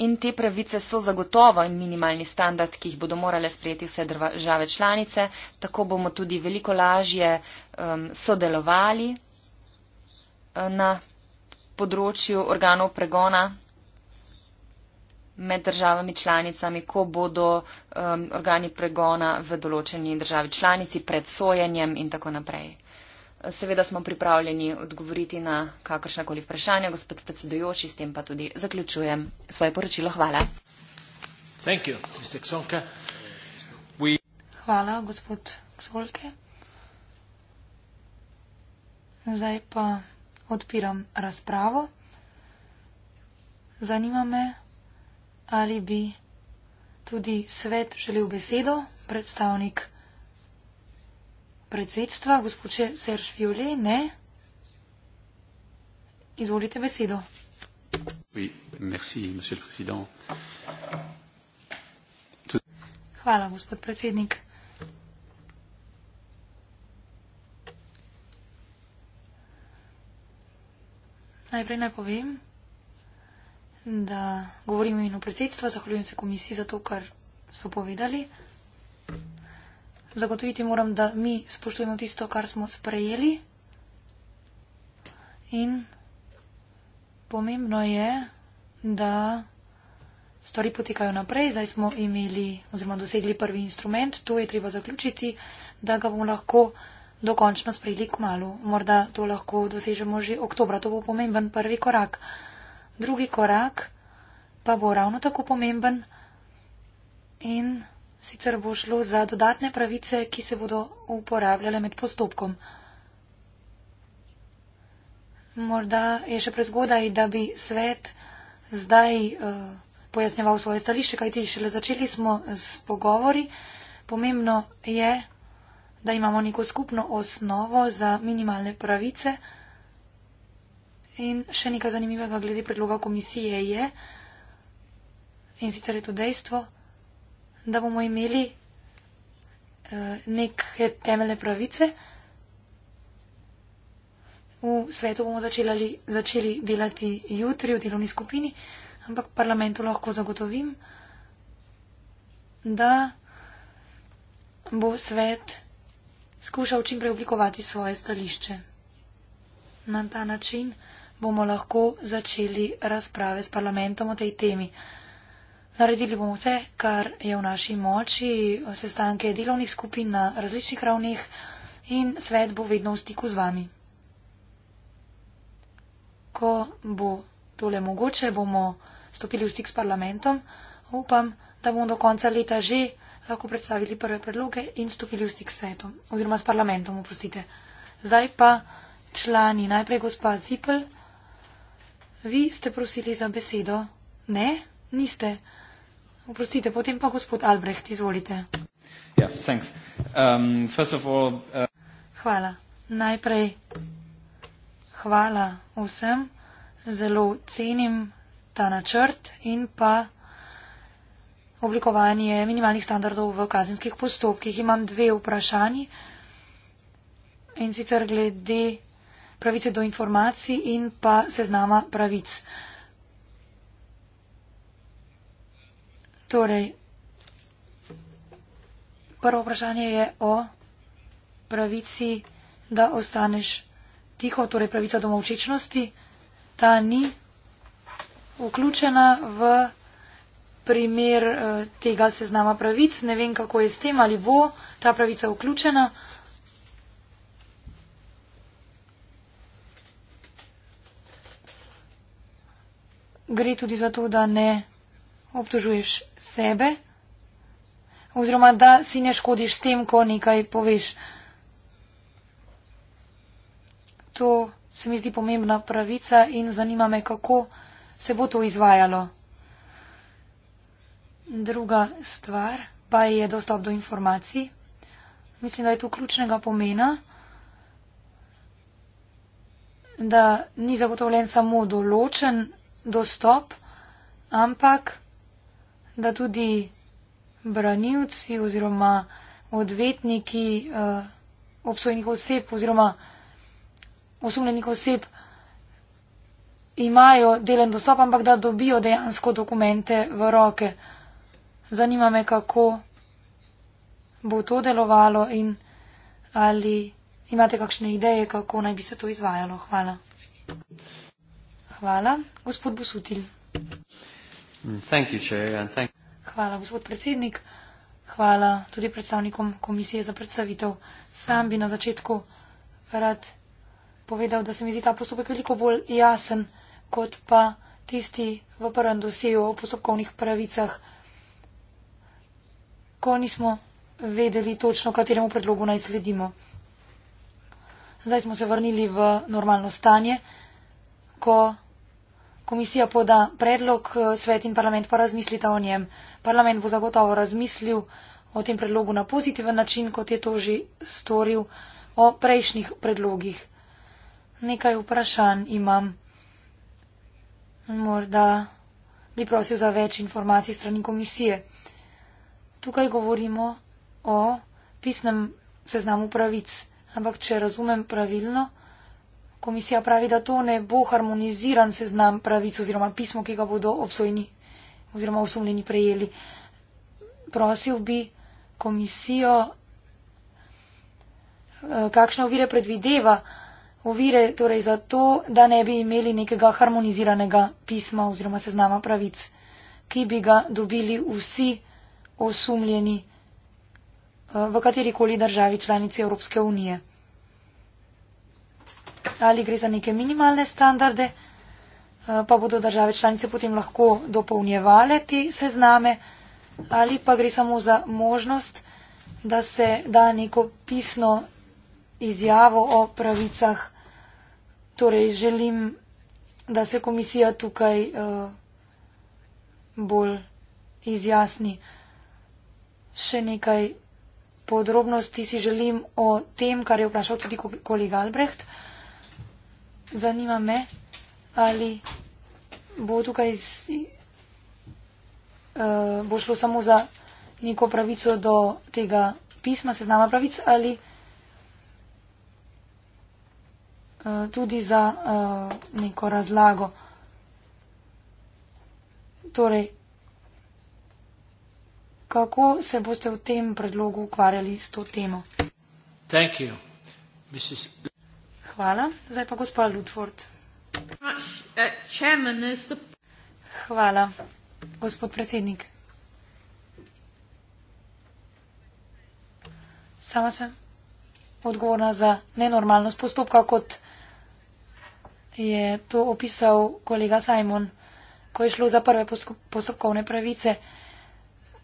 In te pravice so zagotovo in minimalni standard, ki jih bodo morale sprejeti vse države članice, tako bomo tudi veliko lažje um, sodelovali eh, na področju organov pregona med državami članicami, ko bodo um, organi pregona v določeni državi članici pred sojenjem in tako naprej. Seveda smo pripravljeni odgovoriti na kakršnakoli vprašanja, gospod predsedujoči, s tem pa tudi zaključujem svoje poročilo. Hvala. You, We... Hvala, gospod Ksolke. Zdaj pa odpiram razpravo. Zanima me, ali bi tudi svet želel besedo, predstavnik predsedstva, gospodče Serž Violet, ne? Izvolite besedo. Oui, merci, monsieur le président. Tout... Hvala, gospod predsednik. Najprej naj povem, da govorim v imenu predsedstva, zahvaljujem se komisiji za to, kar so povedali zagotoviti moram, da mi spoštujemo tisto, kar smo sprejeli. In pomembno je, da stvari potekajo naprej. Zdaj smo imeli oziroma dosegli prvi instrument, to je treba zaključiti, da ga bomo lahko dokončno sprejeli k malu. Morda to lahko dosežemo že oktobra, to bo pomemben prvi korak. Drugi korak pa bo ravno tako pomemben. In Sicer bo šlo za dodatne pravice, ki se bodo uporabljale med postopkom. Morda je še prezgodaj, da bi svet zdaj uh, pojasnjeval svoje stališče, kajti šele začeli smo s pogovori. Pomembno je, da imamo neko skupno osnovo za minimalne pravice. In še nekaj zanimivega glede predloga komisije je, in sicer je to dejstvo, da da bomo imeli uh, neke temeljne pravice. V svetu bomo začelali, začeli delati jutri v delovni skupini, ampak parlamentu lahko zagotovim, da bo svet skušal čimprej oblikovati svoje stališče. Na ta način bomo lahko začeli razprave s parlamentom o tej temi. Naredili bomo vse, kar je v naši moči, sestanke delovnih skupin na različnih ravnih in svet bo vedno v stiku z vami. Ko bo tole mogoče, bomo stopili v stik s parlamentom. Upam, da bomo do konca leta že lahko predstavili prve predloge in stopili v stik s svetom, oziroma s parlamentom, oprostite. Zdaj pa člani, najprej gospa Zipl, vi ste prosili za besedo. Ne, niste. Oprostite, potem pa gospod Albrecht, izvolite. Ja, thanks. Um, first of all, uh... Hvala. Najprej hvala vsem, zelo cenim ta načrt in pa oblikovanje minimalnih standardov v kazenskih postopkih. Imam dve vprašanji in sicer glede pravice do informacij in pa seznama pravic. Torej, prvo vprašanje je o pravici, da ostaneš tiho, torej pravica do molčečnosti. Ta ni vključena v primer eh, tega seznama pravic. Ne vem, kako je s tem, ali bo ta pravica vključena. Gre tudi za to, da ne obtožuješ sebe, oziroma da si ne škodiš s tem, ko nekaj poveš. To se mi zdi pomembna pravica in zanima me, kako se bo to izvajalo. Druga stvar pa je dostop do informacij. Mislim, da je to ključnega pomena, da ni zagotovljen samo določen dostop, ampak da tudi branilci oziroma odvetniki uh, obsojenih oseb oziroma osumljenih oseb imajo delen dostop, ampak da dobijo dejansko dokumente v roke. Zanima me, kako bo to delovalo in ali imate kakšne ideje, kako naj bi se to izvajalo. Hvala. Hvala, gospod Busutil. Hvala, gospod predsednik. Hvala tudi predstavnikom komisije za predstavitev. Sam bi na začetku rad povedal, da se mi zdi ta postopek veliko bolj jasen, kot pa tisti v prvem dosiju o postopkovnih pravicah, ko nismo vedeli točno, kateremu predlogu naj sledimo. Zdaj smo se vrnili v normalno stanje, ko komisija poda predlog, eh, svet in parlament pa razmislita o njem. Parlament bo zagotovo razmislil o tem predlogu na pozitiven način, kot je to že storil o prejšnjih predlogih. Nekaj vprašanj imam. Morda bi prosil za več informacij strani komisije. Tukaj govorimo o pisnem seznamu pravic, ampak če razumem pravilno, Komisija pravi, da to ne bo harmoniziran seznam pravic oziroma pismo, ki ga bodo obsojeni oziroma osumljeni prejeli. Prosil bi komisijo, eh, kakšne ovire predvideva, ovire torej zato, da ne bi imeli nekega harmoniziranega pisma oziroma seznama pravic, ki bi ga dobili vsi osumljeni eh, v katerikoli državi članici Evropske unije ali gre za neke minimalne standarde, eh, pa bodo države članice potem lahko dopolnjevale te sezname, ali pa gre samo za možnost, da se da neko pisno izjavo o pravicah. Torej želim, da se komisija tukaj eh, bolj izjasni. Še nekaj. Podrobnosti si želim o tem, kar je vprašal tudi kolega Albrecht, uh, Zanima me, ali bo tukaj z, uh, eh, bo šlo samo za neko pravico do tega pisma, seznama pravic, ali uh, tudi za uh, neko razlago. Torej, kako se boste v tem predlogu ukvarjali s to temo? Thank you, Mrs. Hvala. Zdaj pa gospa Lutford. Hvala, gospod predsednik. Sama sem odgovorna za nenormalnost postopka, kot je to opisal kolega Simon, ko je šlo za prve postopkovne pravice.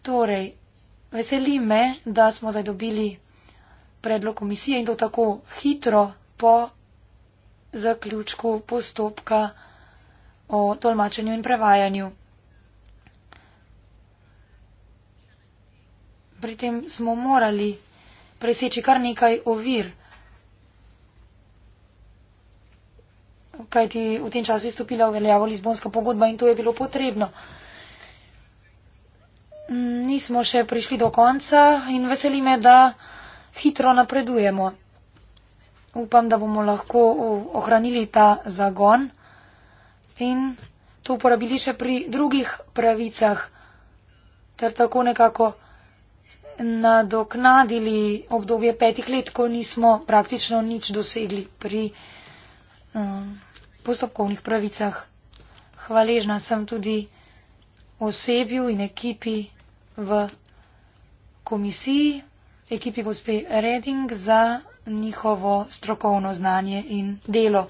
Torej, veseli me, da smo zdaj dobili predlog komisije in to tako hitro po zaključku postopka o tolmačenju in prevajanju. Pri tem smo morali preseči kar nekaj ovir, kajti v tem času je stopila v veljavo Lizbonska pogodba in to je bilo potrebno. Nismo še prišli do konca in veseli me, da hitro napredujemo upam, da bomo lahko ohranili ta zagon in to uporabili še pri drugih pravicah ter tako nekako nadoknadili obdobje petih let, ko nismo praktično nič dosegli pri um, postopkovnih pravicah. Hvaležna sem tudi osebju in ekipi v komisiji, ekipi gospe Reding za njihovo strokovno znanje in delo.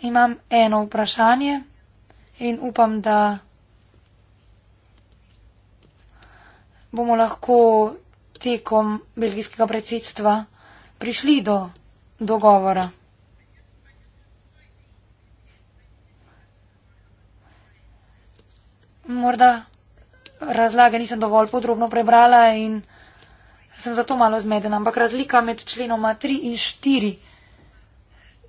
Imam eno vprašanje in upam, da bomo lahko tekom belgijskega predsedstva prišli do dogovora. Morda razlage nisem dovolj podrobno prebrala in sem zato malo zmeden, ampak razlika med členoma 3 in 4.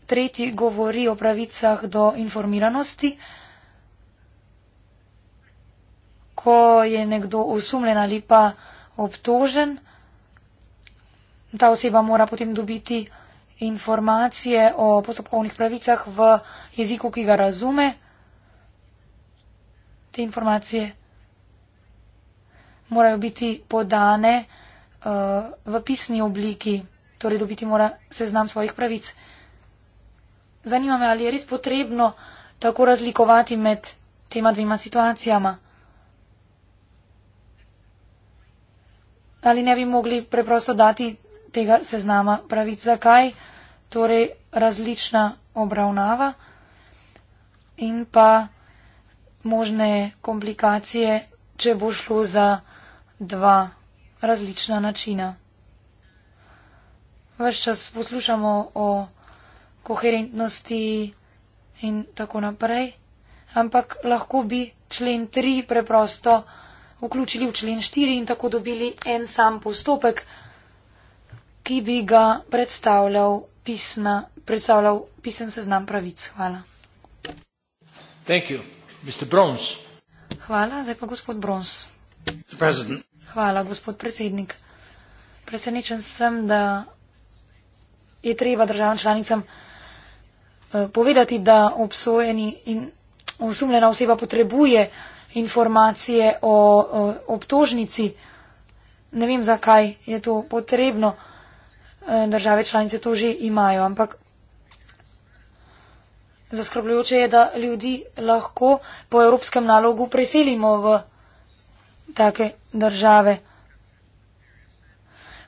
Tretji govori o pravicah do informiranosti. Ko je nekdo osumljen ali pa obtožen, ta oseba mora potem dobiti informacije o postopkovnih pravicah v jeziku, ki ga razume. Te informacije morajo biti podane v pisni obliki, torej dobiti mora seznam svojih pravic. Zanima me, ali je res potrebno tako razlikovati med tema dvema situacijama. Ali ne bi mogli preprosto dati tega seznama pravic, zakaj, torej različna obravnava in pa možne komplikacije, če bo šlo za dva različna načina. Ves čas poslušamo o koherentnosti in tako naprej, ampak lahko bi člen 3 preprosto vključili v člen 4 in tako dobili en sam postopek, ki bi ga predstavljal, pisna, predstavljal pisen seznam pravic. Hvala. Thank you, Mr. Bruns. Hvala, zdaj pa gospod Bruns. Mr. President, Hvala, gospod predsednik. Presenečen sem, da je treba državam članicam eh, povedati, da obsojeni in osumljena oseba potrebuje informacije o, o obtožnici. Ne vem, zakaj je to potrebno. Eh, države članice to že imajo, ampak zaskrbljujoče je, da ljudi lahko po evropskem nalogu preselimo v take države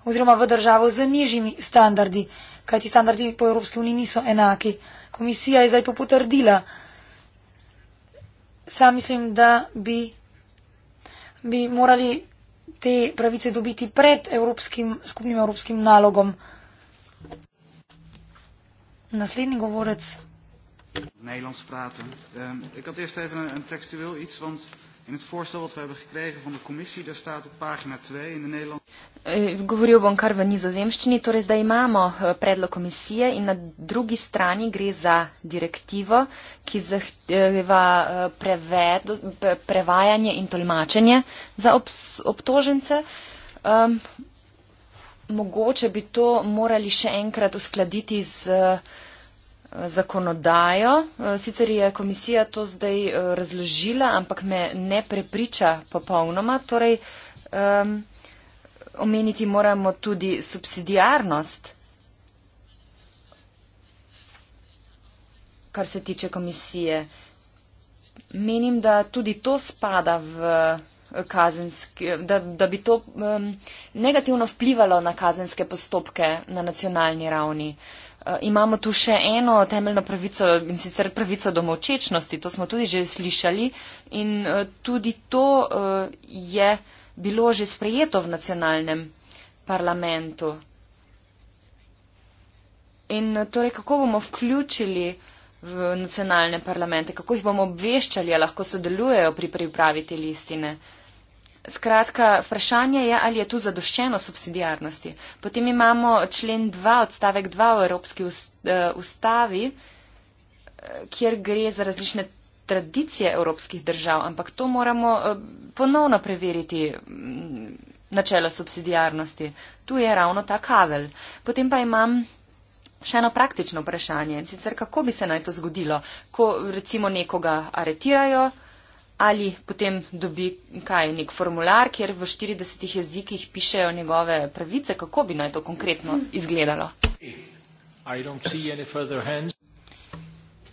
oziroma v državo z nižjimi standardi, kajti standardi po Evropski uniji niso enaki. Komisija je zdaj to potrdila. Sam mislim, da bi, bi morali te pravice dobiti pred evropskim, skupnim evropskim nalogom. Naslednji govorec. Nederlands praten. Um, ik had eerst even een, een textueel iets, want In het voorstel wat we hebben gekregen van de commissie, daar staat op pagina 2 in de Nederlandse... Eh, Govoril bom kar v nizozemščini, torej zdaj imamo eh, predlog komisije in na drugi strani gre za direktivo, ki zahteva eh, preved, prevajanje in tolmačenje za obtožence. Um, mogoče bi to morali še enkrat uskladiti z uh, zakonodajo. Eh, sicer je komisija to zdaj eh, razložila, ampak me ne prepriča popolnoma. Torej, um, omeniti moramo tudi subsidijarnost, kar se tiče komisije. Menim, da tudi to spada v eh, kazenski, da, da bi to um, negativno vplivalo na kazenske postopke na nacionalni ravni. Uh, Eh, imamo tu še eno temeljno pravico in sicer pravico do molčečnosti. To smo tudi že slišali in eh, tudi to eh, je bilo že sprejeto v nacionalnem parlamentu. In torej, kako bomo vključili v nacionalne parlamente, kako jih bomo obveščali, ali lahko sodelujejo pri pripravi te listine? Uh, Skratka, vprašanje je, ali je tu zadoščeno subsidijarnosti. Potem imamo člen 2, odstavek 2 v Evropski eh, ustavi, eh, kjer gre za različne tradicije evropskih držav, ampak to moramo eh, ponovno preveriti mm, načelo subsidijarnosti. Tu je ravno ta kavelj. Potem pa imam še eno praktično vprašanje. Sicer kako bi se naj to zgodilo, ko recimo nekoga aretirajo, ali potem dobi kaj, nek formular, kjer v 40 jezikih pišejo njegove pravice, kako bi naj to konkretno izgledalo.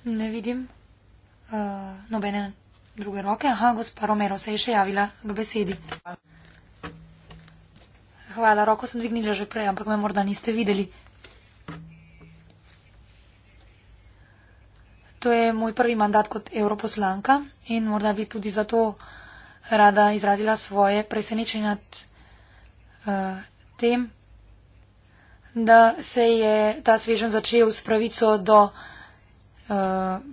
Ne vidim uh, nobene druge roke. Aha, gospa Romero se je še javila k besedi. Hvala, roko sem dvignila že prej, ampak me morda niste videli. To je moj prvi mandat kot europoslanka in morda bi tudi zato rada izrazila svoje presenečenje nad uh, tem, da se je ta svežen začel s pravico do uh,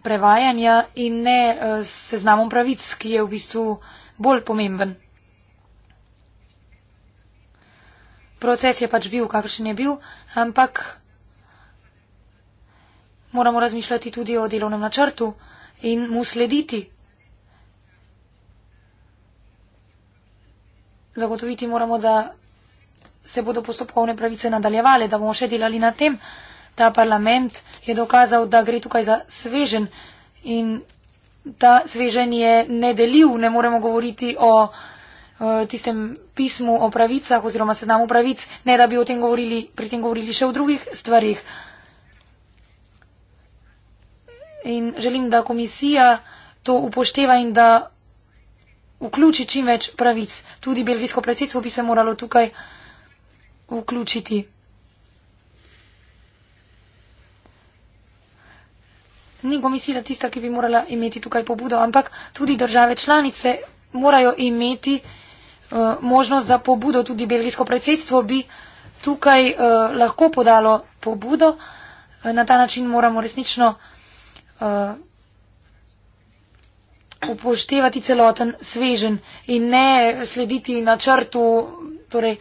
prevajanja in ne uh, s seznamom pravic, ki je v bistvu bolj pomemben. Proces je pač bil, kakšen je bil, ampak moramo razmišljati tudi o delovnem načrtu in mu slediti. Zagotoviti moramo, da se bodo postopkovne pravice nadaljevale, da bomo še delali na tem. Ta parlament je dokazal, da gre tukaj za svežen in ta svežen je nedeljiv. Ne moremo govoriti o e, tistem pismu o pravicah oziroma seznamu pravic, ne da bi o tem govorili, pri tem govorili še o drugih stvarih in želim, da komisija to upošteva in da vključi čim več pravic. Tudi belgijsko predsedstvo bi se moralo tukaj vključiti. Ni komisija tista, ki bi morala imeti tukaj pobudo, ampak tudi države članice morajo imeti uh, možnost za pobudo. Tudi belgijsko predsedstvo bi tukaj uh, lahko podalo pobudo. Uh, na ta način moramo resnično uh, uh, upoštevati celoten svežen in ne slediti načrtu, torej,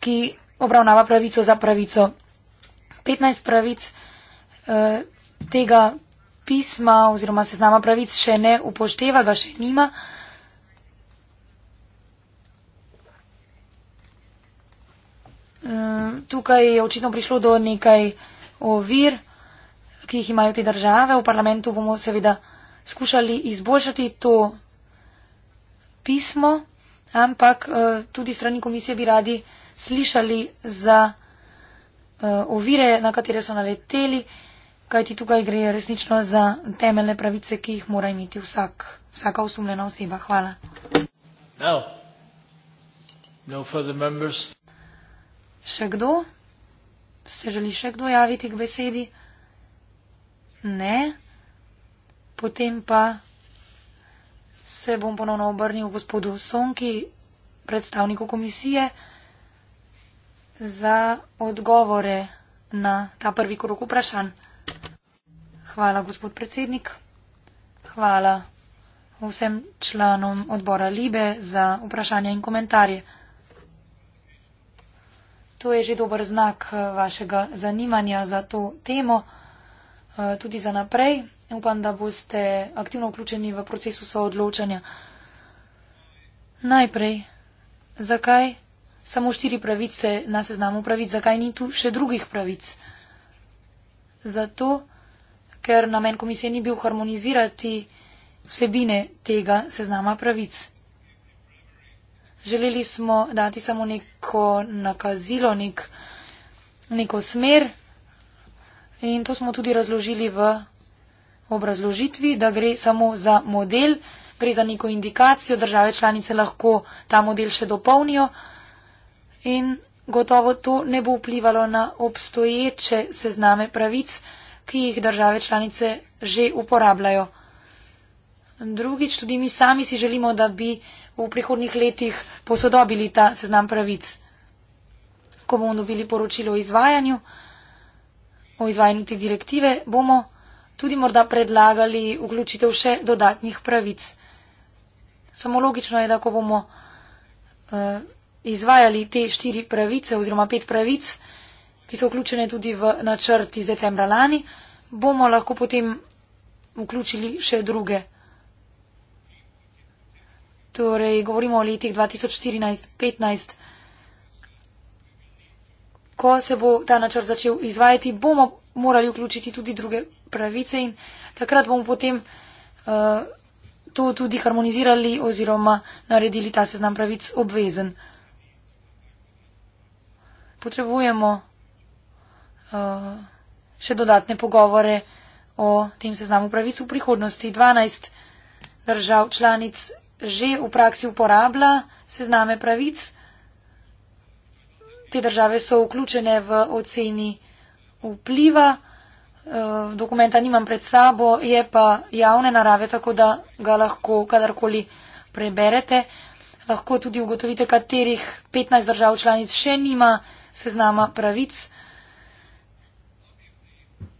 ki obravnava pravico za pravico. 15 pravic uh, tega pisma oziroma seznama pravic še ne upošteva, ga še nima. Uh, tukaj je očitno prišlo do nekaj ovir ki jih imajo te države v parlamentu, bomo seveda skušali izboljšati to pismo, ampak eh, tudi strani komisije bi radi slišali za eh, ovire, na katere so naleteli, kajti tukaj gre resnično za temeljne pravice, ki jih mora imeti vsak, vsaka osumljena oseba. Hvala. No. No še kdo? Se želi še kdo javiti k besedi? ne, potem pa se bom ponovno obrnil gospodu Sonki, predstavniku komisije, za odgovore na ta prvi krok vprašanj. Hvala, gospod predsednik. Hvala vsem članom odbora Libe za vprašanja in komentarje. To je že dober znak eh, vašega zanimanja za to temo. Eh, tudi za naprej. Upam, da boste aktivno vključeni v procesu soodločanja. Najprej, zakaj samo štiri pravice na seznamu pravic, zakaj ni tu še drugih pravic? Zato, ker namen komisije ni bil harmonizirati vsebine tega seznama pravic. Želeli smo dati samo neko nakazilo, nek, neko smer In to smo tudi razložili v obrazložitvi, da gre samo za model, gre za neko indikacijo, države članice lahko ta model še dopolnijo in gotovo to ne bo vplivalo na obstoječe sezname pravic, ki jih države članice že uporabljajo. Drugič, tudi mi sami si želimo, da bi v prihodnih letih posodobili ta seznam pravic, ko bomo dobili poročilo o izvajanju o izvajanju te direktive, bomo tudi morda predlagali vključitev še dodatnih pravic. Samo logično je, da ko bomo uh, izvajali te štiri pravice oziroma pet pravic, ki so vključene tudi v načrt iz decembra lani, bomo lahko potem vključili še druge. Torej, govorimo o letih 2014-2015 ko se bo ta načrt začel izvajati, bomo morali vključiti tudi druge pravice in takrat bomo potem uh, to tudi harmonizirali oziroma naredili ta seznam pravic obvezen. Potrebujemo uh, še dodatne pogovore o tem seznamu pravic v prihodnosti. 12 držav članic že v praksi uporablja sezname pravic te države so vključene v oceni vpliva. Eh, dokumenta nimam pred sabo, je pa javne narave, tako da ga lahko kadarkoli preberete. Lahko tudi ugotovite, katerih 15 držav članic še nima seznama pravic.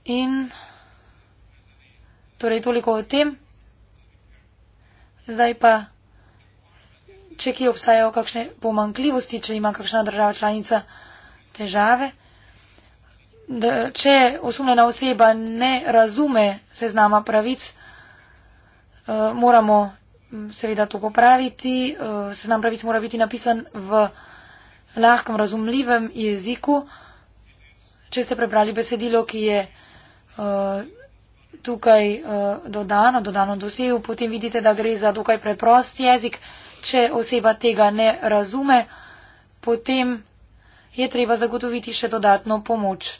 In torej toliko o tem. Zdaj pa če kje obstajajo kakšne pomankljivosti, če ima kakšna država članica težave. Da, če osumljena oseba ne razume seznama pravic, eh, moramo mm, seveda to popraviti. Eh, seznam pravic mora biti napisan v lahkem, razumljivem jeziku. Če ste prebrali besedilo, ki je eh, tukaj dodano, dodano dosev, potem vidite, da gre za dokaj preprost jezik če oseba tega ne razume, potem je treba zagotoviti še dodatno pomoč.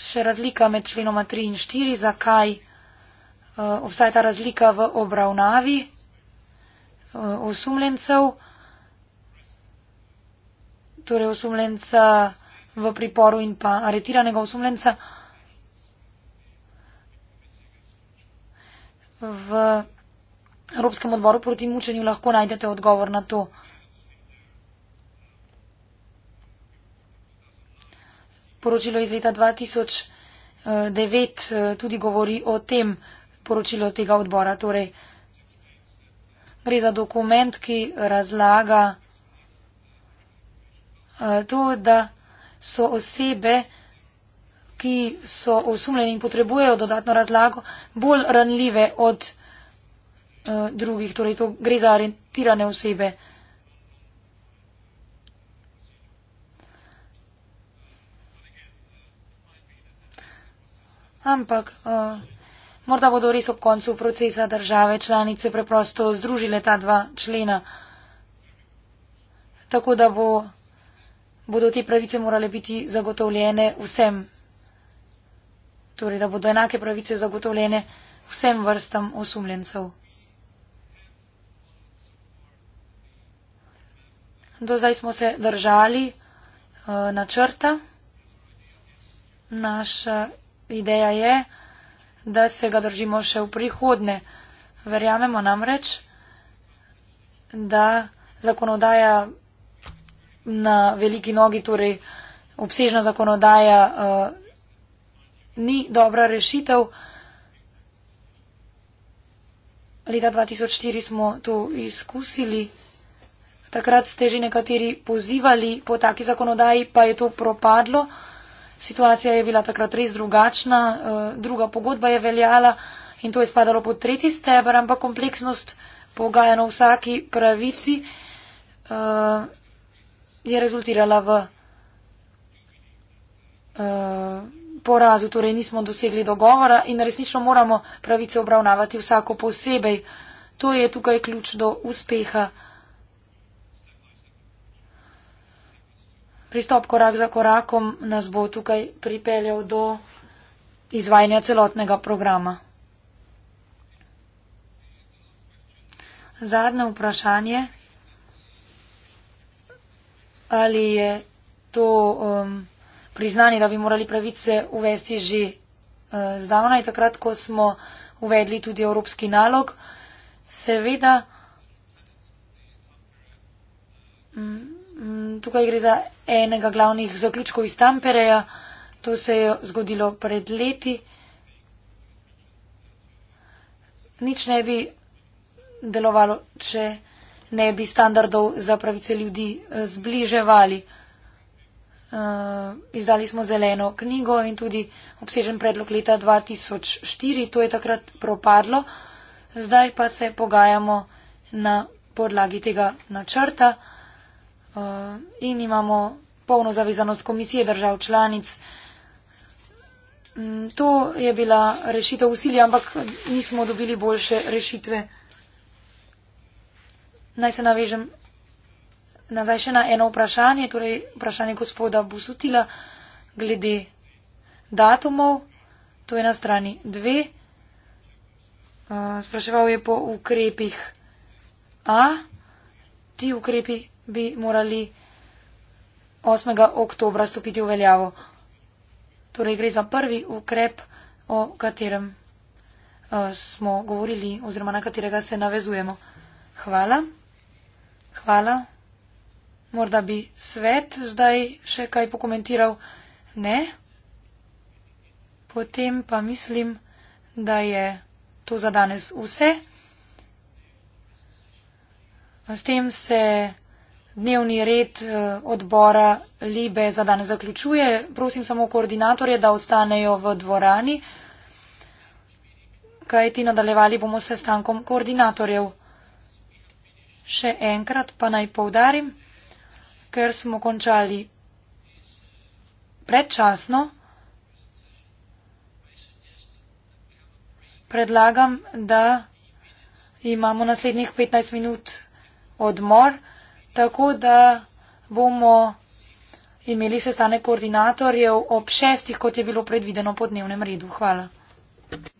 Še razlika med členoma 3 in 4, zakaj eh, obstaja ta razlika v obravnavi eh, osumljencev, torej osumljenca v priporu in pa aretiranega osumljenca. V Evropskem odboru proti mučenju lahko najdete odgovor na to. Poročilo iz leta 2009 eh, eh, tudi govori o tem poročilo tega odbora. Torej, gre za dokument, ki razlaga eh, to, da so osebe, ki so osumljeni in potrebujejo dodatno razlago, bolj ranljive od uh, drugih, torej to gre za aretirane osebe. Ampak uh, morda bodo res ob koncu procesa države članice preprosto združile ta dva člena, tako da bo, bodo te pravice morale biti zagotovljene vsem. Torej, da bodo enake pravice zagotovljene vsem vrstam osumljencev. do zdaj smo se držali uh, načrta. Naša ideja je, da se ga držimo še v prihodne. Verjamemo namreč, da zakonodaja na veliki nogi, torej obsežna zakonodaja, uh, ni dobra rešitev. Leta 2004 smo to izkusili. Takrat ste že nekateri pozivali po taki zakonodaji, pa je to propadlo. Situacija je bila takrat res drugačna, eh, druga pogodba je veljala in to je spadalo pod tretji stebr, ampak kompleksnost pogajanja o vsaki pravici eh, je rezultirala v eh, porazu, torej nismo dosegli dogovora in resnično moramo pravice obravnavati vsako posebej. To je tukaj ključ do uspeha. pristop korak za korakom nas bo tukaj pripeljal do izvajanja celotnega programa. Zadnje vprašanje. Ali je to um, priznanje, da bi morali pravice uvesti že uh, zdavnaj, takrat, ko smo uvedli tudi evropski nalog? Seveda. Mm, Mm, tukaj gre za enega glavnih zaključkov iz Tampereja. To se je zgodilo pred leti. Nič ne bi delovalo, če ne bi standardov za pravice ljudi eh, zbliževali. Eh, izdali smo zeleno knjigo in tudi obsežen predlog leta 2004. To je takrat propadlo. Zdaj pa se pogajamo na podlagi tega načrta uh, in imamo polno zavezanost komisije držav članic. Um, to je bila rešitev v sili, ampak nismo dobili boljše rešitve. Naj se navežem nazaj še na eno vprašanje, torej vprašanje gospoda Busutila glede datumov. To je na strani dve. Eh, spraševal je po ukrepih A. Ti ukrepi bi morali 8. oktobra stopiti v veljavo. Torej gre za prvi ukrep, o katerem uh, smo govorili oziroma na katerega se navezujemo. Hvala. Hvala. Morda bi svet zdaj še kaj pokomentiral. Ne. Potem pa mislim, da je to za danes vse. S tem se dnevni red eh, odbora Libe za danes zaključuje. Prosim samo koordinatorje, da ostanejo v dvorani, kajti nadaljevali bomo s sestankom koordinatorjev. Še enkrat pa naj povdarim, ker smo končali predčasno. Predlagam, da imamo naslednjih 15 minut odmor tako da bomo imeli sestanek koordinatorjev ob šestih, kot je bilo predvideno po dnevnem redu. Hvala.